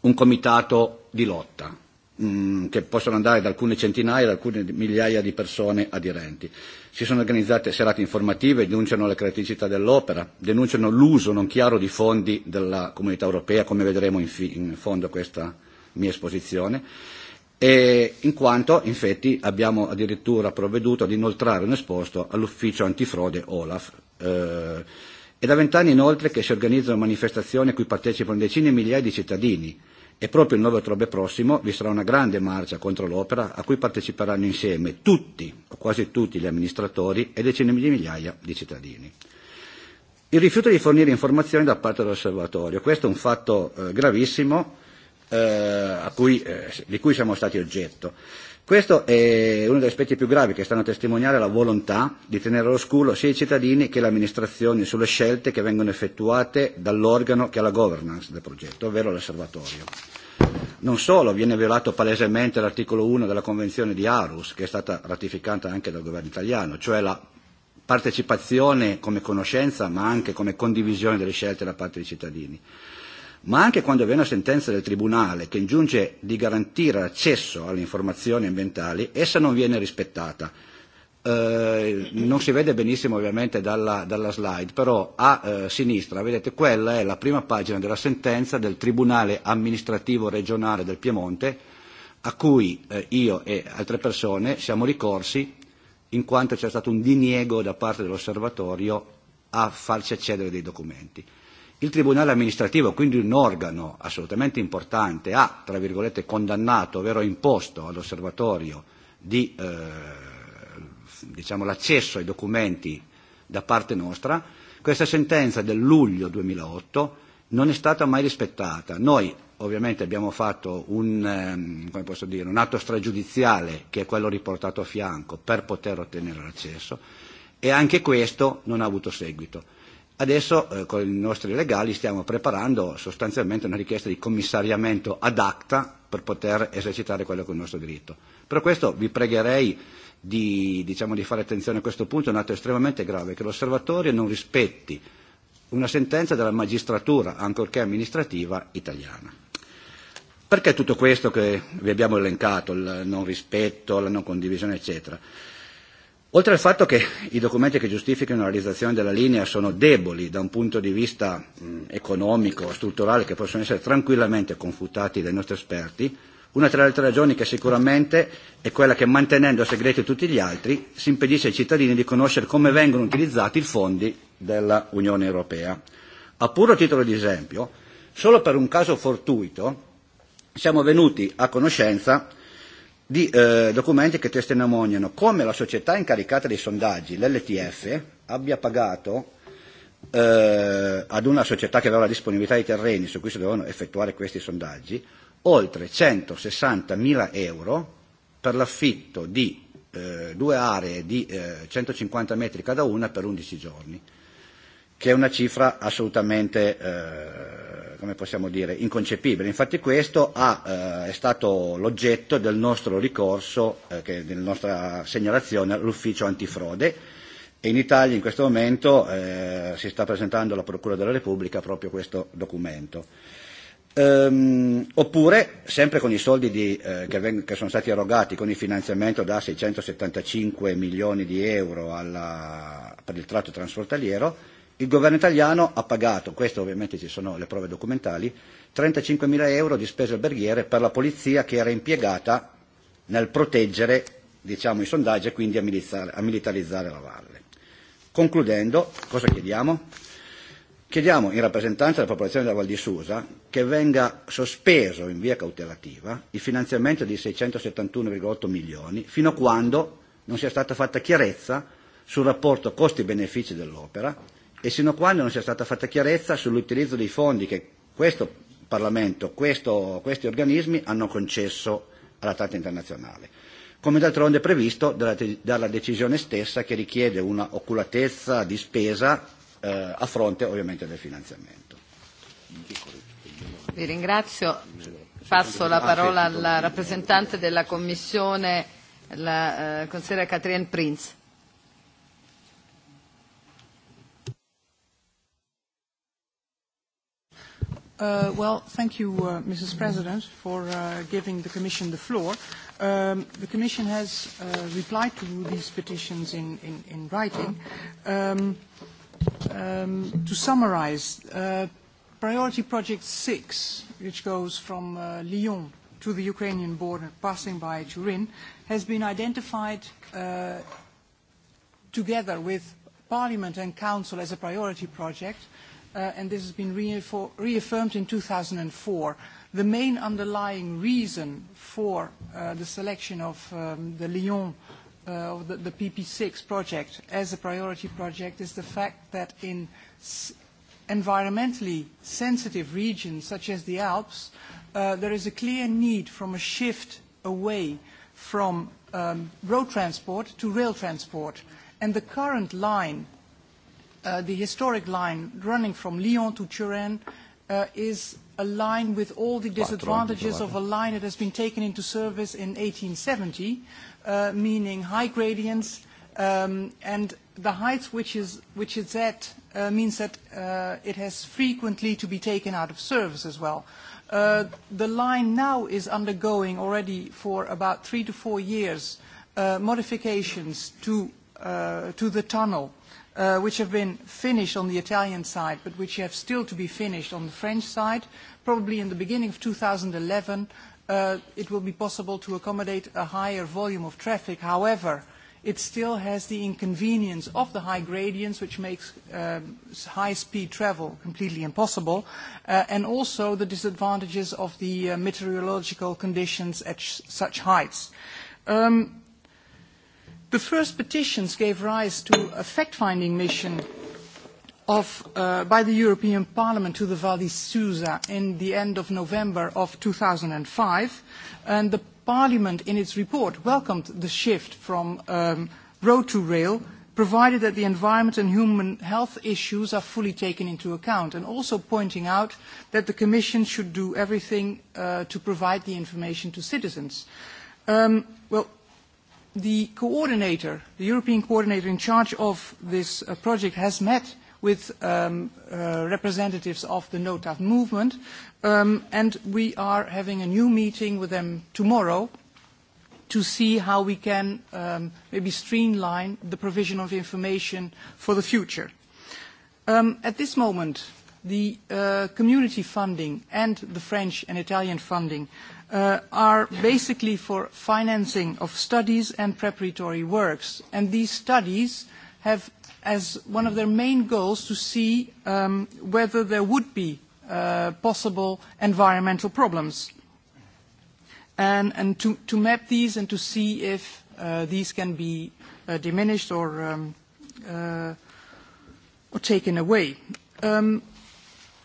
un comitato di lotta, Mm, che possono andare da alcune centinaia ad alcune migliaia di persone aderenti. Si sono organizzate serate informative, denunciano la criticità dell'opera, denunciano l'uso non chiaro di fondi della comunità europea, come vedremo in, fi- in fondo a questa mia esposizione, e in quanto infatti abbiamo addirittura provveduto ad inoltrare un esposto all'ufficio antifrode Olaf. Eh, è e da vent'anni inoltre che si organizzano manifestazioni a cui partecipano decine di e migliaia di cittadini, e proprio il 9 ottobre prossimo vi sarà una grande marcia contro l'opera a cui parteciperanno insieme tutti o quasi tutti gli amministratori e decine di migliaia di cittadini. Il rifiuto di fornire informazioni da parte dell'osservatorio, questo è un fatto eh, gravissimo eh, a cui, eh, di cui siamo stati oggetto. Questo è uno degli aspetti più gravi che stanno a testimoniare la volontà di tenere all'oscuro sia i cittadini che le amministrazioni sulle scelte che vengono effettuate dall'organo che ha la governance del progetto, ovvero l'osservatorio. Non solo viene violato palesemente l'articolo 1 della Convenzione di Arus, che è stata ratificata anche dal governo italiano, cioè la partecipazione come conoscenza ma anche come condivisione delle scelte da parte dei cittadini ma anche quando vi è una sentenza del Tribunale che ingiunge di garantire l'accesso alle informazioni ambientali, essa non viene rispettata. Eh, non si vede benissimo ovviamente dalla, dalla slide, però a eh, sinistra, vedete, quella è la prima pagina della sentenza del Tribunale amministrativo regionale del Piemonte, a cui eh, io e altre persone siamo ricorsi in quanto c'è stato un diniego da parte dell'osservatorio a farci accedere dei documenti. Il Tribunale amministrativo, quindi un organo assolutamente importante, ha, tra virgolette, condannato, ovvero imposto all'osservatorio di, eh, diciamo, l'accesso ai documenti da parte nostra, questa sentenza del luglio 2008 non è stata mai rispettata. Noi ovviamente abbiamo fatto un, ehm, come posso dire, un atto stragiudiziale che è quello riportato a fianco per poter ottenere l'accesso e anche questo non ha avuto seguito. Adesso eh, con i nostri legali stiamo preparando sostanzialmente una richiesta di commissariamento ad acta per poter esercitare quello che è il nostro diritto. Per questo vi pregherei di, diciamo, di fare attenzione a questo punto, è un atto estremamente grave, che l'osservatorio non rispetti una sentenza della magistratura, ancorché amministrativa, italiana. Perché tutto questo che vi abbiamo elencato, il non rispetto, la non condivisione, eccetera? Oltre al fatto che i documenti che giustificano la realizzazione della linea sono deboli da un punto di vista mh, economico, strutturale, che possono essere tranquillamente confutati dai nostri esperti, una tra le altre ragioni che sicuramente è quella che mantenendo segreti tutti gli altri si impedisce ai cittadini di conoscere come vengono utilizzati i fondi dell'Unione Europea. A puro titolo di esempio, solo per un caso fortuito siamo venuti a conoscenza di uh, documenti che testimoniano come la società incaricata dei sondaggi, l'LTF, abbia pagato uh, ad una società che aveva la disponibilità di terreni su cui si dovevano effettuare questi sondaggi oltre 160.000 euro per l'affitto di uh, due aree di uh, 150 metri cada una per 11 giorni, che è una cifra assolutamente Uh, come possiamo dire, inconcepibile. Infatti questo ha, eh, è stato l'oggetto del nostro ricorso, eh, che, della nostra segnalazione all'ufficio antifrode e in Italia in questo momento eh, si sta presentando alla Procura della Repubblica proprio questo documento. Um, oppure, sempre con i soldi di, eh, che, veng- che sono stati erogati con il finanziamento da 675 milioni di euro alla, per il tratto transfrontaliero, Il governo italiano ha pagato, questo ovviamente ci sono le prove documentali, 35.000 euro di spese alberghiere per la polizia che era impiegata nel proteggere diciamo, i sondaggi e quindi a, a militarizzare la valle. Concludendo, cosa chiediamo? Chiediamo in rappresentanza della popolazione della Val di Susa che venga sospeso in via cautelativa il finanziamento di 671,8 milioni fino a quando non sia stata fatta chiarezza sul rapporto costi-benefici dell'opera e sino a quando non sia stata fatta chiarezza sull'utilizzo dei fondi che questo Parlamento, questo, questi organismi hanno concesso alla tratta internazionale, come d'altronde previsto dalla, dalla decisione stessa che richiede una oculatezza di spesa eh, a fronte ovviamente del finanziamento. Vi ringrazio. Passo la parola alla rappresentante della Commissione, la eh, consigliera Catherine Prince. Uh, well, thank you, uh, Mrs. President, for uh, giving the Commission the floor. Um, the Commission has uh, replied to these petitions in, in, in writing. Um, um, to summarize, uh, Priority Project 6, which goes from uh, Lyon to the Ukrainian border, passing by Turin, has been identified uh, together with Parliament and Council as a priority project – Uh, and this has been reaffirmed in 2004. The main underlying reason for uh, the selection of um, the Lyon, uh, of the, the PP6 project as a priority project is the fact that in environmentally sensitive regions such as the Alps, uh, there is a clear need from a shift away from um, road transport to rail transport. And the current line Uh, the historic line running from Lyon to Turin uh, is a line with all the disadvantages of a line that has been taken into service in 1870, uh, meaning high gradients, um, and the height which, is, which it's at uh, means that uh, it has frequently to be taken out of service as well. Uh, the line now is undergoing already for about three to four years uh, modifications to, uh, to the tunnel uh, uh, which have been finished on the Italian side, but which have still to be finished on the French side. Probably in the beginning of 2011, uh, it will be possible to accommodate a higher volume of traffic. However, it still has the inconvenience of the high gradients, which makes uh, um, high-speed travel completely impossible, uh, and also the disadvantages of the uh, meteorological conditions at sh such heights. Um, The first petitions gave rise to a fact-finding mission of, uh, by the European Parliament to the Val di Susa in the end of November of 2005, and the Parliament in its report welcomed the shift from um, road to rail, provided that the environment and human health issues are fully taken into account, and also pointing out that the Commission should do everything uh, to provide the information to citizens. Um, well, the coordinator, the European coordinator in charge of this uh, project has met with um, uh, representatives of the NOTAF movement, um, and we are having a new meeting with them tomorrow to see how we can um, maybe streamline the provision of information for the future. Um, at this moment, the uh, community funding and the French and Italian funding uh, are basically for financing of studies and preparatory works. And these studies have as one of their main goals to see um, whether there would be uh, possible environmental problems and, and to, to map these and to see if uh, these can be uh, diminished or, um, uh, or taken away. Um,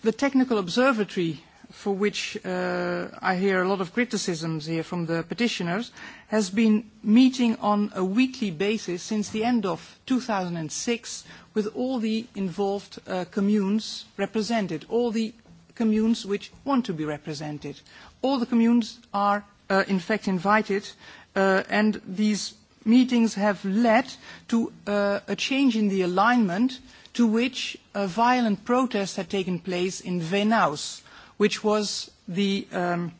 the Technical Observatory for which uh, I hear a lot of criticisms here from the petitioners, has been meeting on a weekly basis since the end of 2006 with all the involved uh, communes represented, all the communes which want to be represented. All the communes are, uh, in fact, invited, uh, and these meetings have led to uh, a change in the alignment to which a violent protest had taken place in Venaus which was the, um,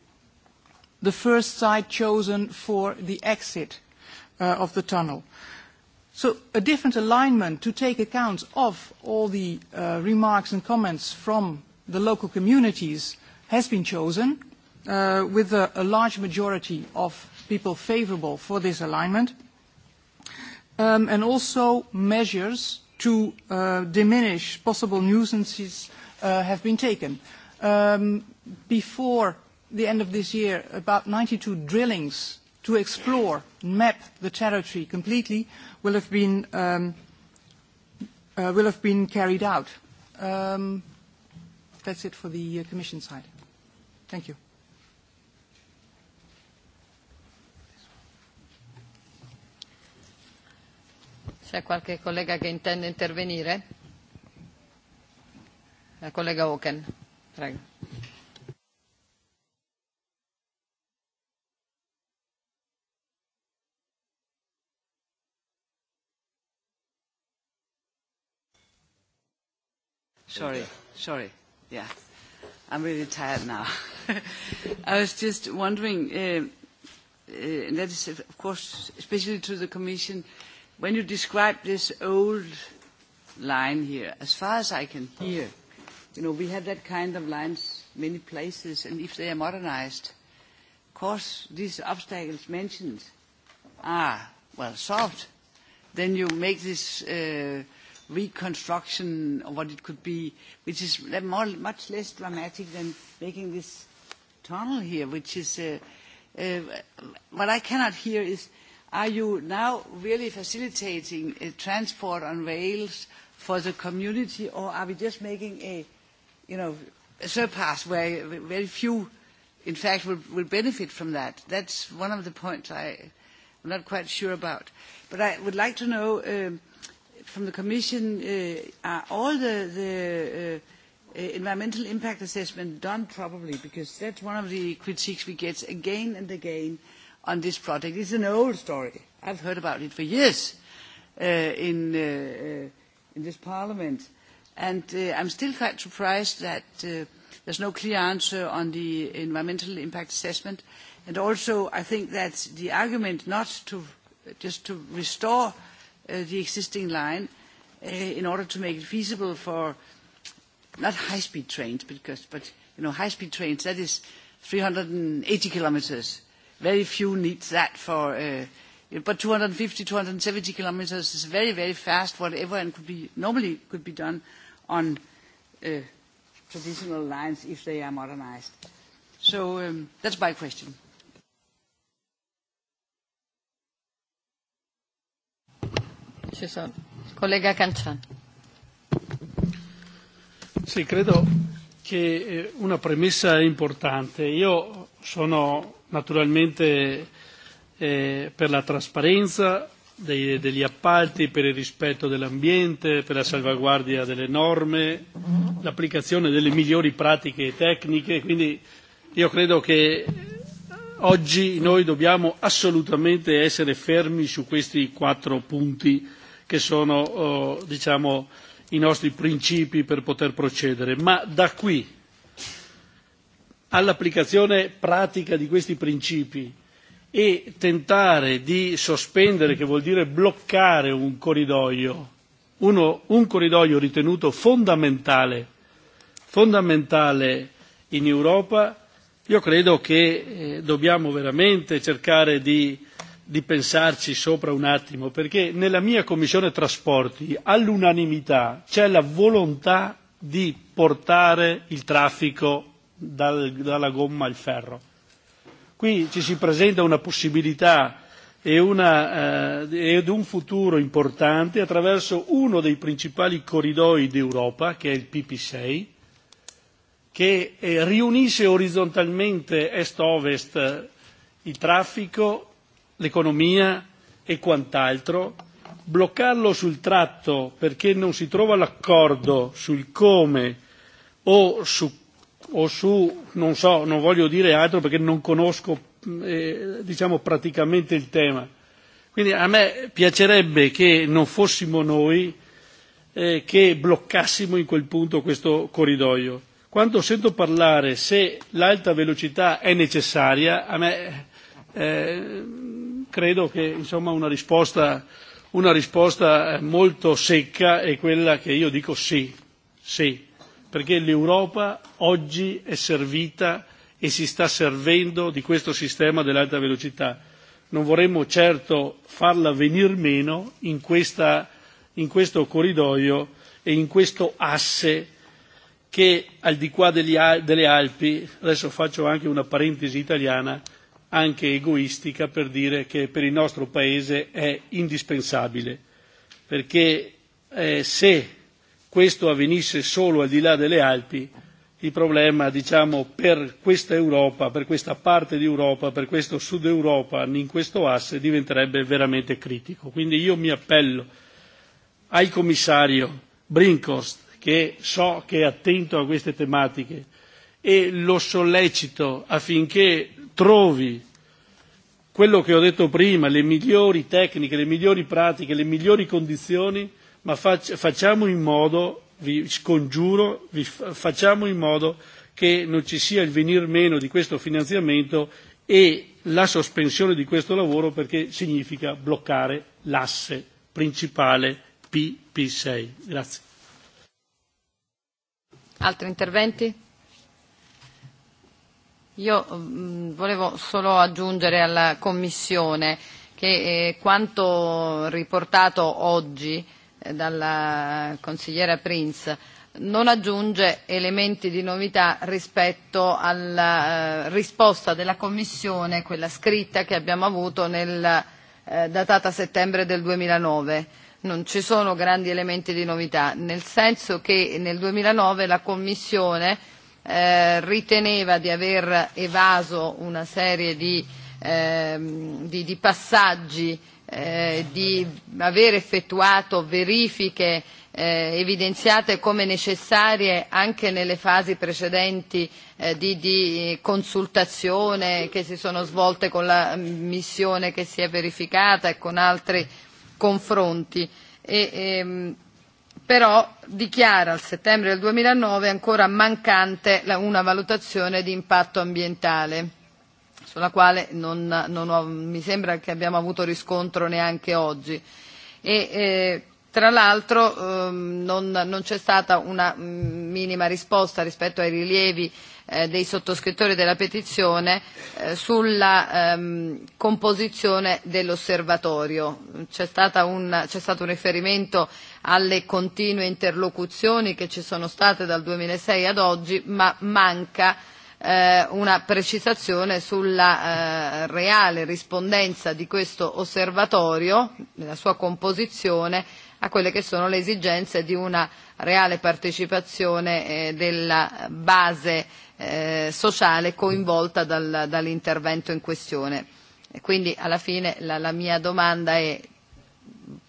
the first site chosen for the exit uh, of the tunnel. So a different alignment to take account of all the uh, remarks and comments from the local communities has been chosen uh, with a, a large majority of people favorable for this alignment um, and also measures to uh, diminish possible nuisances uh, have been taken um, before the end of this year about 92 drillings to explore, map the territory completely will have been, um, uh, will have been carried out. Um, that's it for the uh, Commission side. Thank you. C'è qualche collega che intende intervenire? La collega Oken. Prego. Sorry, sorry. Yeah, I'm really tired now. I was just wondering, uh, uh, and that is, of course, especially to the Commission, when you describe this old line here, as far as I can hear, You know, we have that kind of lines many places, and if they are modernized, of course, these obstacles mentioned are, well, solved. Then you make this uh, reconstruction of what it could be, which is more, much less dramatic than making this tunnel here, which is, uh, uh, what I cannot hear is, are you now really facilitating uh, transport on rails for the community, or are we just making a you know, surpass where very few, in fact, will, will benefit from that. That's one of the points I, I'm not quite sure about. But I would like to know um, from the Commission, uh, are all the, the uh, uh environmental impact assessment done properly? Because that's one of the critiques we get again and again on this project. It's an old story. I've heard about it for years uh, in, uh, uh in this Parliament. Uh, And uh, I'm still quite surprised that uh, there's no clear answer on the environmental impact assessment. And also, I think that the argument not to just to restore uh, the existing line uh, in order to make it feasible for not high-speed trains, because, but you know, high-speed trains, that is 380 kilometers. Very few need that for, uh, but 250, 270 kilometers is very, very fast, whatever, and could be, normally could be done on uh, traditional lines if they are modernized. So um, that's my question. Collega Cancian. Sì, credo che eh, una premessa importante. Io sono naturalmente eh, per la trasparenza dei, degli appalti per il rispetto dell'ambiente, per la salvaguardia delle norme, l'applicazione delle migliori pratiche tecniche, quindi io credo che oggi noi dobbiamo assolutamente essere fermi su questi quattro punti che sono oh, diciamo, i nostri principi per poter procedere, ma da qui all'applicazione pratica di questi principi e tentare di sospendere, che vuol dire bloccare un corridoio, uno, un corridoio ritenuto fondamentale, fondamentale in Europa, io credo che eh, dobbiamo veramente cercare di, di pensarci sopra un attimo, perché nella mia Commissione Trasporti all'unanimità c'è la volontà di portare il traffico dal, dalla gomma al ferro Qui ci si presenta una possibilità e, una, eh, ed un futuro importante attraverso uno dei principali corridoi d'Europa, che è il PP6, che eh, riunisce orizzontalmente est-ovest eh, il traffico, l'economia e quant'altro. Bloccarlo sul tratto perché non si trova l'accordo sul come o su o su, non so, non voglio dire altro perché non conosco eh, diciamo praticamente il tema. Quindi a me piacerebbe che non fossimo noi eh, che bloccassimo in quel punto questo corridoio. Quando sento parlare se l'alta velocità è necessaria, a me eh, credo che insomma, una, risposta, una risposta molto secca è quella che io dico sì, sì perché l'Europa oggi è servita e si sta servendo di questo sistema dell'alta velocità. Non vorremmo certo farla venir meno in, questa, in questo corridoio e in questo asse che al di qua degli, delle Alpi, adesso faccio anche una parentesi italiana, anche egoistica per dire che per il nostro Paese è indispensabile, perché eh, se questo avvenisse solo al di là delle Alpi, il problema diciamo, per questa Europa, per questa parte di Europa, per questo Sud Europa in questo asse diventerebbe veramente critico. Quindi io mi appello al commissario Brinkhorst, che so che è attento a queste tematiche, e lo sollecito affinché trovi quello che ho detto prima, le migliori tecniche, le migliori pratiche, le migliori condizioni ma facciamo in modo, vi scongiuro, vi facciamo in modo che non ci sia il venir meno di questo finanziamento e la sospensione di questo lavoro perché significa bloccare l'asse principale PP6. Grazie. Altri interventi? Io mh, mm, volevo solo aggiungere alla Commissione che eh, quanto riportato oggi dalla consigliera Prince non aggiunge elementi di novità rispetto alla eh, risposta della Commissione, quella scritta che abbiamo avuto nel, eh, datata settembre del 2009. Non ci sono grandi elementi di novità, nel senso che nel 2009 la Commissione eh, riteneva di aver evaso una serie di, eh, di, di passaggi Eh, di aver effettuato verifiche eh, evidenziate come necessarie anche nelle fasi precedenti eh, di, di consultazione che si sono svolte con la missione che si è verificata e con altri confronti. E, ehm, però dichiara al settembre del 2009 ancora mancante la, una valutazione di impatto ambientale sulla quale non, non ho, mi sembra che abbiamo avuto riscontro neanche oggi. E, eh, tra l'altro eh, non, non c'è stata una mm, minima risposta rispetto ai rilievi eh, dei sottoscrittori della petizione eh, sulla ehm, composizione dell'osservatorio. C'è, stata un, c'è stato un riferimento alle continue interlocuzioni che ci sono state dal 2006 ad oggi, ma manca eh, una precisazione sulla eh, reale rispondenza di questo osservatorio, nella sua composizione, a quelle che sono le esigenze di una reale partecipazione eh, della base eh, sociale coinvolta dal, dall'intervento in questione. E quindi alla fine la, la mia domanda è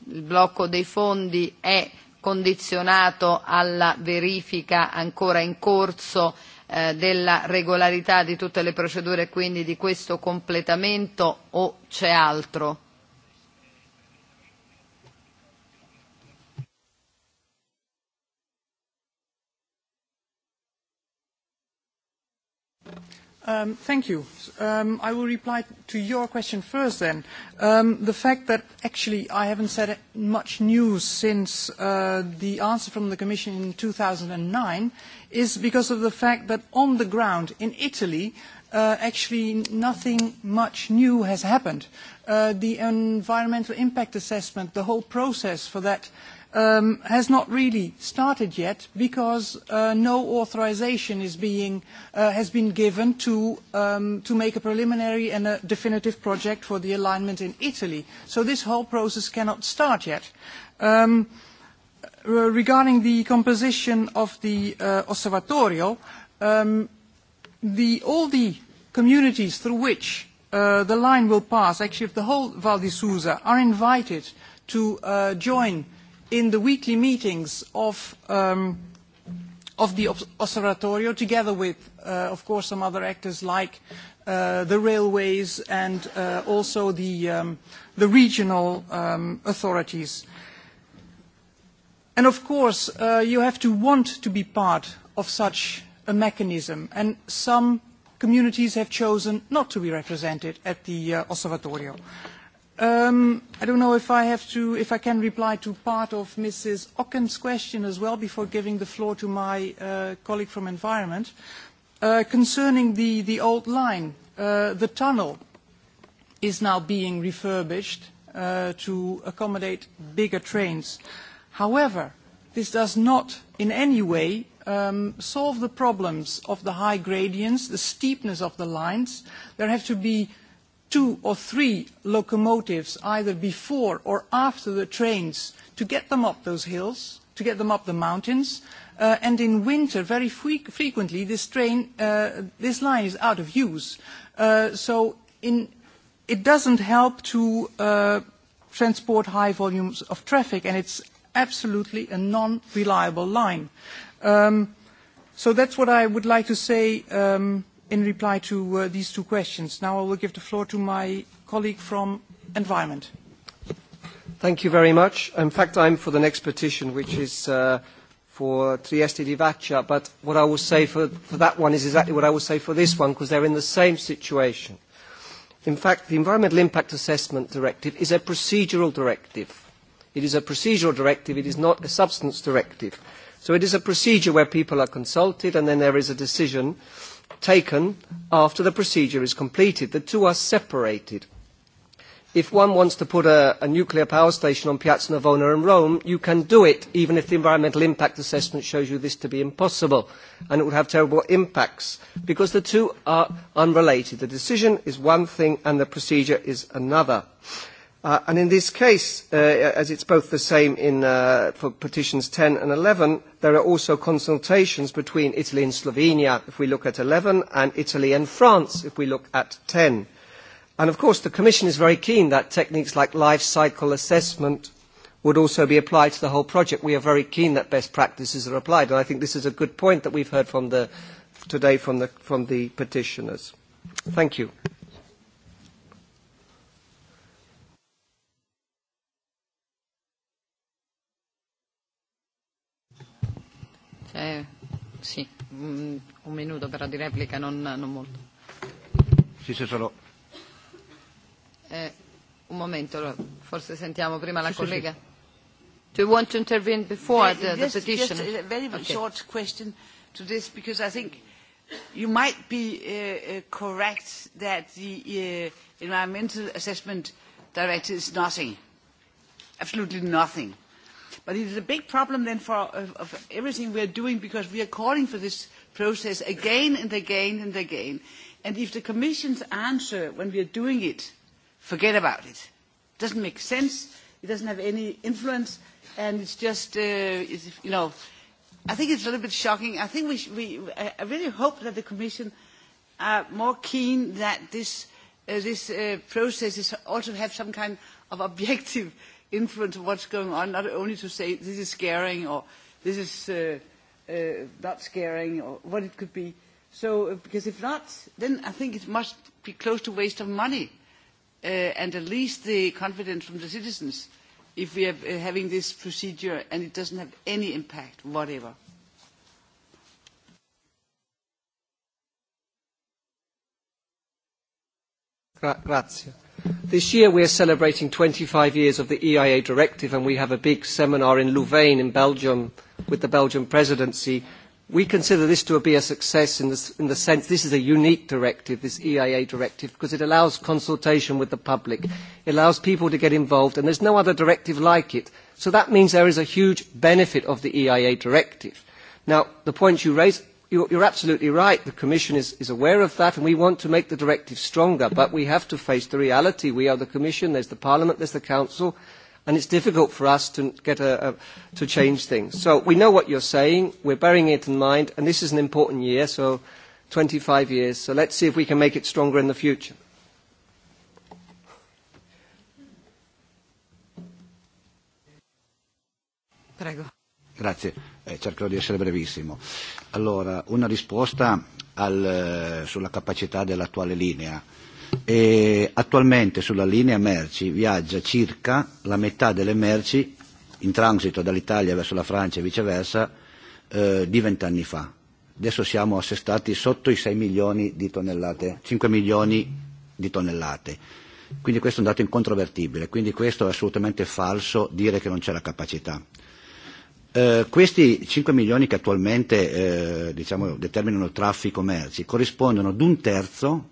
il blocco dei fondi è condizionato alla verifica ancora in corso eh, eh, della regolarità di tutte le procedure e quindi di questo completamento o c'è altro? Um, thank you. Um, I will reply to your question first then. Um, the fact that actually I haven't said much new since uh, the answer from the Commission in 2009 is because of the fact that on the ground in Italy, uh, actually nothing much new has happened. Uh, the environmental impact assessment, the whole process for that um, has not really started yet because uh, no authorization is being, uh, has been given to, um, to make a preliminary and a definitive project for the alignment in Italy. So this whole process cannot start yet. Um, regarding the composition of the uh, Osservatorio, um, the, all the communities through which uh, the line will pass, actually if the whole Val di Susa, are invited to uh, join in the weekly meetings of, um, of the Osservatorio, together with, uh, of course, some other actors like uh, the railways and uh, also the, um, the regional um, authorities. And of course, uh, you have to want to be part of such a mechanism, and some communities have chosen not to be represented at the uh, Osservatorio. Um, I don't know if I have to, if I can reply to part of Mrs. Ocken's question as well before giving the floor to my uh, colleague from Environment. Uh, concerning the, the old line, uh, the tunnel is now being refurbished uh, to accommodate bigger trains. However, this does not in any way um, solve the problems of the high gradients, the steepness of the lines. There have to be two or three locomotives either before or after the trains to get them up those hills, to get them up the mountains. Uh, and in winter, very fre frequently, this train, uh, this line is out of use. Uh, so in, it doesn't help to uh, transport high volumes of traffic, and it's absolutely a non-reliable line. Um, so that's what I would like to say um, in reply to uh, these two questions. Now I will give the floor to my colleague from Environment. Thank you very much. In fact, I'm for the next petition, which is uh, for Trieste di Vaccia, but what I will say for, for that one is exactly what I will say for this one, because they're in the same situation. In fact, the Environmental Impact Assessment Directive is a procedural directive. It is a procedural directive, it is not a substance directive. So it is a procedure where people are consulted and then there is a decision. Uh, taken after the procedure is completed. The two are separated. If one wants to put a, a nuclear power station on Piazza Navona in Rome, you can do it, even if the environmental impact assessment shows you this to be impossible, and it would have terrible impacts, because the two are unrelated. The decision is one thing and the procedure is another. Uh, Uh, and in this case, uh, as it's both the same in, uh, for petitions 10 and 11, there are also consultations between Italy and Slovenia if we look at 11, and Italy and France if we look at 10. And of course, the Commission is very keen that techniques like life cycle assessment would also be applied to the whole project. We are very keen that best practices are applied, and I think this is a good point that we've heard from the, today from the, from the petitioners. Thank you. Eh, sì, mm, un, minuto però di replica, non, non molto. Sì, se solo. Eh, un momento, forse sentiamo prima sì, la sì, collega. Sì. Do you want to intervene before the, the, just, petition? Just a very okay. short question to this, because I think you might be uh, uh, correct that the uh, environmental assessment directive is nothing, absolutely nothing. But it is a big problem then for of, of everything we are doing because we are calling for this process again and again and again. And if the Commission's answer when we are doing it, forget about it. It doesn't make sense. It doesn't have any influence. And it's just, uh, it's, you know, I think it's a little bit shocking. I think we, sh we I really hope that the Commission are more keen that this, uh, this uh, process is also have some kind of objective influence of what's going on, not only to say this is scaring or this is uh, uh, not scaring or what it could be. So, uh, because if not, then I think it must be close to waste of money uh, and at least the confidence from the citizens if we are uh, having this procedure and it doesn't have any impact, whatever. grazie. This year we are celebrating 25 years of the EIA directive and we have a big seminar in Louvain in Belgium with the Belgian presidency. We consider this to be a success in the, in the sense this is a unique directive, this EIA directive, because it allows consultation with the public, it allows people to get involved, and there's no other directive like it. So that means there is a huge benefit of the EIA directive. Now, the point you raise, you're, are absolutely right. The Commission is, is aware of that, and we want to make the directive stronger, but we have to face the reality. We are the Commission, there's the Parliament, there's the Council, and it's difficult for us to, get a, a, to change things. So we know what you're saying, we're bearing it in mind, and this is an important year, so 25 years, so let's see if we can make it stronger in the future. Prego. Grazie eh, cercherò di essere brevissimo. Allora, una risposta al, eh, sulla capacità dell'attuale linea. E attualmente sulla linea merci viaggia circa la metà delle merci in transito dall'Italia verso la Francia e viceversa eh, di vent'anni fa. Adesso siamo assestati sotto i 6 milioni di tonnellate, 5 milioni di tonnellate. Quindi questo è un dato incontrovertibile, quindi questo è assolutamente falso dire che non c'è la capacità. Eh, questi 5 milioni che attualmente eh, diciamo, determinano traffico merci corrispondono ad un terzo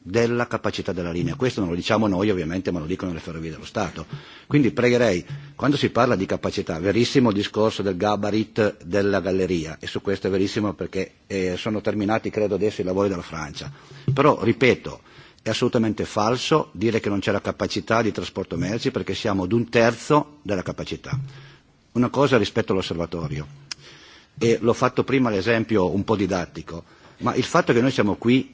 della capacità della linea. Questo non lo diciamo noi ovviamente, ma lo dicono le ferrovie dello Stato. Quindi pregherei, quando si parla di capacità, verissimo il discorso del gabarit della galleria, e su questo è verissimo perché eh, sono terminati credo adesso i lavori della Francia. Però, ripeto, è assolutamente falso dire che non c'è la capacità di trasporto merci perché siamo ad un terzo della capacità una cosa rispetto all'osservatorio, e l'ho fatto prima l'esempio un po' didattico, ma il fatto che noi siamo qui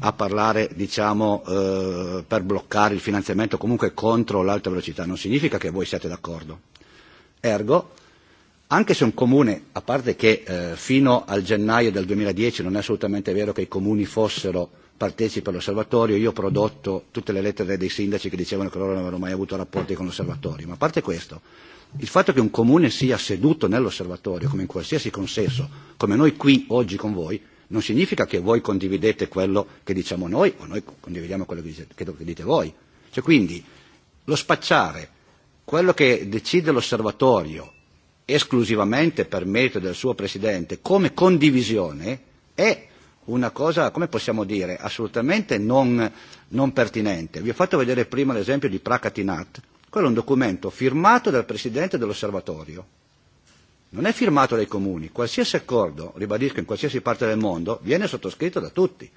a parlare diciamo, eh, per bloccare il finanziamento comunque contro l'alta velocità non significa che voi siate d'accordo. Ergo, anche se un comune, a parte che eh, fino al gennaio del 2010 non è assolutamente vero che i comuni fossero partecipi all'osservatorio, io ho prodotto tutte le lettere dei sindaci che dicevano che loro non avevano mai avuto rapporti con l'osservatorio, ma a parte questo, Il fatto che un comune sia seduto nell'osservatorio, come in qualsiasi consesso, come noi qui oggi con voi, non significa che voi condividete quello che diciamo noi o noi condividiamo quello che dite, che dite voi. Cioè, quindi lo spacciare quello che decide l'osservatorio esclusivamente per merito del suo presidente come condivisione è una cosa, come possiamo dire, assolutamente non, non pertinente. Vi ho fatto vedere prima l'esempio di Prakatinat, Quello è un documento firmato dal Presidente dell'Osservatorio. Non è firmato dai comuni. Qualsiasi accordo, ribadisco, in qualsiasi parte del mondo, viene sottoscritto da tutti.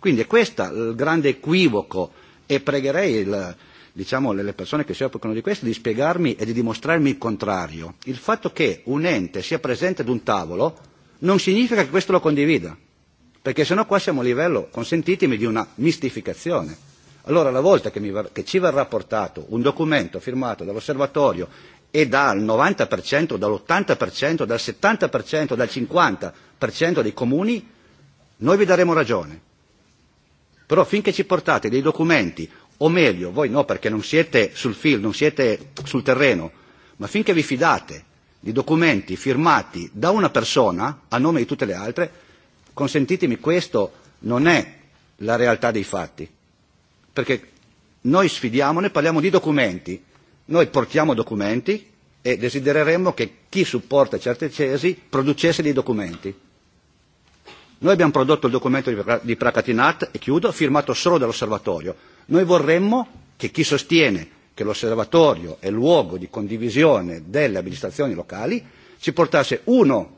Quindi è questo eh, il grande equivoco e pregherei il, diciamo, le persone che si occupano di questo di spiegarmi e di dimostrarmi il contrario. Il fatto che un ente sia presente ad un tavolo non significa che questo lo condivida, perché sennò qua siamo a livello, consentitemi, di una mistificazione. Allora la volta che, mi, che ci verrà portato un documento firmato dall'osservatorio e dal 90%, dall'80%, dal 70%, dal 50% dei comuni, noi vi daremo ragione. Però finché ci portate dei documenti, o meglio, voi no perché non siete sul fil, non siete sul terreno, ma finché vi fidate di documenti firmati da una persona a nome di tutte le altre, consentitemi questo non è la realtà dei fatti perché noi sfidiamo, noi parliamo di documenti, noi portiamo documenti e desidereremmo che chi supporta certe cesi producesse dei documenti. Noi abbiamo prodotto il documento di Prakatinat, e chiudo, firmato solo dall'osservatorio. Noi vorremmo che chi sostiene che l'osservatorio è luogo di condivisione delle amministrazioni locali ci portasse uno,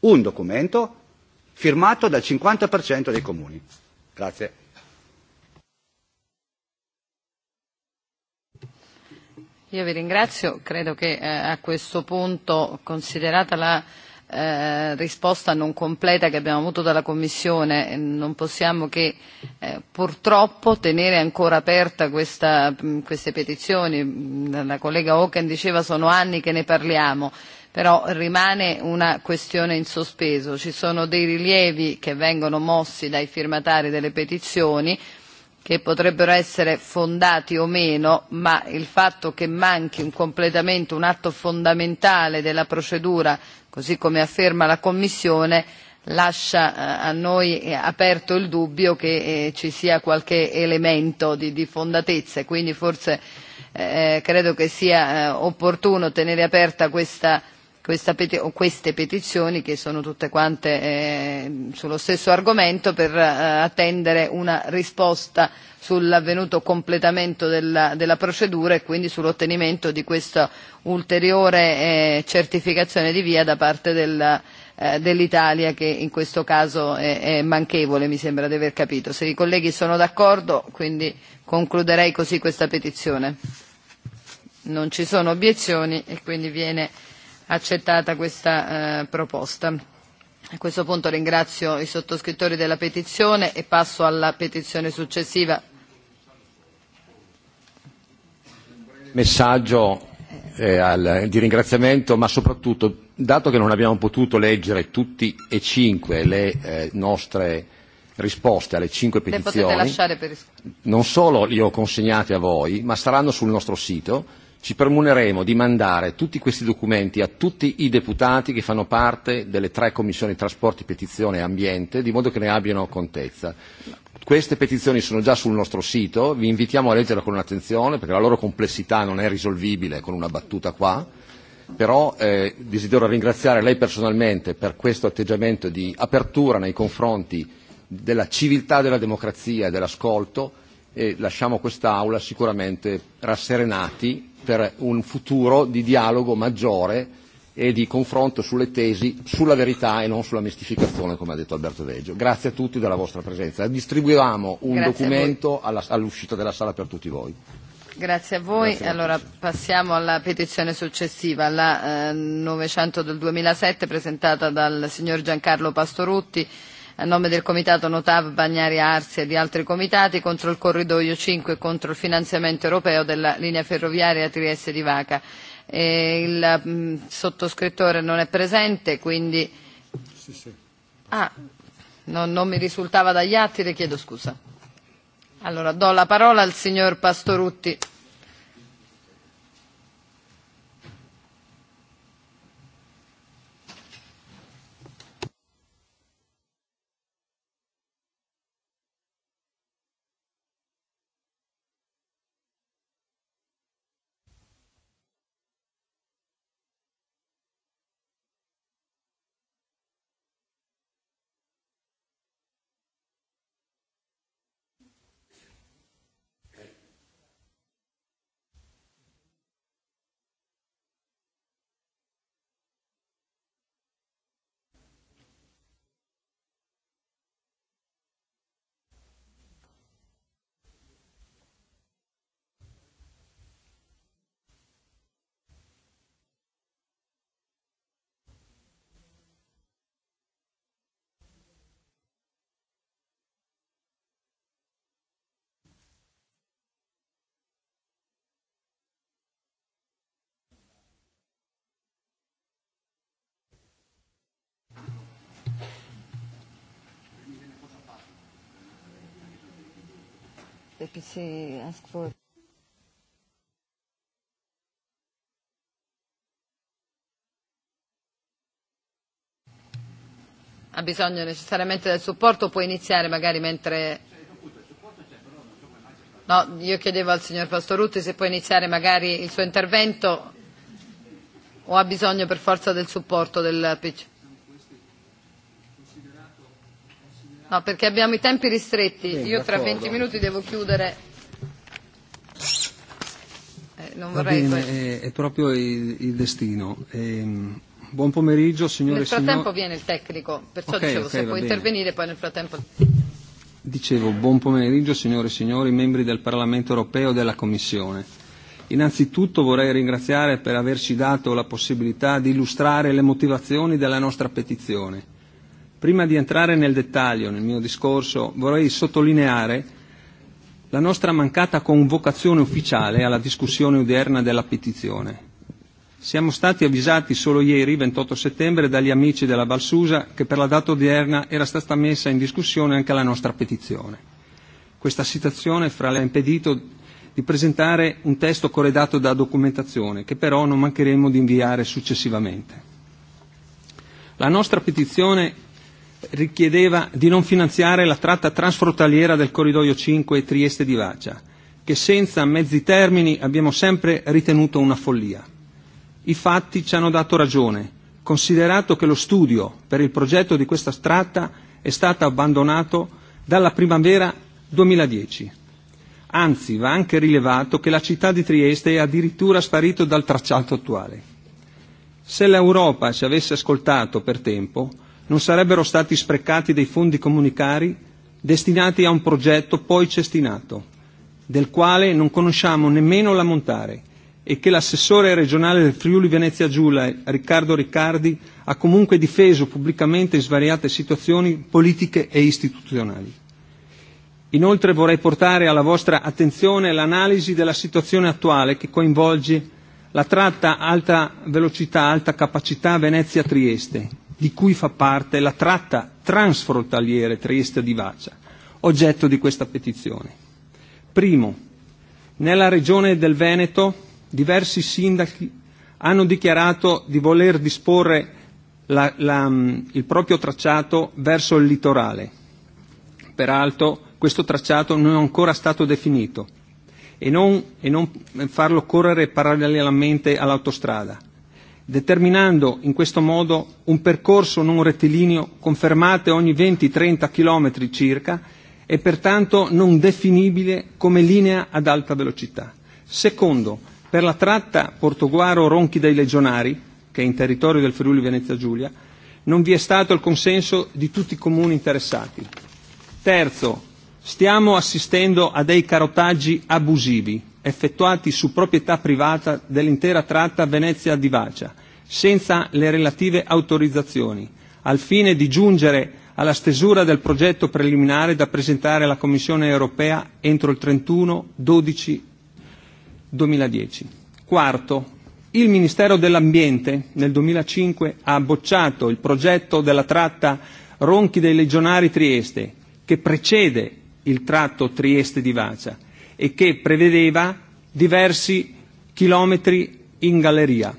un documento firmato dal 50% dei comuni. Grazie. Io vi ringrazio, credo che eh, a questo punto, considerata la eh, risposta non completa che abbiamo avuto dalla Commissione, non possiamo che eh, purtroppo tenere ancora aperta questa, mh, mm, queste petizioni. Mm, la collega Oken diceva sono anni che ne parliamo però rimane una questione in sospeso. Ci sono dei rilievi che vengono mossi dai firmatari delle petizioni che potrebbero essere fondati o meno, ma il fatto che manchi un completamento, un atto fondamentale della procedura, così come afferma la Commissione, lascia eh, a noi aperto il dubbio che eh, ci sia qualche elemento di, di fondatezza e quindi forse eh, credo che sia eh, opportuno tenere aperta questa questa peti- o queste petizioni che sono tutte quante eh, sullo stesso argomento per eh, attendere una risposta sull'avvenuto completamento della, della procedura e quindi sull'ottenimento di questa ulteriore eh, certificazione di via da parte del, eh, dell'Italia che in questo caso è, è manchevole, mi sembra di aver capito. Se i colleghi sono d'accordo, quindi concluderei così questa petizione. Non ci sono obiezioni e quindi viene accettata questa eh, proposta. A questo punto ringrazio i sottoscrittori della petizione e passo alla petizione successiva. Messaggio eh, al, di ringraziamento, ma soprattutto, dato che non abbiamo potuto leggere tutti e cinque le eh, nostre risposte alle cinque petizioni, per... non solo li ho consegnate a voi, ma saranno sul nostro sito ci permuneremo di mandare tutti questi documenti a tutti i deputati che fanno parte delle tre commissioni trasporti, petizione e ambiente, di modo che ne abbiano contezza. Queste petizioni sono già sul nostro sito, vi invitiamo a leggerla con attenzione perché la loro complessità non è risolvibile con una battuta qua, però eh, desidero ringraziare lei personalmente per questo atteggiamento di apertura nei confronti della civiltà della democrazia e dell'ascolto e lasciamo quest'Aula sicuramente rasserenati per un futuro di dialogo maggiore e di confronto sulle tesi, sulla verità e non sulla mistificazione, come ha detto Alberto Veggio. Grazie a tutti della vostra presenza. Distribuiamo un Grazie documento all'uscita della sala per tutti voi. Grazie a voi. Grazie allora passiamo alla petizione successiva, la eh, 900 del 2007, presentata dal signor Giancarlo Pastorutti a nome del Comitato Notav Bagnari Arsi e di altri comitati contro il corridoio 5 e contro il finanziamento europeo della linea ferroviaria Trieste di Vaca. E il mh, mm, sottoscrittore non è presente, quindi... Sì, sì. Ah, non, non mi risultava dagli atti, le chiedo scusa. Allora, do la parola al signor Pastorutti. ask for ha bisogno necessariamente del supporto, può iniziare magari mentre... No, io chiedevo al signor Pastorutti se può iniziare magari il suo intervento o ha bisogno per forza del supporto del PC. No, perché abbiamo i tempi ristretti. Sì, Io tra 20 minuti devo chiudere. Eh, non Va vorrei bene, è, eh, è proprio il, il destino. Ehm... Buon pomeriggio, signore e Nel frattempo signor... viene il tecnico, perciò okay, dicevo okay, se può bene. intervenire poi nel frattempo. Dicevo, buon pomeriggio, signore e signori, membri del Parlamento europeo e della Commissione. Innanzitutto vorrei ringraziare per averci dato la possibilità di illustrare le motivazioni della nostra petizione Prima di entrare nel dettaglio nel mio discorso vorrei sottolineare la nostra mancata convocazione ufficiale alla discussione odierna della petizione. Siamo stati avvisati solo ieri, 28 settembre, dagli amici della Balsusa, che per la data odierna era stata messa in discussione anche la nostra petizione. Questa situazione fra le ha impedito di presentare un testo corredato da documentazione che però non mancheremo di inviare successivamente. La nostra petizione richiedeva di non finanziare la tratta transfrontaliera del corridoio 5 Trieste di Vaccia, che senza mezzi termini abbiamo sempre ritenuto una follia. I fatti ci hanno dato ragione, considerato che lo studio per il progetto di questa tratta è stato abbandonato dalla primavera 2010. Anzi, va anche rilevato che la città di Trieste è addirittura sparito dal tracciato attuale. Se l'Europa ci avesse ascoltato per tempo, non sarebbero stati sprecati dei fondi comunicari destinati a un progetto poi cestinato, del quale non conosciamo nemmeno l'ammontare e che l'assessore regionale del Friuli Venezia Giulia, Riccardo Riccardi, ha comunque difeso pubblicamente in svariate situazioni politiche e istituzionali. Inoltre vorrei portare alla vostra attenzione l'analisi della situazione attuale che coinvolge la tratta alta velocità, alta capacità Venezia-Trieste, di cui fa parte la tratta transfrontaliere Trieste-Divaccia, oggetto di questa petizione. Primo, nella regione del Veneto diversi sindaci hanno dichiarato di voler disporre la, la, mm, il proprio tracciato verso il litorale. Peraltro questo tracciato non è ancora stato definito e non, e non farlo correre parallelamente all'autostrada determinando in questo modo un percorso non rettilineo confermate ogni 20-30 km circa e pertanto non definibile come linea ad alta velocità. Secondo, per la tratta Portoguaro-Ronchi dei Legionari, che è in territorio del Friuli Venezia Giulia, non vi è stato il consenso di tutti i comuni interessati. Terzo, stiamo assistendo a dei carotaggi abusivi effettuati su proprietà privata dell'intera tratta venezia di Vacia, senza le relative autorizzazioni, al fine di giungere alla stesura del progetto preliminare da presentare alla Commissione europea entro il 31 12 2010. Quarto, il Ministero dell'Ambiente nel 2005 ha bocciato il progetto della tratta Ronchi dei Legionari Trieste, che precede il tratto Trieste di Vacia e che prevedeva diversi chilometri in galleria.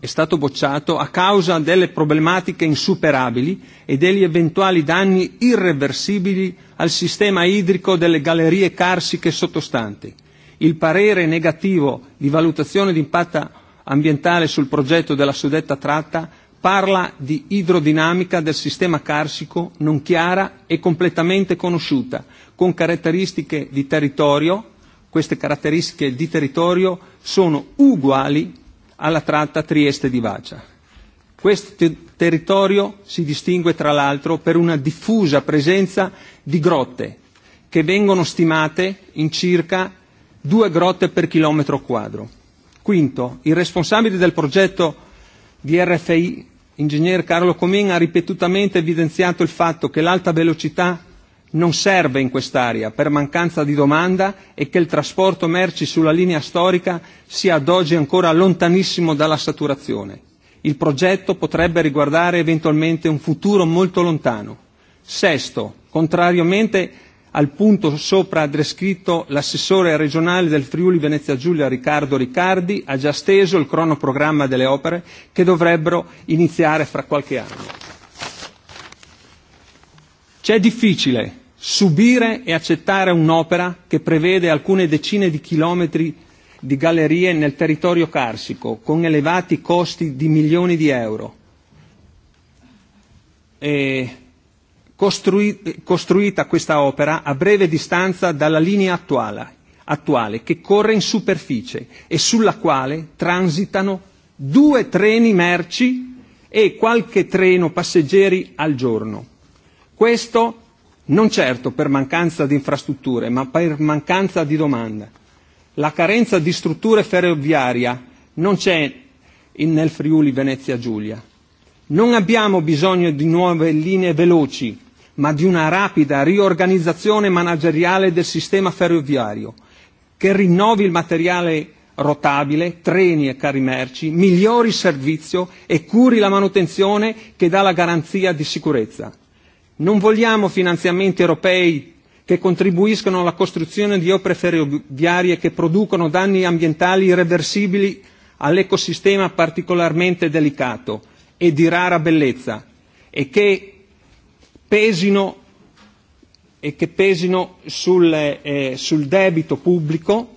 È stato bocciato a causa delle problematiche insuperabili e degli eventuali danni irreversibili al sistema idrico delle gallerie carsiche sottostanti. Il parere negativo di valutazione di impatto ambientale sul progetto della suddetta tratta parla di idrodinamica del sistema carsico non chiara e completamente conosciuta, con caratteristiche di territorio, queste caratteristiche di territorio sono uguali alla tratta Trieste di Vacia. Questo te territorio si distingue tra l'altro per una diffusa presenza di grotte che vengono stimate in circa due grotte per chilometro quadro. Quinto, il responsabile del progetto di RFI, ingegner Carlo Comin, ha ripetutamente evidenziato il fatto che l'alta velocità non serve in quest'area per mancanza di domanda e che il trasporto merci sulla linea storica sia ad oggi ancora lontanissimo dalla saturazione. Il progetto potrebbe riguardare eventualmente un futuro molto lontano. Sesto, contrariamente al punto sopra descritto, l'assessore regionale del Friuli Venezia Giulia Riccardo Riccardi ha già steso il cronoprogramma delle opere che dovrebbero iniziare fra qualche anno. C'è difficile subire e accettare un'opera che prevede alcune decine di chilometri di gallerie nel territorio carsico, con elevati costi di milioni di euro. E costrui, costruita questa opera a breve distanza dalla linea attuale, attuale, che corre in superficie e sulla quale transitano due treni merci e qualche treno passeggeri al giorno. Questo non certo per mancanza di infrastrutture, ma per mancanza di domanda. La carenza di strutture ferroviarie non c'è nel Friuli Venezia Giulia. Non abbiamo bisogno di nuove linee veloci, ma di una rapida riorganizzazione manageriale del sistema ferroviario, che rinnovi il materiale rotabile, treni e carri merci, migliori il servizio e curi la manutenzione che dà la garanzia di sicurezza. Non vogliamo finanziamenti europei che contribuiscono alla costruzione di opere ferroviarie che producono danni ambientali irreversibili all'ecosistema particolarmente delicato e di rara bellezza e che pesino, e che pesino sul, eh, sul debito pubblico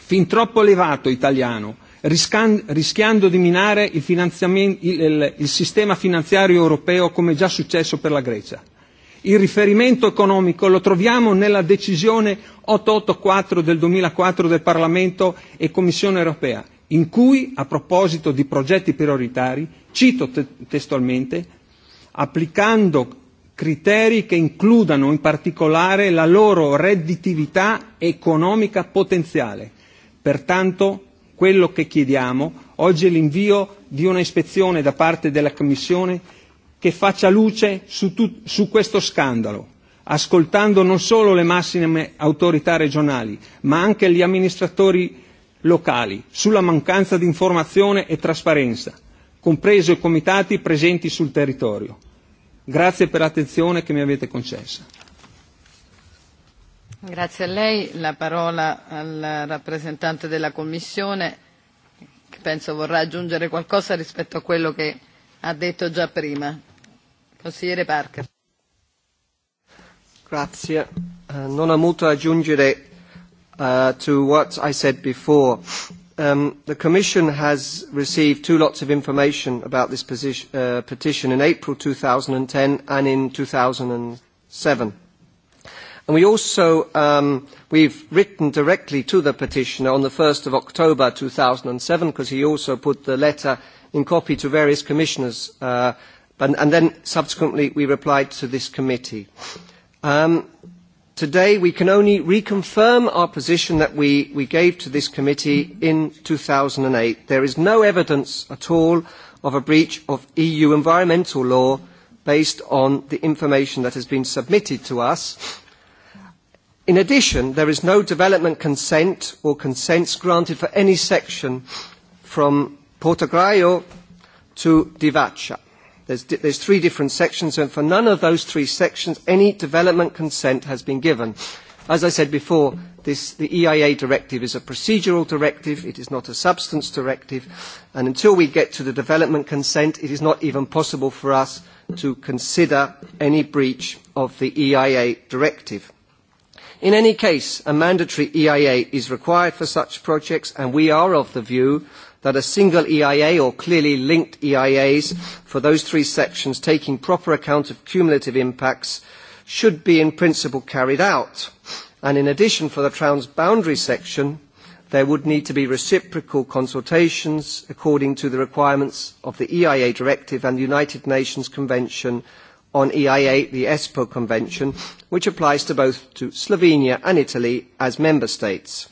fin troppo elevato italiano rischiando di minare il, il, il, il sistema finanziario europeo come già successo per la Grecia. Il riferimento economico lo troviamo nella decisione 884 del 2004 del Parlamento e Commissione europea, in cui, a proposito di progetti prioritari, cito te testualmente, applicando criteri che includano in particolare la loro redditività economica potenziale, pertanto Quello che chiediamo oggi è l'invio di una ispezione da parte della Commissione che faccia luce su, su questo scandalo, ascoltando non solo le massime autorità regionali, ma anche gli amministratori locali sulla mancanza di informazione e trasparenza, compreso i comitati presenti sul territorio. Grazie per l'attenzione che mi avete concessa. Grazie a lei. La parola al rappresentante della Commissione, che penso vorrà aggiungere qualcosa rispetto a quello che ha detto già prima. Consigliere Parker. Grazie. Uh, non ha molto da aggiungere uh, to what I said before. Um, the Commission has received two lots of information about this position, uh, petition in April 2010 and in 2007. And we also, um, we've written directly to the petitioner on the 1st of October 2007, because he also put the letter in copy to various commissioners, uh, and, and then subsequently we replied to this committee. Um, today we can only reconfirm our position that we, we gave to this committee in 2008. There is no evidence at all of a breach of EU environmental law based on the information that has been submitted to us In addition, there is no development consent or consents granted for any section from Portogallo to Divacha. There's, there's three different sections, and for none of those three sections, any development consent has been given. As I said before, this, the EIA directive is a procedural directive, it is not a substance directive, and until we get to the development consent, it is not even possible for us to consider any breach of the EIA directive. In any case, a mandatory EIA is required for such projects, and we are of the view that a single EIA or clearly linked EIAs for those three sections taking proper account of cumulative impacts should be in principle carried out. And in addition, for the transboundary section, there would need to be reciprocal consultations according to the requirements of the EIA Directive and the United Nations Convention on EIA, the ESPO Convention, which applies to both to Slovenia and Italy as member states.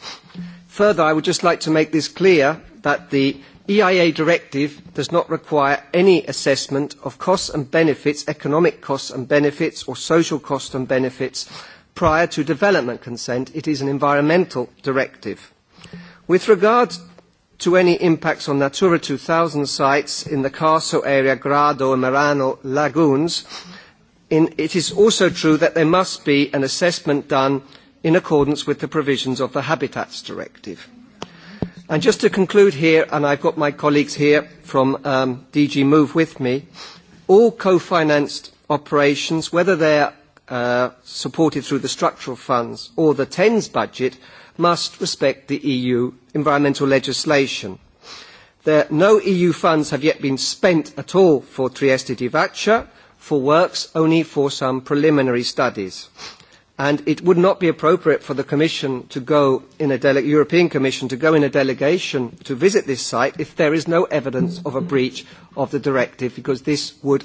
Further, I would just like to make this clear that the EIA directive does not require any assessment of costs and benefits, economic costs and benefits, or social costs and benefits prior to development consent. It is an environmental directive. With regard to any impacts on Natura 2000 sites in the Carso area, Grado and Marano lagoons, in, it is also true that there must be an assessment done in accordance with the provisions of the Habitats Directive. And just to conclude here, and I've got my colleagues here from um, DG Move with me, all co-financed operations, whether they are uh, supported through the structural funds or the TENS budget, must respect the EU environmental legislation. There, no EU funds have yet been spent at all for Trieste Divaccia, for works only for some preliminary studies. And it would not be appropriate for the Commission to go in a dele European Commission to go in a delegation to visit this site if there is no evidence of a breach of the directive, because this would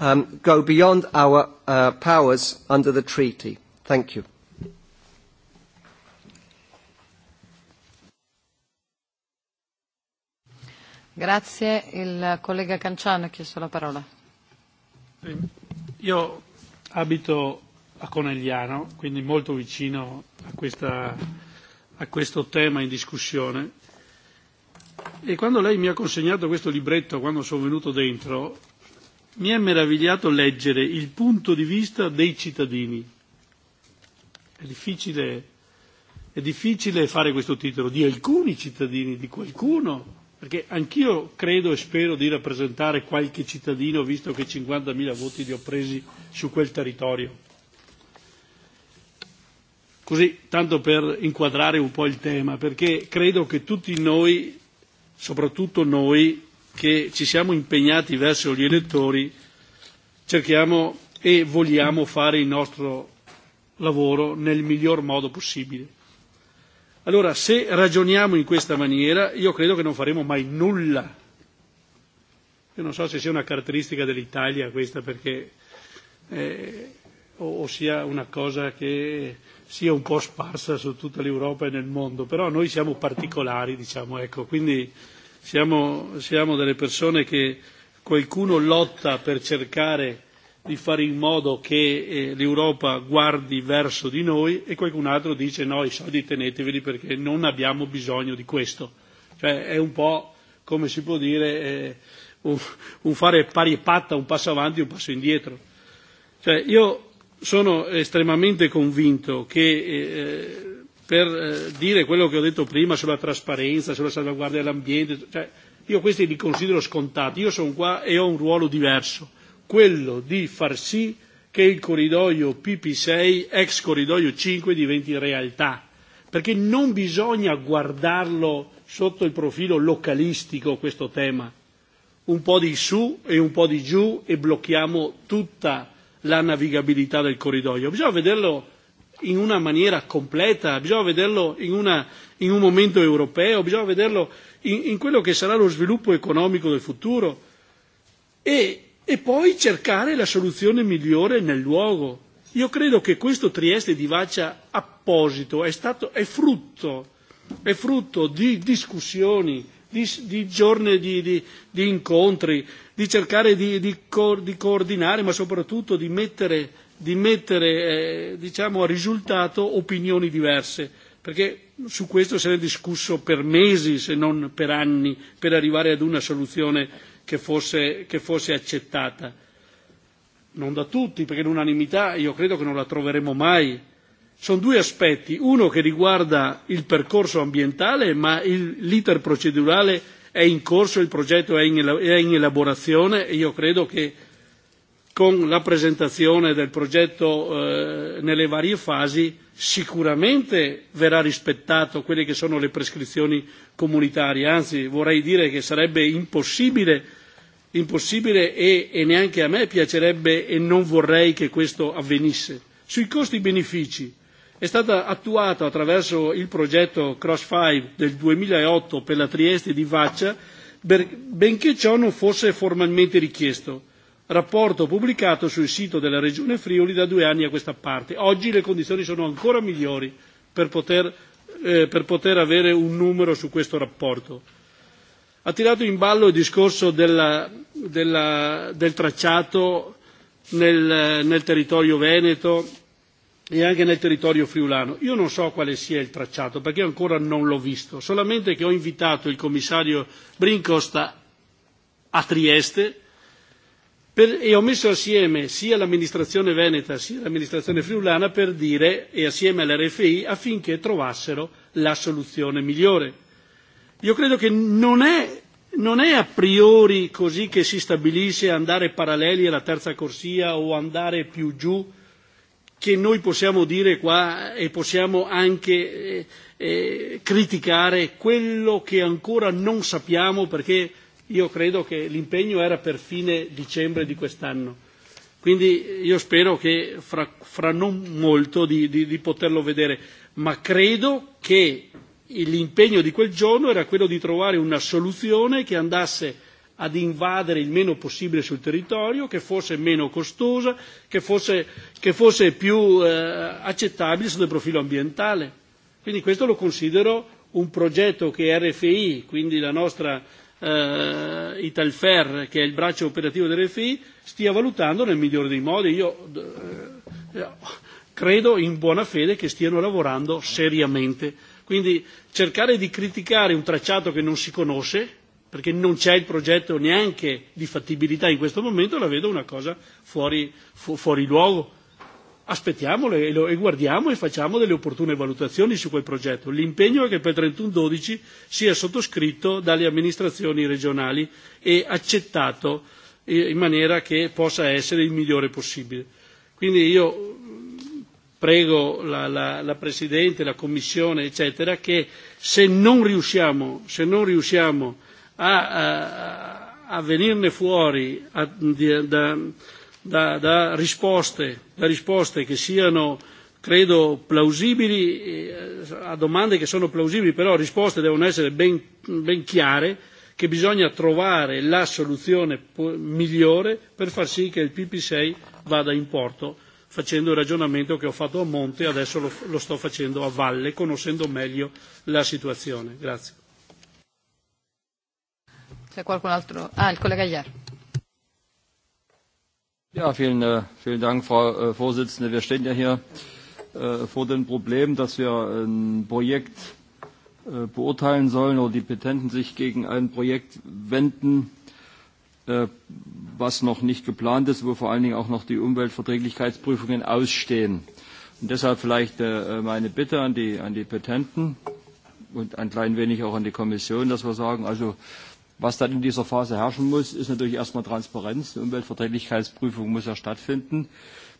um, go beyond our uh, powers under the treaty. Thank you. Grazie. Il collega Canciano ha chiesto la parola. Io abito a Conegliano, quindi molto vicino a, questa, a questo tema in discussione. E quando lei mi ha consegnato questo libretto, quando sono venuto dentro, mi è meravigliato leggere il punto di vista dei cittadini. È difficile, è difficile fare questo titolo di alcuni cittadini, di qualcuno Perché anch'io credo e spero di rappresentare qualche cittadino, visto che 50.000 voti li ho presi su quel territorio. Così, tanto per inquadrare un po' il tema, perché credo che tutti noi, soprattutto noi che ci siamo impegnati verso gli elettori, cerchiamo e vogliamo fare il nostro lavoro nel miglior modo possibile. Allora, se ragioniamo in questa maniera, io credo che non faremo mai nulla. Io non so se sia una caratteristica dell'Italia questa, perché eh, o, o sia una cosa che sia un po' sparsa su tutta l'Europa e nel mondo, però noi siamo particolari, diciamo, ecco, quindi siamo, siamo delle persone che qualcuno lotta per cercare di fare in modo che eh, l'Europa guardi verso di noi e qualcun altro dice no, i soldi teneteveli perché non abbiamo bisogno di questo. Cioè è un po' come si può dire eh, un, un fare pari e patta, un passo avanti e un passo indietro. Cioè, io sono estremamente convinto che eh, eh, per eh, dire quello che ho detto prima sulla trasparenza, sulla salvaguardia dell'ambiente, cioè, io questi li considero scontati, io sono qua e ho un ruolo diverso quello di far sì che il corridoio PP6, ex corridoio 5, diventi realtà, perché non bisogna guardarlo sotto il profilo localistico questo tema, un po' di su e un po' di giù e blocchiamo tutta la navigabilità del corridoio, bisogna vederlo in una maniera completa, bisogna vederlo in, una, in un momento europeo, bisogna vederlo in, in quello che sarà lo sviluppo economico del futuro e e poi cercare la soluzione migliore nel luogo. Io credo che questo Trieste di Vaccia apposito è, stato, è, frutto, è frutto di discussioni, di, di giorni di, di, di incontri, di cercare di, di, co, di coordinare, ma soprattutto di mettere, di mettere eh, diciamo, a risultato opinioni diverse, perché su questo si è discusso per mesi, se non per anni, per arrivare ad una soluzione che fosse, che fosse accettata. Non da tutti, perché l'unanimità io credo che non la troveremo mai. Sono due aspetti, uno che riguarda il percorso ambientale, ma l'iter procedurale è in corso, il progetto è in, è in elaborazione e io credo che con la presentazione del progetto eh, nelle varie fasi sicuramente verrà rispettato quelle che sono le prescrizioni comunitarie, anzi vorrei dire che sarebbe impossibile impossibile e, e neanche a me piacerebbe e non vorrei che questo avvenisse. Sui costi-benefici e è stato attuato attraverso il progetto Cross 5 del 2008 per la Trieste di Vaccia, benché ciò non fosse formalmente richiesto. Rapporto pubblicato sul sito della Regione Friuli da due anni a questa parte. Oggi le condizioni sono ancora migliori per poter, eh, per poter avere un numero su questo rapporto ha tirato in ballo il discorso della, della, del tracciato nel, nel territorio veneto e anche nel territorio friulano. Io non so quale sia il tracciato perché ancora non l'ho visto, solamente che ho invitato il commissario Brincosta a Trieste per, e ho messo assieme sia l'amministrazione veneta sia l'amministrazione friulana per dire e assieme all'RFI affinché trovassero la soluzione migliore Io credo che non è, non è a priori così che si stabilisce andare paralleli alla terza corsia o andare più giù che noi possiamo dire qua e possiamo anche eh, eh, criticare quello che ancora non sappiamo perché io credo che l'impegno era per fine dicembre di quest'anno. Quindi io spero che fra, fra non molto di, di, di poterlo vedere, ma credo che l'impegno di quel giorno era quello di trovare una soluzione che andasse ad invadere il meno possibile sul territorio, che fosse meno costosa, che fosse, che fosse più eh, accettabile sotto il profilo ambientale. Quindi questo lo considero un progetto che RFI, quindi la nostra eh, Italfer, che è il braccio operativo dell'RFI, stia valutando nel migliore dei modi. Io eh, eh, credo in buona fede che stiano lavorando seriamente Quindi cercare di criticare un tracciato che non si conosce, perché non c'è il progetto neanche di fattibilità in questo momento, la vedo una cosa fuori, fu, fuori luogo. Aspettiamolo e, lo, e guardiamo e facciamo delle opportune valutazioni su quel progetto. L'impegno è che per 31-12 sia sottoscritto dalle amministrazioni regionali e accettato eh, in maniera che possa essere il migliore possibile. Quindi io prego la, la, la Presidente, la Commissione, eccetera, che se non riusciamo, se non riusciamo a, a, a venirne fuori a, da, da, da, risposte, da risposte che siano credo plausibili, eh, a domande che sono plausibili, però risposte devono essere ben, ben chiare, che bisogna trovare la soluzione migliore per far sì che il PP6 vada in porto facendo il ragionamento che ho fatto a monte e adesso lo, lo sto facendo a valle, conoscendo meglio la situazione. Grazie. C'è qualcun altro? Ah, il collega Iar. Ja, vielen, äh, vielen Dank, Frau äh, Vorsitzende. Wir stehen ja hier äh, vor dem Problem, dass wir ein Projekt beurteilen sollen oder die Petenten sich gegen ein Projekt wenden, Äh, was noch nicht geplant ist, wo vor allen Dingen auch noch die Umweltverträglichkeitsprüfungen ausstehen. Und deshalb vielleicht äh, meine Bitte an die, an die Petenten und ein klein wenig auch an die Kommission, dass wir sagen, also was dann in dieser Phase herrschen muss, ist natürlich erstmal Transparenz. Die Umweltverträglichkeitsprüfung muss ja stattfinden.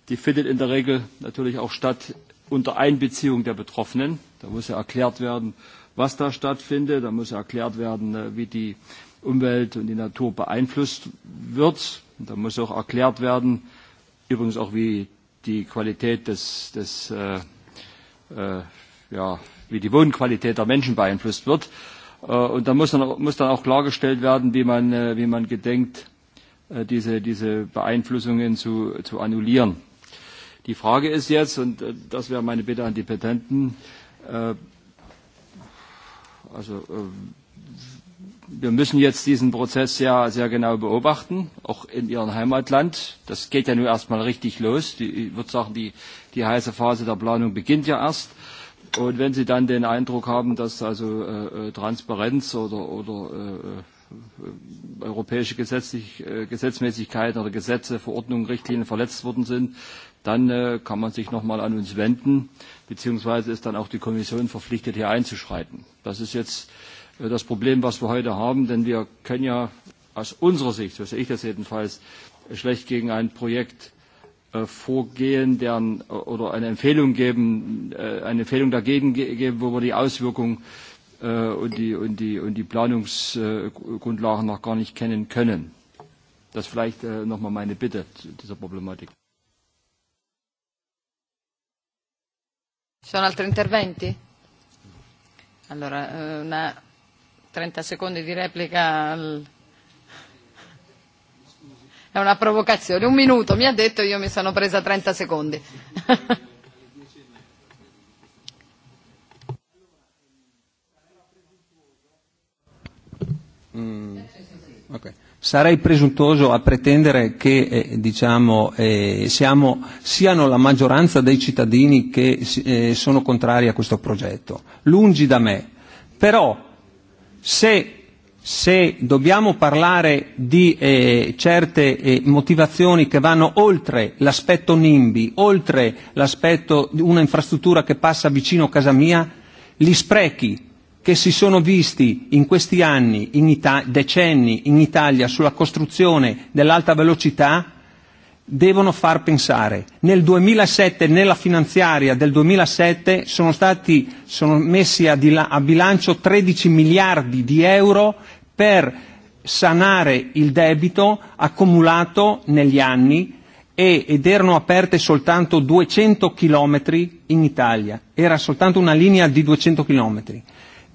Die findet in der Regel natürlich auch statt unter Einbeziehung der Betroffenen. Da muss ja erklärt werden, was da stattfindet. Da muss ja erklärt werden, äh, wie die Umwelt und die Natur beeinflusst wird. Und da muss auch erklärt werden, übrigens auch wie die Qualität des, des äh, äh, ja, wie die Wohnqualität der Menschen beeinflusst wird. Äh, und da muss dann, muss dann auch klargestellt werden, wie man, äh, wie man gedenkt, äh, diese, diese Beeinflussungen zu, zu annullieren. Die Frage ist jetzt, und äh, das wäre meine Bitte an die Petenten, äh, also äh, wir müssen jetzt diesen Prozess ja sehr genau beobachten, auch in Ihrem Heimatland. Das geht ja nur erstmal richtig los. Die, ich würde sagen, die, die heiße Phase der Planung beginnt ja erst. Und wenn Sie dann den Eindruck haben, dass also äh, äh Transparenz oder, oder äh, äh europäische Gesetzlich, äh, Gesetzmäßigkeiten oder Gesetze, Verordnungen, Richtlinien verletzt worden sind, dann äh, kann man sich nochmal an uns wenden, beziehungsweise ist dann auch die Kommission verpflichtet, hier einzuschreiten. Das ist jetzt äh, Äh, das Problem, was wir heute haben, denn wir können ja aus unserer Sicht, so sehe ich das jedenfalls, schlecht gegen ein Projekt äh, vorgehen deren, äh, oder eine Empfehlung geben, eine Empfehlung dagegen geben, wo wir die Auswirkungen und die, und die, und die Planungsgrundlagen noch gar nicht kennen können. Das ist vielleicht nochmal meine Bitte zu dieser Problematik. sono altri interventi? Allora, eh, una 30 secondi di replica al... è una provocazione. Un minuto mi ha detto, io mi sono presa 30 secondi. mm, okay. Sarei presuntuoso a pretendere che eh, diciamo, eh, siamo, siano la maggioranza dei cittadini che eh, sono contrari a questo progetto. Lungi da me. Però Se se dobbiamo parlare di eh, certe eh, motivazioni che vanno oltre l'aspetto NIMBY, oltre l'aspetto di una infrastruttura che passa vicino a casa mia, gli sprechi che si sono visti in questi anni, in Ita- decenni in Italia sulla costruzione dell'alta velocità devono far pensare. Nel 2007, nella finanziaria del 2007, sono stati sono messi a, di là, a bilancio 13 miliardi di euro per sanare il debito accumulato negli anni e, ed erano aperte soltanto 200 chilometri in Italia. Era soltanto una linea di 200 chilometri.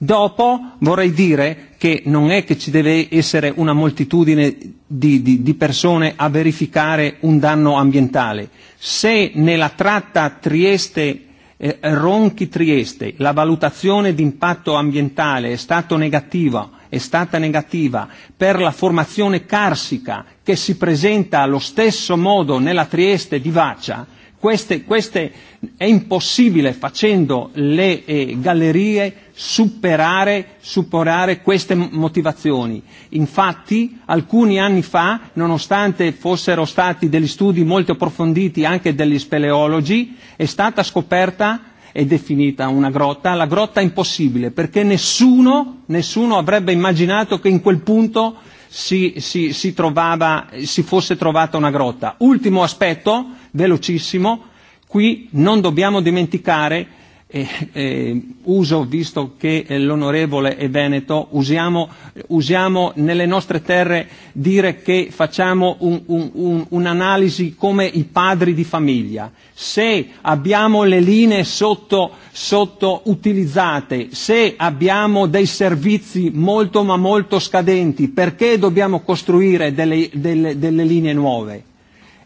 Dopo vorrei dire che non è che ci deve essere una moltitudine di, di, di persone a verificare un danno ambientale. Se nella tratta Trieste eh, Ronchi Trieste la valutazione di impatto ambientale è stata negativa, è stata negativa per la formazione carsica che si presenta allo stesso modo nella Trieste di Vaccia, Queste, queste è impossibile facendo le eh, gallerie superare, superare queste motivazioni. Infatti alcuni anni fa, nonostante fossero stati degli studi molto approfonditi anche degli speleologi, è stata scoperta e definita una grotta, la grotta impossibile, perché nessuno, nessuno avrebbe immaginato che in quel punto si, si, si, trovava, si fosse trovata una grotta. Ultimo aspetto, velocissimo, qui non dobbiamo dimenticare, eh, eh, uso visto che eh, l'onorevole è veneto, usiamo, usiamo nelle nostre terre dire che facciamo un, un, un, un'analisi come i padri di famiglia. Se abbiamo le linee sotto, sotto utilizzate, se abbiamo dei servizi molto ma molto scadenti, perché dobbiamo costruire delle, delle, delle linee nuove?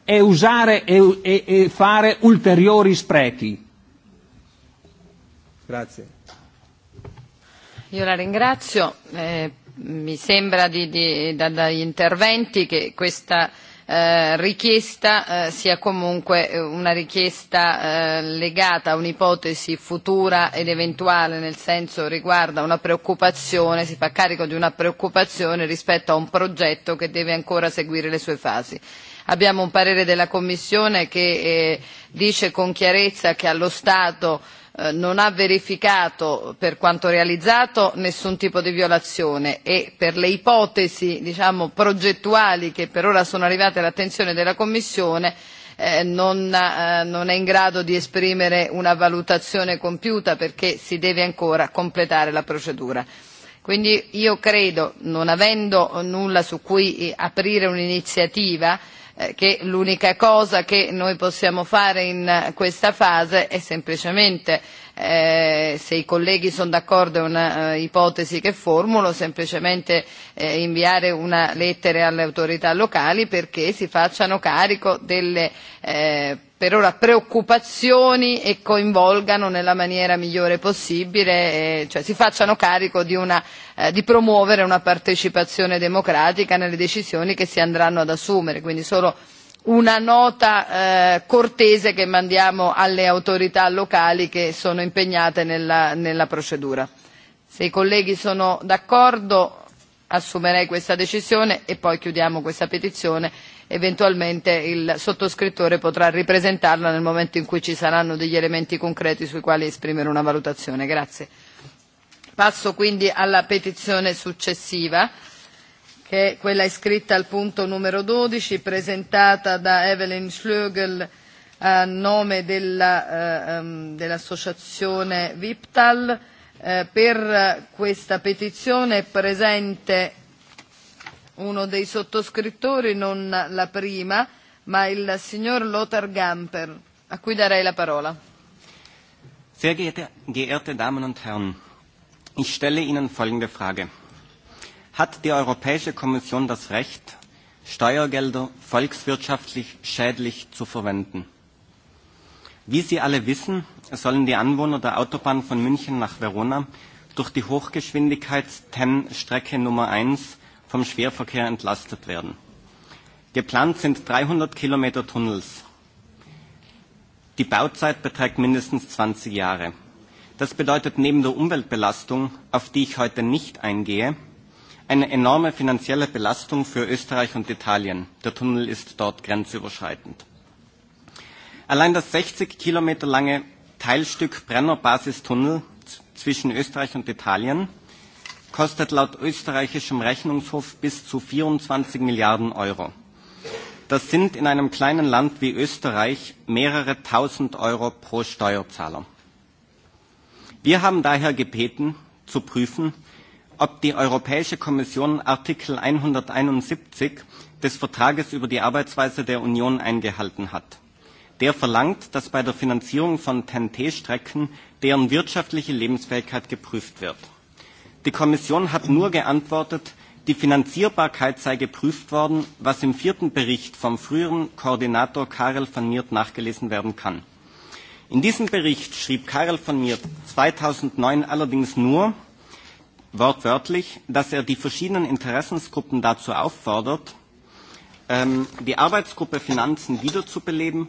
e usare e, e, e fare ulteriori sprechi. Grazie. Io la ringrazio. Eh, mi sembra di, di, da, dagli interventi che questa eh, richiesta eh, sia comunque eh, una richiesta eh, legata a un'ipotesi futura ed eventuale, nel senso riguarda una preoccupazione, si fa carico di una preoccupazione rispetto a un progetto che deve ancora seguire le sue fasi Abbiamo un parere della Commissione che eh, dice con chiarezza che allo Stato eh, non ha verificato per quanto realizzato nessun tipo di violazione e per le ipotesi diciamo, progettuali che per ora sono arrivate all'attenzione della Commissione eh, non, eh, non è in grado di esprimere una valutazione compiuta perché si deve ancora completare la procedura. Quindi io credo, non avendo nulla su cui eh, aprire un'iniziativa, Eh, che l'unica cosa che noi possiamo fare in eh, questa fase è semplicemente eh, se i colleghi sono d'accordo è una uh, ipotesi che formulo, semplicemente eh, inviare una lettera alle autorità locali perché si facciano carico delle eh, per ora preoccupazioni e coinvolgano nella maniera migliore possibile, eh, cioè si facciano carico di, una, eh, di promuovere una partecipazione democratica nelle decisioni che si andranno ad assumere. Quindi solo una nota eh, cortese che mandiamo alle autorità locali che sono impegnate nella, nella procedura. Se i colleghi sono d'accordo assumerei questa decisione e poi chiudiamo questa petizione eventualmente il sottoscrittore potrà ripresentarla nel momento in cui ci saranno degli elementi concreti sui quali esprimere una valutazione. Grazie. Passo quindi alla petizione successiva che è quella iscritta al punto numero 12 presentata da Evelyn Schlögel a nome dell'associazione eh, ehm, dell'associazione Viptal. Eh, per questa petizione è presente uno dei sottoscrittori, non la prima, ma il signor Lothar Gamper, a cui darei la parola. Sehr geehrte, geehrte Damen und Herren, ich stelle Ihnen folgende Frage. Hat die Europäische Kommission das Recht, Steuergelder volkswirtschaftlich schädlich zu verwenden? Wie Sie alle wissen, sollen die Anwohner der Autobahn von München nach Verona durch die Hochgeschwindigkeits-TEN-Strecke Nummer 1 vom Schwerverkehr entlastet werden. Geplant sind 300 Kilometer Tunnels. Die Bauzeit beträgt mindestens 20 Jahre. Das bedeutet neben der Umweltbelastung, auf die ich heute nicht eingehe, eine enorme finanzielle Belastung für Österreich und Italien. Der Tunnel ist dort grenzüberschreitend. Allein das 60 Kilometer lange Teilstück Brennerbasistunnel zwischen Österreich und Italien kostet laut österreichischem Rechnungshof bis zu 24 Milliarden Euro. Das sind in einem kleinen Land wie Österreich mehrere tausend Euro pro Steuerzahler. Wir haben daher gebeten, zu prüfen, ob die Europäische Kommission Artikel 171 des Vertrages über die Arbeitsweise der Union eingehalten hat. Der verlangt, dass bei der Finanzierung von TNT-Strecken deren wirtschaftliche Lebensfähigkeit geprüft wird. Die Kommission hat nur geantwortet, die Finanzierbarkeit sei geprüft worden, was im vierten Bericht vom früheren Koordinator Karel van Miert nachgelesen werden kann. In diesem Bericht schrieb Karel van Miert 2009 allerdings nur, wortwörtlich, dass er die verschiedenen Interessensgruppen dazu auffordert, ähm, die Arbeitsgruppe Finanzen wiederzubeleben,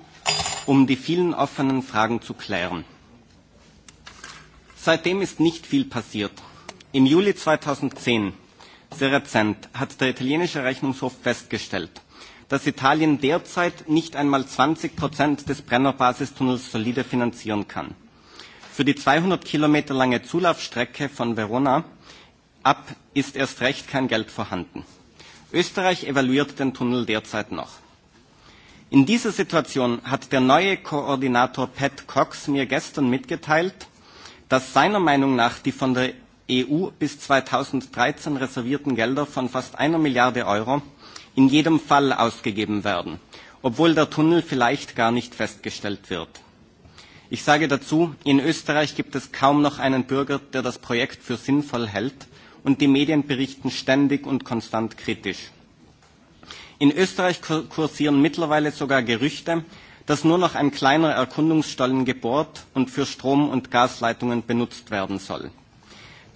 um die vielen offenen Fragen zu klären. Seitdem ist nicht viel passiert. Im Juli 2010, sehr rezent, hat der italienische Rechnungshof festgestellt, dass Italien derzeit nicht einmal 20 Prozent des Brennerbasistunnels solide finanzieren kann. Für die 200 Kilometer lange Zulaufstrecke von Verona ab ist erst recht kein Geld vorhanden. Österreich evaluiert den Tunnel derzeit noch. In dieser Situation hat der neue Koordinator Pat Cox mir gestern mitgeteilt, dass seiner Meinung nach die von der EU bis 2013 reservierten Gelder von fast einer Milliarde Euro in jedem Fall ausgegeben werden, obwohl der Tunnel vielleicht gar nicht festgestellt wird. Ich sage dazu, in Österreich gibt es kaum noch einen Bürger, der das Projekt für sinnvoll hält, und die Medien berichten ständig und konstant kritisch. In Österreich kursieren mittlerweile sogar Gerüchte, dass nur noch ein kleiner Erkundungsstollen gebohrt und für Strom- und Gasleitungen benutzt werden soll.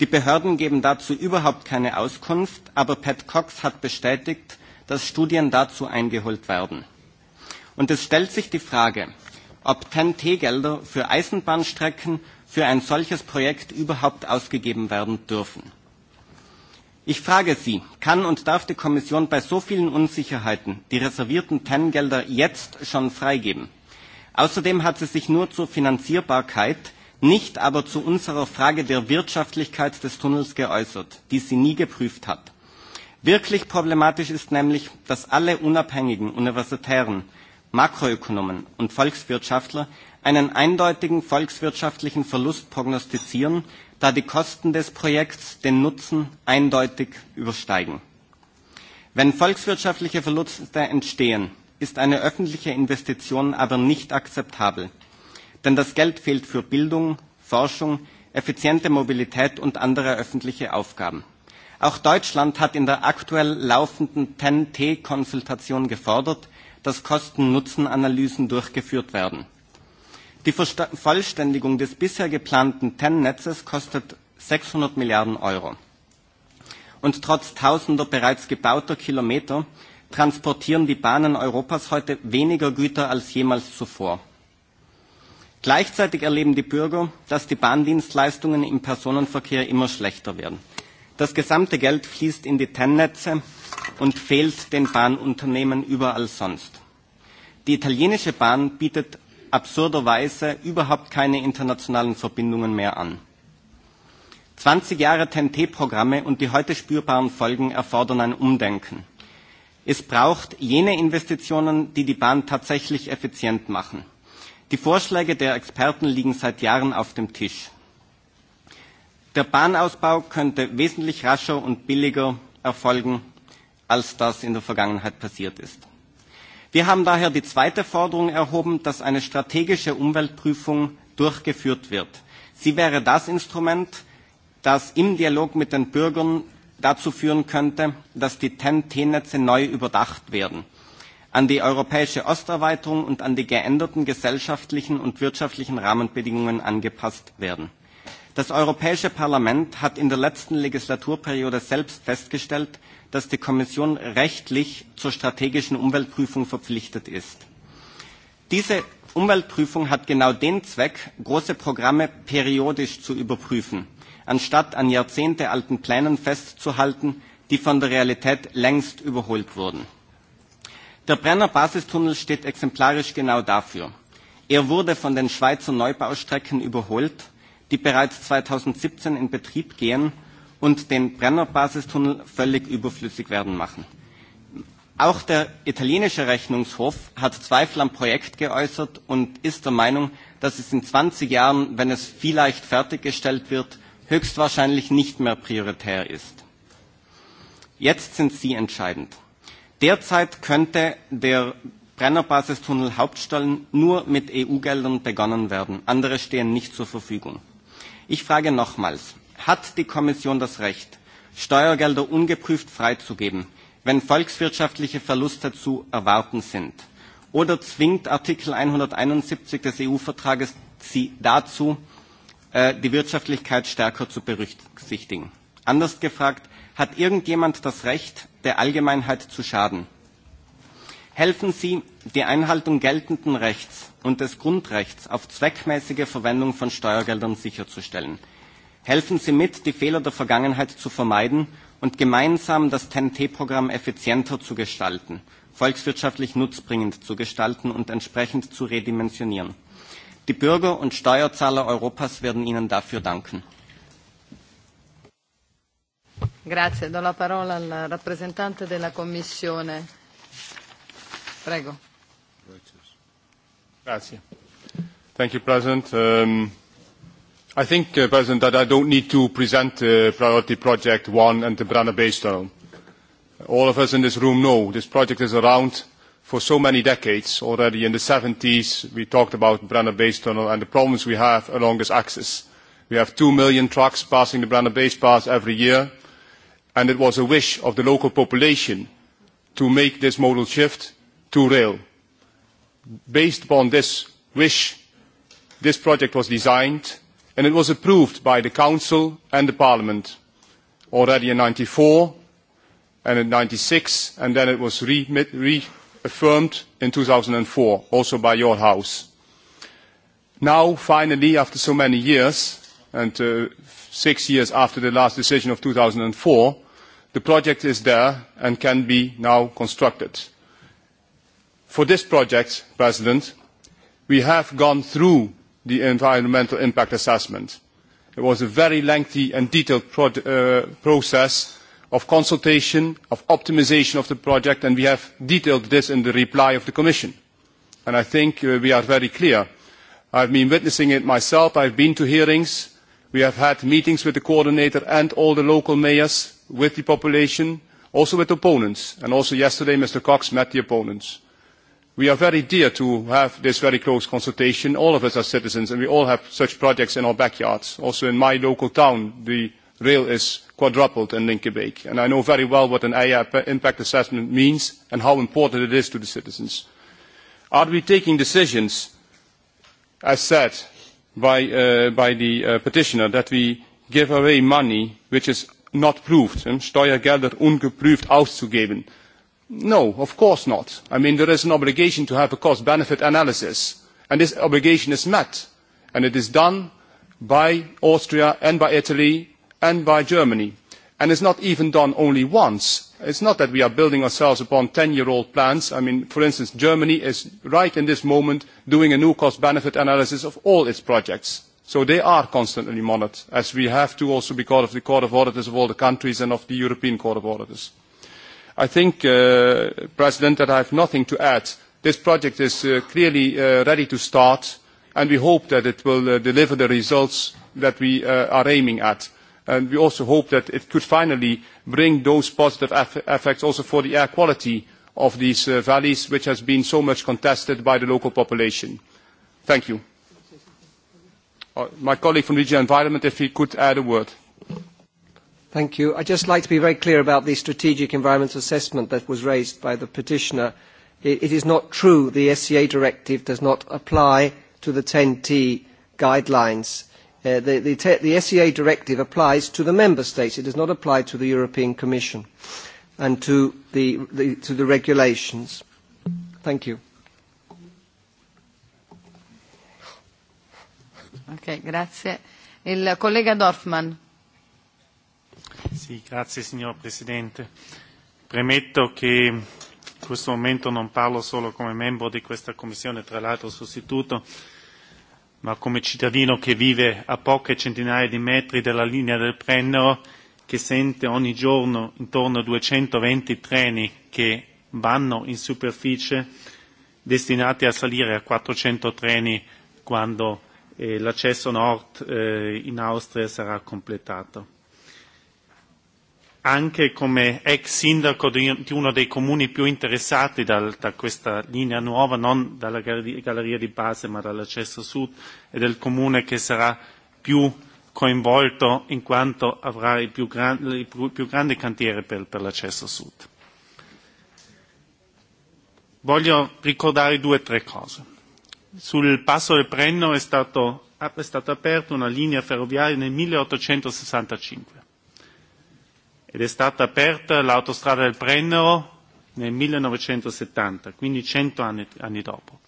Die Behörden geben dazu überhaupt keine Auskunft, aber Pat Cox hat bestätigt, dass Studien dazu eingeholt werden. Und es stellt sich die Frage, ob TEN-T-Gelder für Eisenbahnstrecken für ein solches Projekt überhaupt ausgegeben werden dürfen. Ich frage Sie, kann und darf die Kommission bei so vielen Unsicherheiten die reservierten TEN-Gelder jetzt schon freigeben? Außerdem hat sie sich nur zur Finanzierbarkeit nicht aber zu unserer Frage der Wirtschaftlichkeit des Tunnels geäußert, die sie nie geprüft hat. Wirklich problematisch ist nämlich, dass alle unabhängigen Universitären, Makroökonomen und Volkswirtschaftler einen eindeutigen volkswirtschaftlichen Verlust prognostizieren, da die Kosten des Projekts den Nutzen eindeutig übersteigen. Wenn volkswirtschaftliche Verluste entstehen, ist eine öffentliche Investition aber nicht akzeptabel. Denn das Geld fehlt für Bildung, Forschung, effiziente Mobilität und andere öffentliche Aufgaben. Auch Deutschland hat in der aktuell laufenden TEN-T-Konsultation gefordert, dass Kosten-Nutzen-Analysen durchgeführt werden. Die Vervollständigung des bisher geplanten TEN-Netzes kostet 600 Milliarden Euro. Und trotz tausender bereits gebauter Kilometer transportieren die Bahnen Europas heute weniger Güter als jemals zuvor. Gleichzeitig erleben die Bürger, dass die Bahndienstleistungen im Personenverkehr immer schlechter werden. Das gesamte Geld fließt in die TEN-Netze und fehlt den Bahnunternehmen überall sonst. Die italienische Bahn bietet absurderweise überhaupt keine internationalen Verbindungen mehr an. 20 Jahre TNT-Programme und die heute spürbaren Folgen erfordern ein Umdenken. Es braucht jene Investitionen, die die Bahn tatsächlich effizient machen. Die Vorschläge der Experten liegen seit Jahren auf dem Tisch. Der Bahnausbau könnte wesentlich rascher und billiger erfolgen, als das in der Vergangenheit passiert ist. Wir haben daher die zweite Forderung erhoben, dass eine strategische Umweltprüfung durchgeführt wird. Sie wäre das Instrument, das im Dialog mit den Bürgern dazu führen könnte, dass die TEN-T-Netze neu überdacht werden an die europäische Osterweiterung und an die geänderten gesellschaftlichen und wirtschaftlichen Rahmenbedingungen angepasst werden. Das Europäische Parlament hat in der letzten Legislaturperiode selbst festgestellt, dass die Kommission rechtlich zur strategischen Umweltprüfung verpflichtet ist. Diese Umweltprüfung hat genau den Zweck, große Programme periodisch zu überprüfen, anstatt an jahrzehntealten Plänen festzuhalten, die von der Realität längst überholt wurden. Der Brenner Basistunnel steht exemplarisch genau dafür. Er wurde von den Schweizer Neubaustrecken überholt, die bereits 2017 in Betrieb gehen und den Brenner Basistunnel völlig überflüssig werden machen. Auch der italienische Rechnungshof hat Zweifel am Projekt geäußert und ist der Meinung, dass es in 20 Jahren, wenn es vielleicht fertiggestellt wird, höchstwahrscheinlich nicht mehr prioritär ist. Jetzt sind Sie entscheidend. Derzeit könnte der Brennerbasistunnel Hauptstollen nur mit EU-Geldern begonnen werden. Andere stehen nicht zur Verfügung. Ich frage nochmals, hat die Kommission das Recht, Steuergelder ungeprüft freizugeben, wenn volkswirtschaftliche Verluste zu erwarten sind? Oder zwingt Artikel 171 des EU-Vertrages sie dazu, äh, die Wirtschaftlichkeit stärker zu berücksichtigen? Anders gefragt, hat irgendjemand das Recht, der Allgemeinheit zu schaden. Helfen Sie, die Einhaltung geltenden Rechts und des Grundrechts auf zweckmäßige Verwendung von Steuergeldern sicherzustellen. Helfen Sie mit, die Fehler der Vergangenheit zu vermeiden und gemeinsam das TEN-T-Programm effizienter zu gestalten, volkswirtschaftlich nutzbringend zu gestalten und entsprechend zu redimensionieren. Die Bürger und Steuerzahler Europas werden Ihnen dafür danken. Grazie, do la parola al rappresentante della Commissione. Prego. Grazie. Thank you, President. Um, I think, uh, President, that I don't need to present uh, Priority Project 1 and the Brana Base Tunnel. All of us in this room know this project is around for so many decades. Already in the 70s, we talked about Brana Base Tunnel and the problems we have along this axis. We have two million trucks passing the Brana Base Pass every year and it was a wish of the local population to make this modal shift to rail. Based upon this wish, this project was designed and it was approved by the Council and the Parliament already in 94 and in 96 and then it was reaffirmed in 2004 also by your House. Now finally after so many years and uh, six years after the last decision of 2004, the project is there and can be now constructed. For this project, President, we have gone through the environmental impact assessment. It was a very lengthy and detailed pro uh, process of consultation, of optimization of the project, and we have detailed this in the reply of the Commission. And I think uh, we are very clear. I've been witnessing it myself. I've been to hearings. We have had meetings with the coordinator and all the local mayors, with the population, also with opponents, and also yesterday Mr. Cox met the opponents. We are very dear to have this very close consultation. All of us are citizens, and we all have such projects in our backyards. Also in my local town, the rail is quadrupled in Linkebeek, and I know very well what an AIA impact assessment means and how important it is to the citizens. Are we taking decisions, as said, by, uh, by the uh, petitioner that we give away money which is not proved, um, Steuergelder ungeprüft auszugeben. No, of course not. I mean, there is an obligation to have a cost-benefit analysis, and this obligation is met, and it is done by Austria and by Italy and by Germany. And it's not even done only once. It's not that we are building ourselves upon 10-year-old plans. I mean, for instance, Germany is right in this moment doing a new cost-benefit analysis of all its projects. So they are constantly monitored, as we have to also called of the Court of Auditors of all the countries and of the European Court of Auditors. I think, uh, President, that I have nothing to add. This project is uh, clearly uh, ready to start, and we hope that it will uh, deliver the results that we uh, are aiming at. And we also hope that it could finally bring those positive effects also for the air quality of these uh, valleys, which has been so much contested by the local population. Thank you. Uh, my colleague from Regional Environment, if he could add a word. Thank you. I'd just like to be very clear about the strategic environment assessment that was raised by the petitioner. It, it is not true the SCA directive does not apply to the 10T guidelines. Uh, the, the, the SEA directive applies to the member states. It does not apply to the European Commission and to the, the, to the regulations. Thank you. Okay, grazie. Il collega Dorfman. Sì, grazie signor Presidente. Premetto che in questo momento non parlo solo come membro di questa Commissione, tra l'altro sostituto, ma come cittadino che vive a poche centinaia di metri dalla linea del Brennero, che sente ogni giorno intorno a 220 treni che vanno in superficie, destinati a salire a 400 treni quando eh, l'accesso nord eh, in Austria sarà completato anche come ex sindaco di, uno dei comuni più interessati dal, da questa linea nuova, non dalla galleria di base ma dall'accesso sud e del comune che sarà più coinvolto in quanto avrà il più, gran, il più, più grande cantiere per, per l'accesso sud. Voglio ricordare due o tre cose. Sul passo del Prenno è, stato, è stata aperta una linea ferroviaria nel 1865 ed è stata aperta l'autostrada del Brennero nel 1970, quindi 100 anni, anni dopo.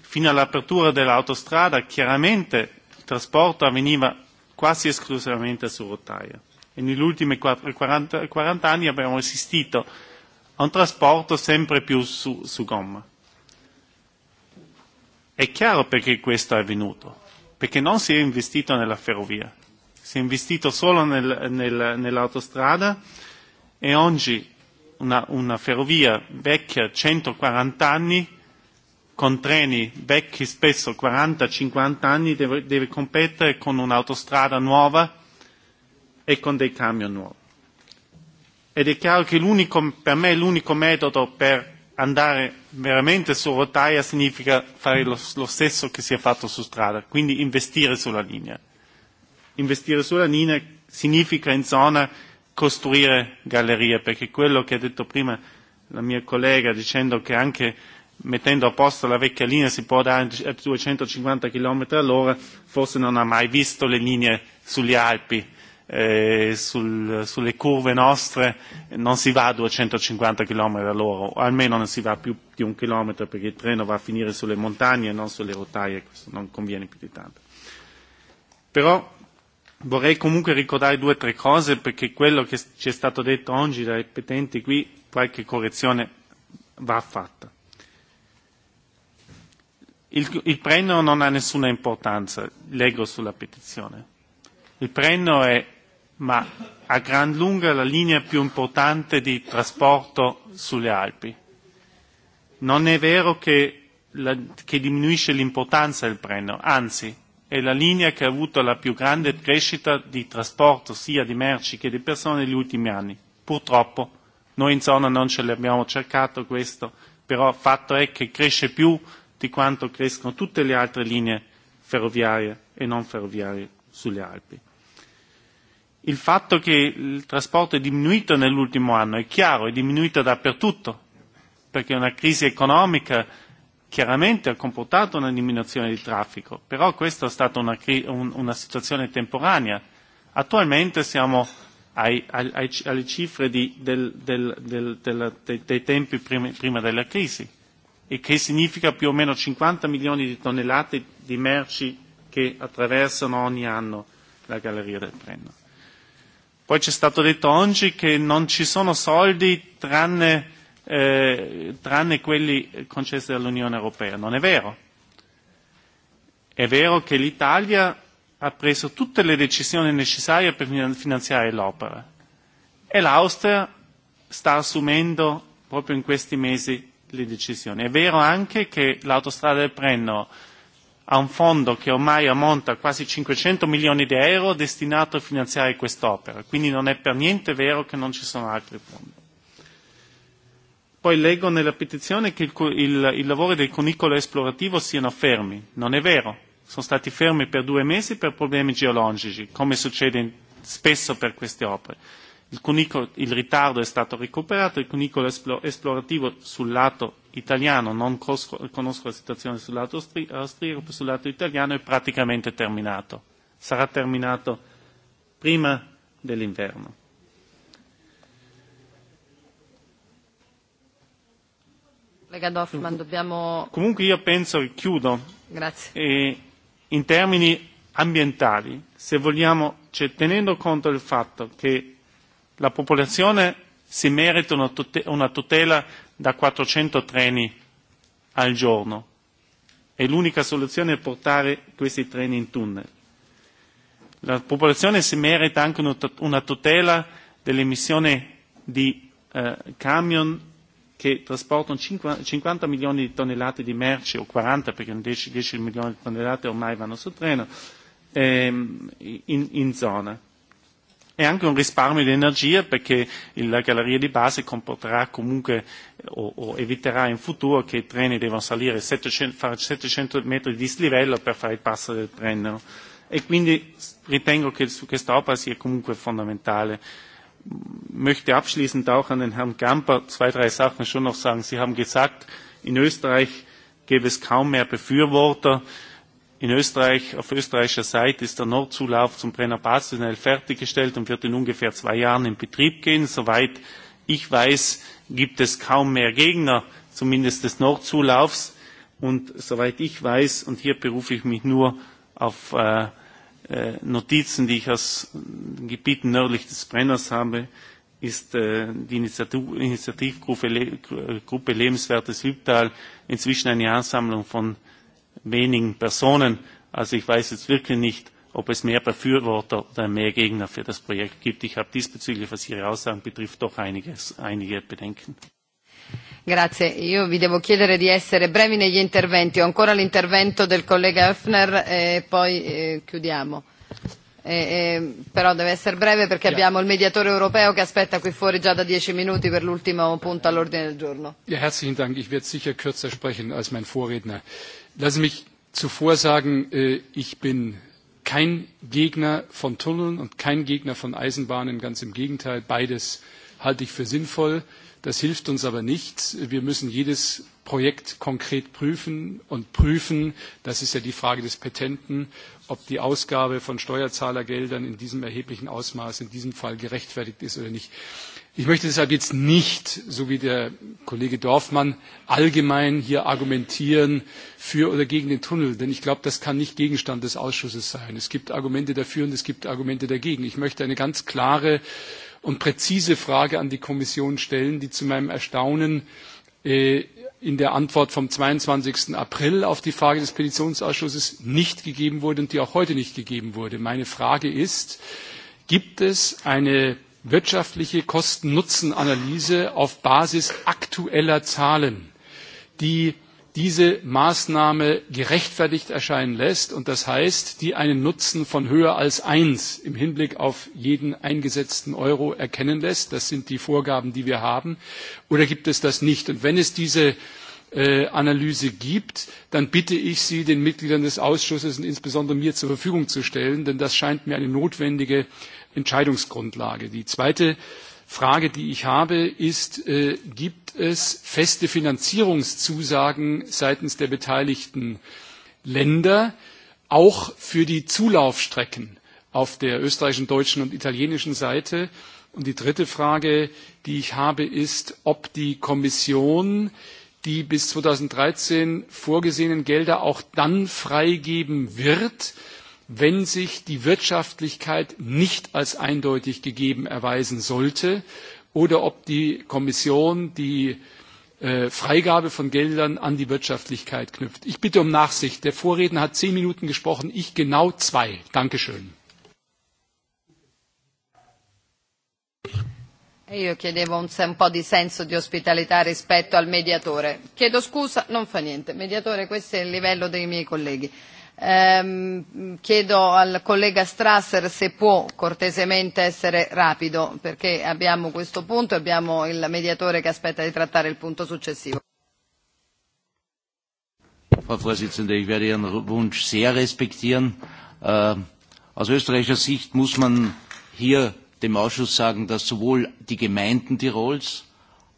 Fino all'apertura dell'autostrada chiaramente il trasporto avveniva quasi esclusivamente su rotaia e negli ultimi 40, 40 anni abbiamo assistito a un trasporto sempre più su, su gomma. È chiaro perché questo è avvenuto, perché non si è investito nella ferrovia si è investito solo nel, nel, nell'autostrada e oggi una, una ferrovia vecchia 140 anni con treni vecchi spesso 40-50 anni deve, deve competere con un'autostrada nuova e con dei camion nuovi. Ed è chiaro che per me l'unico metodo per andare veramente su rotaia significa fare lo, lo stesso che si è fatto su strada, quindi investire sulla linea investire sulla linea significa in zona costruire gallerie, perché quello che ha detto prima la mia collega dicendo che anche mettendo a posto la vecchia linea si può dare a 250 km all'ora, forse non ha mai visto le linee sulle Alpi, eh, sul, sulle curve nostre non si va a 250 km all'ora, o almeno non si va più di un chilometro perché il treno va a finire sulle montagne e non sulle rotaie, questo non conviene più di tanto. Però Vorrei comunque ricordare due o tre cose perché quello che ci è stato detto oggi dai petenti qui qualche correzione va fatta. Il, il premio non ha nessuna importanza, leggo sulla petizione. Il premio è, ma a gran lunga, la linea più importante di trasporto sulle Alpi. Non è vero che, la, che diminuisce l'importanza del premio, anzi è la linea che ha avuto la più grande crescita di trasporto sia di merci che di persone negli ultimi anni. Purtroppo noi in zona non ce l'abbiamo cercato questo, però il fatto è che cresce più di quanto crescono tutte le altre linee ferroviarie e non ferroviarie sulle Alpi. Il fatto che il trasporto è diminuito nell'ultimo anno è chiaro, è diminuito dappertutto, perché una crisi economica chiaramente ha comportato una diminuzione di traffico, però questa è stata una, un, una situazione temporanea. Attualmente siamo ai, ai, alle cifre di, del, del, del, del, dei, dei tempi prima, prima della crisi, e che significa più o meno 50 milioni di tonnellate di merci che attraversano ogni anno la galleria del Brenno. Poi c'è stato detto oggi che non ci sono soldi tranne eh, tranne quelli concessi dall'Unione Europea. Non è vero. È vero che l'Italia ha preso tutte le decisioni necessarie per finanziare l'opera e l'Austria sta assumendo proprio in questi mesi le decisioni. È vero anche che l'autostrada del Prenno ha un fondo che ormai ammonta a quasi 500 milioni di euro destinato a finanziare quest'opera, quindi non è per niente vero che non ci sono altri fondi. Poi leggo nella petizione che il, il, il lavoro del cunicolo esplorativo siano fermi. Non è vero. Sono stati fermi per due mesi per problemi geologici, come succede in, spesso per queste opere. Il, cunicolo, il ritardo è stato recuperato, il cunicolo esplorativo sul lato italiano, non conosco, conosco la situazione sul lato austriaco, sul lato italiano è praticamente terminato. Sarà terminato prima dell'inverno. Collega ma dobbiamo... Comunque io penso, e chiudo, Grazie. E in termini ambientali, se vogliamo, cioè, tenendo conto del fatto che la popolazione si merita una, tutela, una tutela da 400 treni al giorno e l'unica soluzione è portare questi treni in tunnel. La popolazione si merita anche una tutela dell'emissione di eh, camion che trasportano 50 milioni di tonnellate di merci o 40 perché 10, 10 milioni di tonnellate ormai vanno sul treno ehm, in, in zona. E anche un risparmio di energia perché la galleria di base comporterà comunque o, o eviterà in futuro che i treni devono salire 700, fare 700 metri di dislivello per fare il passo del treno. E quindi ritengo che su questa opera sia comunque fondamentale möchte abschließend auch an den Herrn Gamper zwei, drei Sachen schon noch sagen. Sie haben gesagt, in Österreich gäbe es kaum mehr Befürworter. In Österreich, auf österreichischer Seite ist der Nordzulauf zum Brenner Bastunnel fertiggestellt und wird in ungefähr zwei Jahren in Betrieb gehen. Soweit ich weiß, gibt es kaum mehr Gegner, zumindest des Nordzulaufs. Und soweit ich weiß, und hier berufe ich mich nur auf äh, Äh, Notizen, die ich aus Gebieten nördlich des Brenners habe, ist äh, die Initiativgruppe Lebenswertes Hübtal inzwischen eine Ansammlung von wenigen Personen. Also ich weiß jetzt wirklich nicht, ob es mehr Befürworter oder mehr Gegner für das Projekt gibt. Ich habe diesbezüglich, was Ihre Aussagen betrifft, doch einiges, einige Bedenken. Grazie, io vi devo chiedere di essere brevi negli interventi. Ho ancora l'intervento del collega Höfner e poi eh, chiudiamo. Eh, eh, però deve essere breve perché yeah. abbiamo il mediatore europeo che aspetta qui fuori già da dieci minuti per l'ultimo punto all'ordine del giorno. Ja, herzlichen Dank. Ich werde sicher kürzer sprechen als mein Vorredner. Lassen mich zuvor sagen, eh, ich bin kein Gegner von Tunneln und kein Gegner von Eisenbahnen. Ganz im Gegenteil, beides halte ich für sinnvoll. Das hilft uns aber nicht. Wir müssen jedes Projekt konkret prüfen und prüfen, das ist ja die Frage des Petenten, ob die Ausgabe von Steuerzahlergeldern in diesem erheblichen Ausmaß, in diesem Fall gerechtfertigt ist oder nicht. Ich möchte deshalb jetzt nicht, so wie der Kollege Dorfmann, allgemein hier argumentieren für oder gegen den Tunnel, denn ich glaube, das kann nicht Gegenstand des Ausschusses sein. Es gibt Argumente dafür und es gibt Argumente dagegen. Ich möchte eine ganz klare und präzise Frage an die Kommission stellen, die zu meinem Erstaunen äh, in der Antwort vom 22. April auf die Frage des Petitionsausschusses nicht gegeben wurde und die auch heute nicht gegeben wurde. Meine Frage ist, gibt es eine wirtschaftliche Kosten-Nutzen-Analyse auf Basis aktueller Zahlen, die diese Maßnahme gerechtfertigt erscheinen lässt und das heißt, die einen Nutzen von höher als eins im Hinblick auf jeden eingesetzten Euro erkennen lässt. Das sind die Vorgaben, die wir haben. Oder gibt es das nicht? Und wenn es diese äh, Analyse gibt, dann bitte ich Sie, den Mitgliedern des Ausschusses und insbesondere mir zur Verfügung zu stellen, denn das scheint mir eine notwendige Entscheidungsgrundlage. Die zweite Frage, die ich habe, ist, äh, gibt es feste Finanzierungszusagen seitens der beteiligten Länder, auch für die Zulaufstrecken auf der österreichischen, deutschen und italienischen Seite? Und die dritte Frage, die ich habe, ist, ob die Kommission die bis 2013 vorgesehenen Gelder auch dann freigeben wird, wenn sich die Wirtschaftlichkeit nicht als eindeutig gegeben erweisen sollte oder ob die Kommission die äh, Freigabe von Geldern an die Wirtschaftlichkeit knüpft. Ich bitte um Nachsicht. Der Vorredner hat zehn Minuten gesprochen, ich genau zwei. Dankeschön. E io chiedevo un, un po' di senso di ospitalità rispetto al mediatore. Chiedo scusa, non fa niente. Mediatore, questo è il livello dei miei colleghi. Ehm, chiedo al collega Strasser se può cortesemente essere rapido perché abbiamo questo punto e abbiamo il mediatore che aspetta di trattare il punto successivo. Frau Vorsitzende, ich werde Ihren Wunsch sehr respektieren. Äh, aus österreichischer Sicht muss man hier dem Ausschuss sagen, dass sowohl die Gemeinden Tirols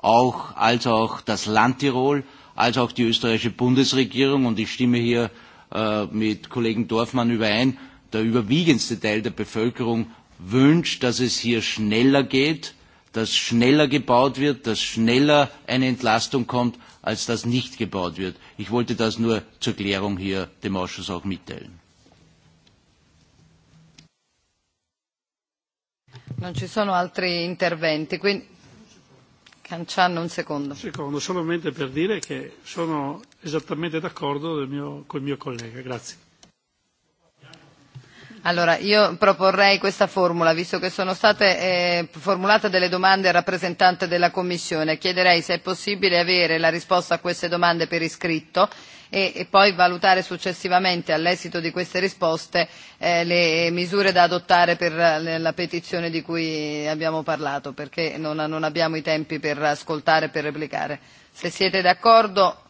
auch, als auch das Land Tirol, als auch die österreichische Bundesregierung, und ich stimme hier Äh, mit Kollegen Dorfmann überein, der überwiegendste Teil der Bevölkerung wünscht, dass es hier schneller geht, dass schneller gebaut wird, dass schneller eine Entlastung kommt, als dass nicht gebaut wird. Ich wollte das nur zur Klärung hier dem Ausschuss auch mitteilen. Non ci sono altri interventi, quindi Canciano un secondo. Un Secondo, solamente per dire che sono esattamente d'accordo con mio, col mio collega. Grazie. Allora, io proporrei questa formula, visto che sono state eh, formulate delle domande al rappresentante della Commissione. Chiederei se è possibile avere la risposta a queste domande per iscritto e, e poi valutare successivamente all'esito di queste risposte eh, le misure da adottare per la, la petizione di cui abbiamo parlato, perché non, non abbiamo i tempi per ascoltare e per replicare. Se siete d'accordo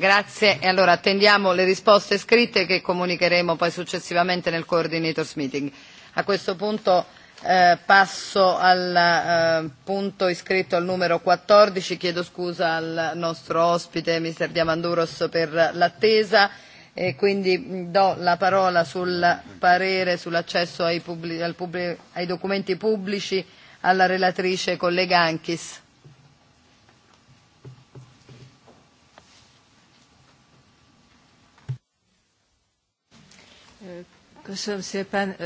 Grazie e allora attendiamo le risposte scritte che comunicheremo poi successivamente nel coordinators meeting. A questo punto eh, passo al eh, punto iscritto al numero 14, chiedo scusa al nostro ospite Mr. Diamanduros per l'attesa e quindi mm, do la parola sul parere sull'accesso ai, pubblic- pubblic- ai documenti pubblici alla relatrice collega Anchis. Köszönöm szépen.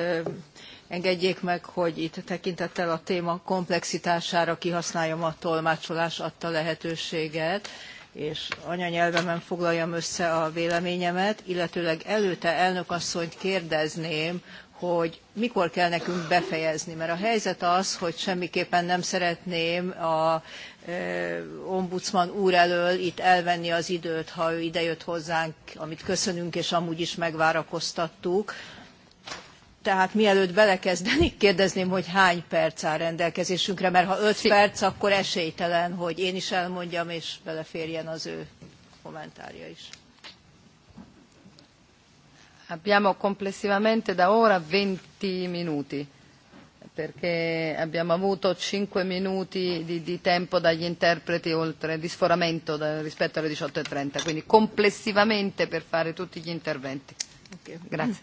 Engedjék meg, hogy itt tekintettel a téma komplexitására kihasználjam a tolmácsolás adta lehetőséget, és anyanyelvemen foglaljam össze a véleményemet, illetőleg előtte elnök asszonyt kérdezném, hogy mikor kell nekünk befejezni, mert a helyzet az, hogy semmiképpen nem szeretném a ombudsman úr elől itt elvenni az időt, ha ő idejött hozzánk, amit köszönünk, és amúgy is megvárakoztattuk, Tehát mielőtt belekezdenik, kérdezném, hogy hány perc áll rendelkezésünkre, mert ha öt perc, akkor esélytelen, hogy én is elmondjam, és beleférjen az ő kommentárja is. Abbiamo complessivamente da ora 20 minuti, perché abbiamo avuto 5 minuti di, di tempo dagli interpreti oltre di sforamento da, rispetto alle 18.30, e quindi complessivamente per fare tutti gli interventi. Okay. Grazie.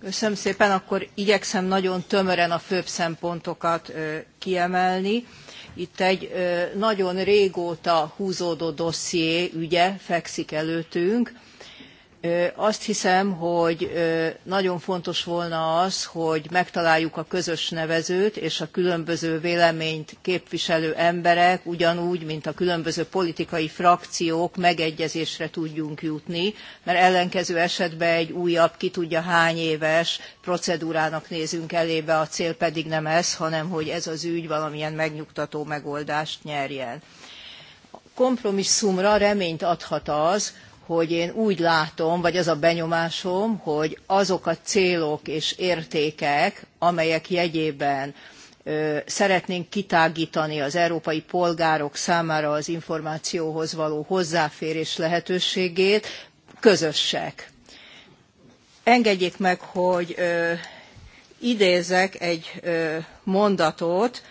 Köszönöm szépen, akkor igyekszem nagyon tömören a főbb szempontokat kiemelni. Itt egy nagyon régóta húzódó dosszié ügye fekszik előttünk Azt hiszem, hogy nagyon fontos volna az, hogy megtaláljuk a közös nevezőt, és a különböző véleményt képviselő emberek, ugyanúgy, mint a különböző politikai frakciók megegyezésre tudjunk jutni, mert ellenkező esetben egy újabb, ki tudja hány éves procedúrának nézünk elébe, a cél pedig nem ez, hanem hogy ez az ügy valamilyen megnyugtató megoldást nyerjen kompromisszumra reményt adhat az, hogy én úgy látom, vagy az a benyomásom, hogy azok a célok és értékek, amelyek jegyében szeretnénk kitágítani az európai polgárok számára az információhoz való hozzáférés lehetőségét, közösek. Engedjék meg, hogy ö, idézek egy ö, mondatot,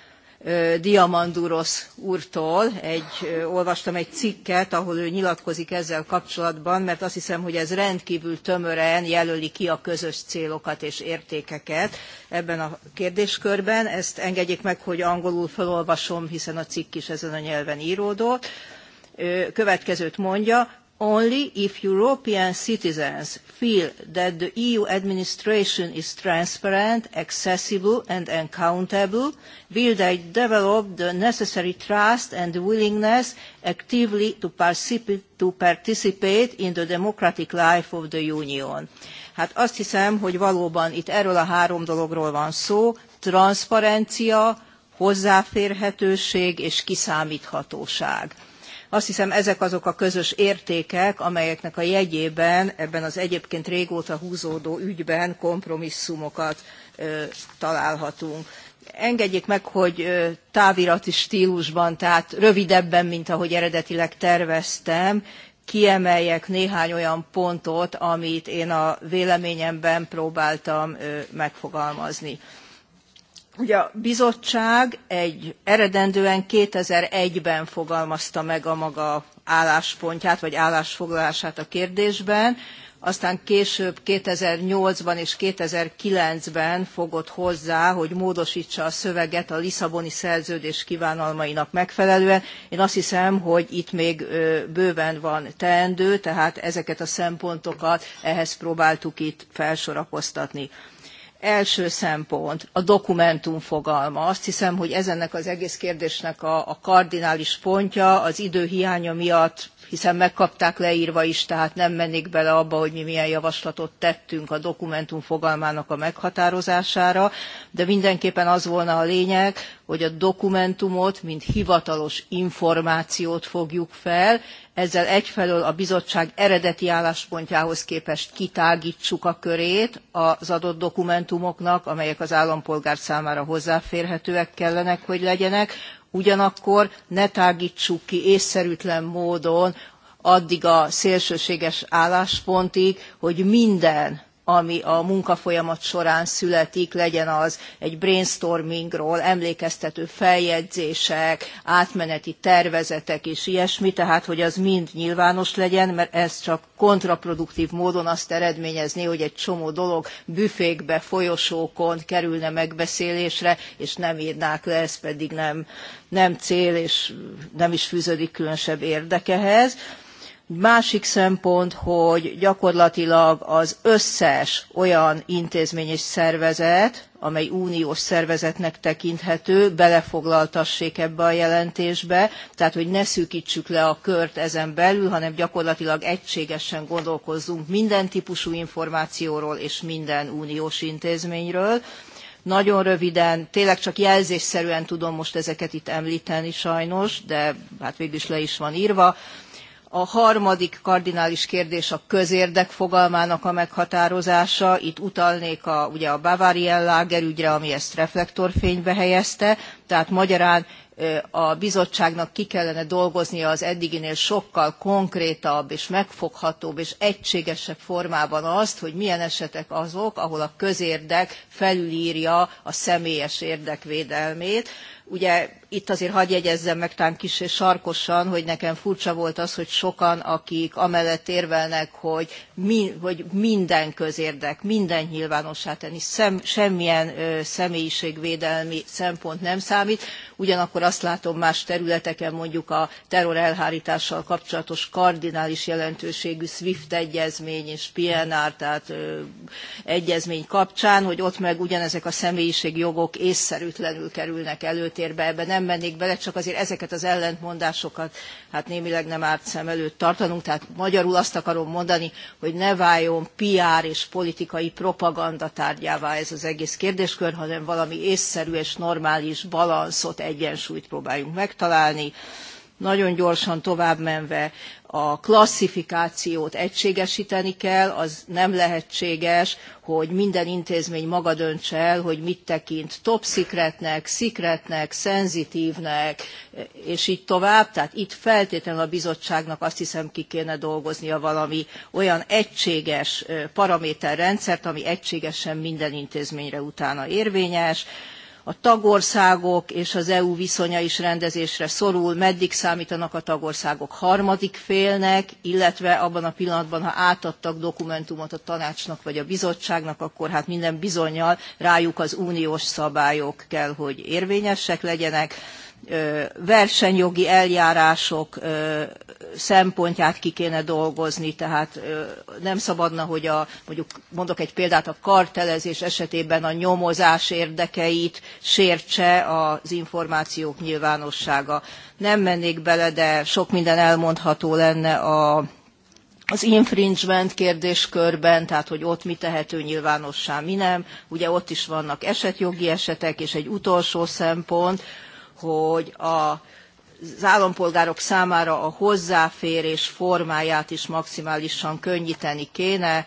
Diamandurosz úrtól. Egy, olvastam egy cikket, ahol ő nyilatkozik ezzel kapcsolatban, mert azt hiszem, hogy ez rendkívül tömören jelöli ki a közös célokat és értékeket ebben a kérdéskörben. Ezt engedjék meg, hogy angolul felolvasom, hiszen a cikk is ezen a nyelven íródott következőt mondja, Only if European citizens feel that the EU administration is transparent, accessible and accountable will they develop the necessary trust and willingness actively to, particip to participate in the democratic life of the Union. Hát azt hiszem, hogy valóban itt erről a három dologról van szó, transzparencia, hozzáférhetőség és kiszámíthatóság Azt hiszem ezek azok a közös értékek, amelyeknek a jegyében ebben az egyébként régóta húzódó ügyben kompromisszumokat ö, találhatunk. Engedjék meg, hogy távirati stílusban, tehát rövidebben, mint ahogy eredetileg terveztem, kiemeljek néhány olyan pontot, amit én a véleményemben próbáltam megfogalmazni. Ugye a bizottság egy eredendően 2001-ben fogalmazta meg a maga álláspontját, vagy állásfoglalását a kérdésben, aztán később 2008-ban és 2009-ben fogott hozzá, hogy módosítsa a szöveget a Lisszaboni szerződés kívánalmainak megfelelően. Én azt hiszem, hogy itt még bőven van teendő, tehát ezeket a szempontokat ehhez próbáltuk itt felsorakoztatni első szempont a dokumentum fogalma. Azt hiszem, hogy ez ennek az egész kérdésnek a, a kardinális pontja az idő hiánya miatt hiszen megkapták leírva is, tehát nem mennék bele abba, hogy mi milyen javaslatot tettünk a dokumentum fogalmának a meghatározására, de mindenképpen az volna a lényeg, hogy a dokumentumot, mint hivatalos információt fogjuk fel, ezzel egyfelől a bizottság eredeti álláspontjához képest kitágítsuk a körét az adott dokumentumoknak, amelyek az állampolgár számára hozzáférhetőek kellenek, hogy legyenek, ugyanakkor ne tágítsuk ki észszerűtlen módon addig a szélsőséges álláspontig, hogy minden ami a munkafolyamat során születik, legyen az egy brainstormingról, emlékeztető feljegyzések, átmeneti tervezetek és ilyesmi, tehát hogy az mind nyilvános legyen, mert ez csak kontraproduktív módon azt eredményezné, hogy egy csomó dolog büfékbe, folyosókon kerülne megbeszélésre, és nem írnák le, ez pedig nem, nem cél, és nem is fűződik különösebb érdekehez. Másik szempont, hogy gyakorlatilag az összes olyan intézmény és szervezet, amely uniós szervezetnek tekinthető, belefoglaltassék ebbe a jelentésbe, tehát hogy ne szűkítsük le a kört ezen belül, hanem gyakorlatilag egységesen gondolkozzunk minden típusú információról és minden uniós intézményről. Nagyon röviden, tényleg csak jelzésszerűen tudom most ezeket itt említeni sajnos, de hát végül is le is van írva. A harmadik kardinális kérdés a közérdek fogalmának a meghatározása. Itt utalnék a, ugye a Bavarian Lager ügyre, ami ezt reflektorfénybe helyezte, tehát magyarán a bizottságnak ki kellene dolgoznia az eddiginél sokkal konkrétabb és megfoghatóbb és egységesebb formában azt, hogy milyen esetek azok, ahol a közérdek felülírja a személyes érdekvédelmét Ugye itt azért hagyj jegyezzem meg talán kis sarkosan, hogy nekem furcsa volt az, hogy sokan, akik amellett érvelnek, hogy, mi, hogy minden közérdek, minden nyilvánossá tenni, szem, semmilyen ö, személyiségvédelmi szempont nem számít. Ugyanakkor azt látom más területeken, mondjuk a terror elhárítással kapcsolatos kardinális jelentőségű SWIFT egyezmény és PNR, tehát ö, egyezmény kapcsán, hogy ott meg ugyanezek a személyiség jogok észszerűtlenül kerülnek elő, előtérbe, ebbe nem mennék bele, csak azért ezeket az ellentmondásokat hát némileg nem árt szem előtt tartanunk, tehát magyarul azt akarom mondani, hogy ne váljon PR és politikai propaganda tárgyává ez az egész kérdéskör, hanem valami észszerű és normális balanszot, egyensúlyt próbáljunk megtalálni nagyon gyorsan továbbmenve a klasszifikációt egységesíteni kell, az nem lehetséges, hogy minden intézmény maga dönts el, hogy mit tekint top szikretnek, szikretnek, szenzitívnek, és így tovább. Tehát itt feltétlenül a bizottságnak azt hiszem ki kéne dolgoznia valami olyan egységes paraméterrendszert, ami egységesen minden intézményre utána érvényes a tagországok és az EU viszonya is rendezésre szorul, meddig számítanak a tagországok harmadik félnek, illetve abban a pillanatban, ha átadtak dokumentumot a tanácsnak vagy a bizottságnak, akkor hát minden bizonyal rájuk az uniós szabályok kell, hogy érvényesek legyenek versenyjogi eljárások szempontját ki kéne dolgozni, tehát nem szabadna, hogy a, mondjuk mondok egy példát, a kartelezés esetében a nyomozás érdekeit sértse az információk nyilvánossága. Nem mennék bele, de sok minden elmondható lenne a az infringement kérdéskörben, tehát hogy ott mi tehető nyilvánossá, mi nem. Ugye ott is vannak esetjogi esetek, és egy utolsó szempont, hogy a az állampolgárok számára a hozzáférés formáját is maximálisan könnyíteni kéne.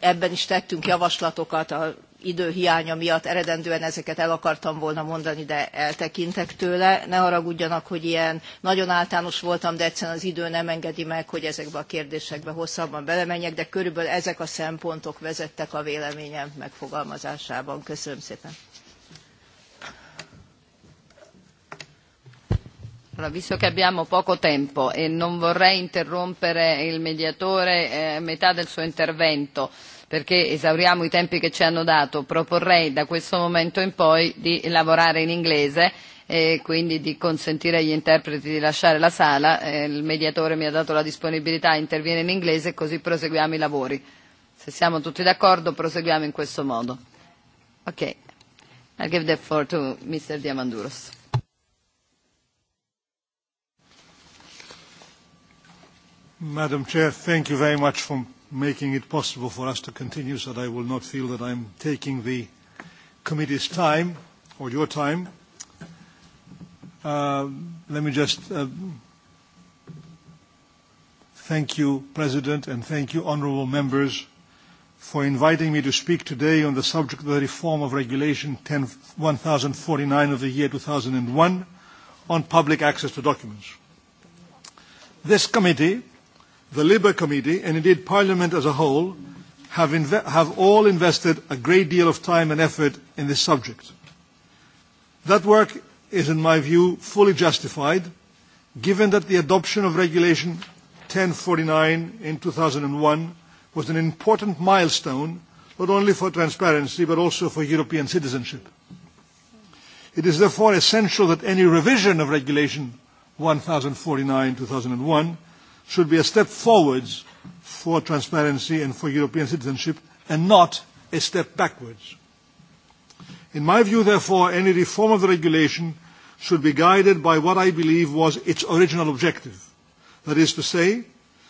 Ebben is tettünk javaslatokat, a időhiánya miatt eredendően ezeket el akartam volna mondani, de eltekintek tőle. Ne haragudjanak, hogy ilyen nagyon általános voltam, de egyszerűen az idő nem engedi meg, hogy ezekbe a kérdésekbe hosszabban belemenjek, de körülbelül ezek a szempontok vezettek a véleményem megfogalmazásában. Köszönöm szépen. Allora, visto che abbiamo poco tempo e non vorrei interrompere il mediatore a eh, metà del suo intervento, perché esauriamo i tempi che ci hanno dato, proporrei da questo momento in poi di lavorare in inglese e quindi di consentire agli interpreti di lasciare la sala. Eh, il mediatore mi ha dato la disponibilità, interviene in inglese così proseguiamo i lavori. Se siamo tutti d'accordo proseguiamo in questo modo. Ok, I'll give the floor to Mr. Diamanduros. Madam Chair, thank you very much for making it possible for us to continue so that I will not feel that I'm taking the committee's time or your time. Uh, let me just uh, thank you, President, and thank you, honourable members, for inviting me to speak today on the subject of the reform of Regulation 10, 1049 of the year 2001 on public access to documents. This committee the Labour Committee, and indeed Parliament as a whole, have, inve have all invested a great deal of time and effort in this subject. That work is, in my view, fully justified, given that the adoption of Regulation 1049 in 2001 was an important milestone, not only for transparency, but also for European citizenship. It is therefore essential that any revision of Regulation 1049-2001 should be a step forwards for transparency and for European citizenship and not a step backwards. In my view, therefore, any reform of the regulation should be guided by what I believe was its original objective. That is to say,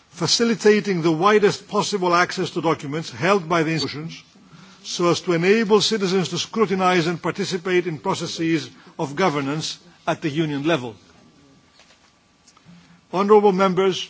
facilitating the widest possible access to documents held by the institutions so as to enable citizens to scrutinize and participate in processes of governance at the Union level. Honourable members,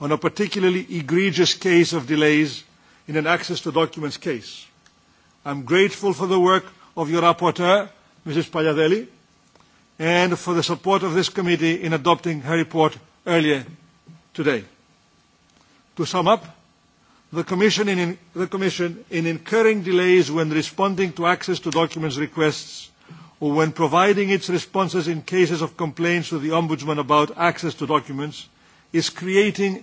on a particularly egregious case of delays in an access to documents case. I'm grateful for the work of your rapporteur, Mrs. Pagliadelli, and for the support of this committee in adopting her report earlier today. To sum up, the Commission, in, the Commission, in incurring delays when responding to access to documents requests or when providing its responses in cases of complaints to the Ombudsman about access to documents, is creating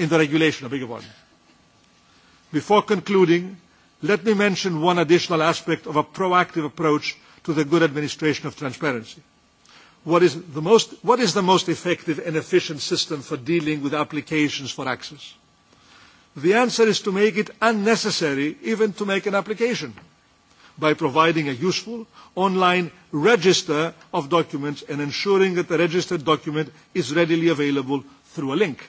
in the regulation, a bigger one. Before concluding, let me mention one additional aspect of a proactive approach to the good administration of transparency. What is the most, what is the most effective and efficient system for dealing with applications for access? The answer is to make it unnecessary even to make an application by providing a useful online register of documents and ensuring that the registered document is readily available through a link.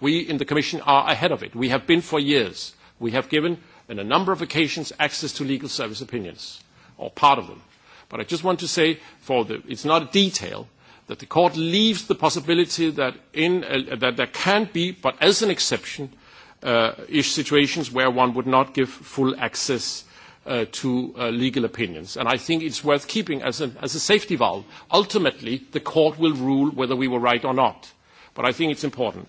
We in the Commission are ahead of it. We have been for years. We have given, on a number of occasions, access to legal service opinions, or part of them. But I just want to say, for the, it's not a detail, that the court leaves the possibility that, in, uh, that there can be, but as an exception, uh, ish situations where one would not give full access uh, to uh, legal opinions. And I think it's worth keeping as, an, as a safety valve. Ultimately, the court will rule whether we were right or not. But I think it's important.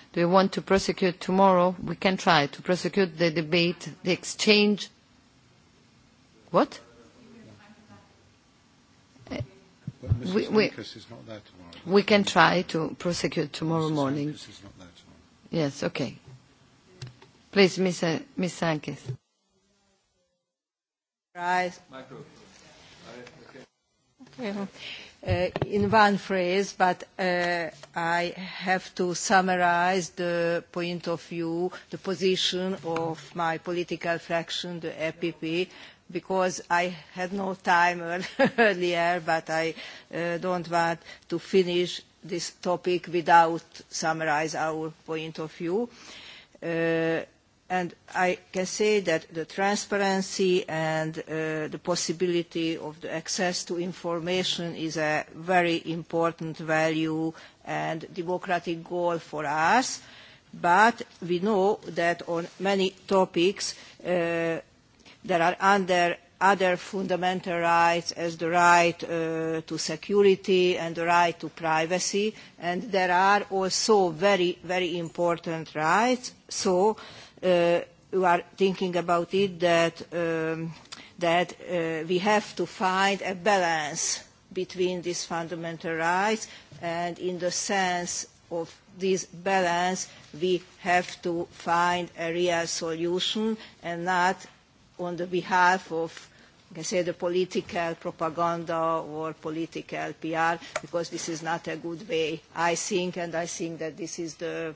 do you want to prosecute tomorrow? We can try to prosecute the debate, the exchange. What? we, we, we can try to prosecute tomorrow Mrs. morning. is not there tomorrow. Yes, okay. Please, Ms. Uh, Ms. Sankis. Rise. Okay uh, in one phrase, but uh, I have to summarize the point of view, the position of my political fraction, the EPP, because I had no time earlier, but I uh, don't want to finish this topic without summarize our point of view. Uh, And I can say that the transparency and uh, the possibility of the access to information is a very important value and democratic goal for us. But we know that on many topics uh, there are under other fundamental rights as the right uh, to security and the right to privacy. And there are also very, very important rights. So uh, who are thinking about it that, um, that uh, we have to find a balance between these fundamental rights and in the sense of this balance we have to find a real solution and not on the behalf of I can say the political propaganda or political PR because this is not a good way I think and I think that this is the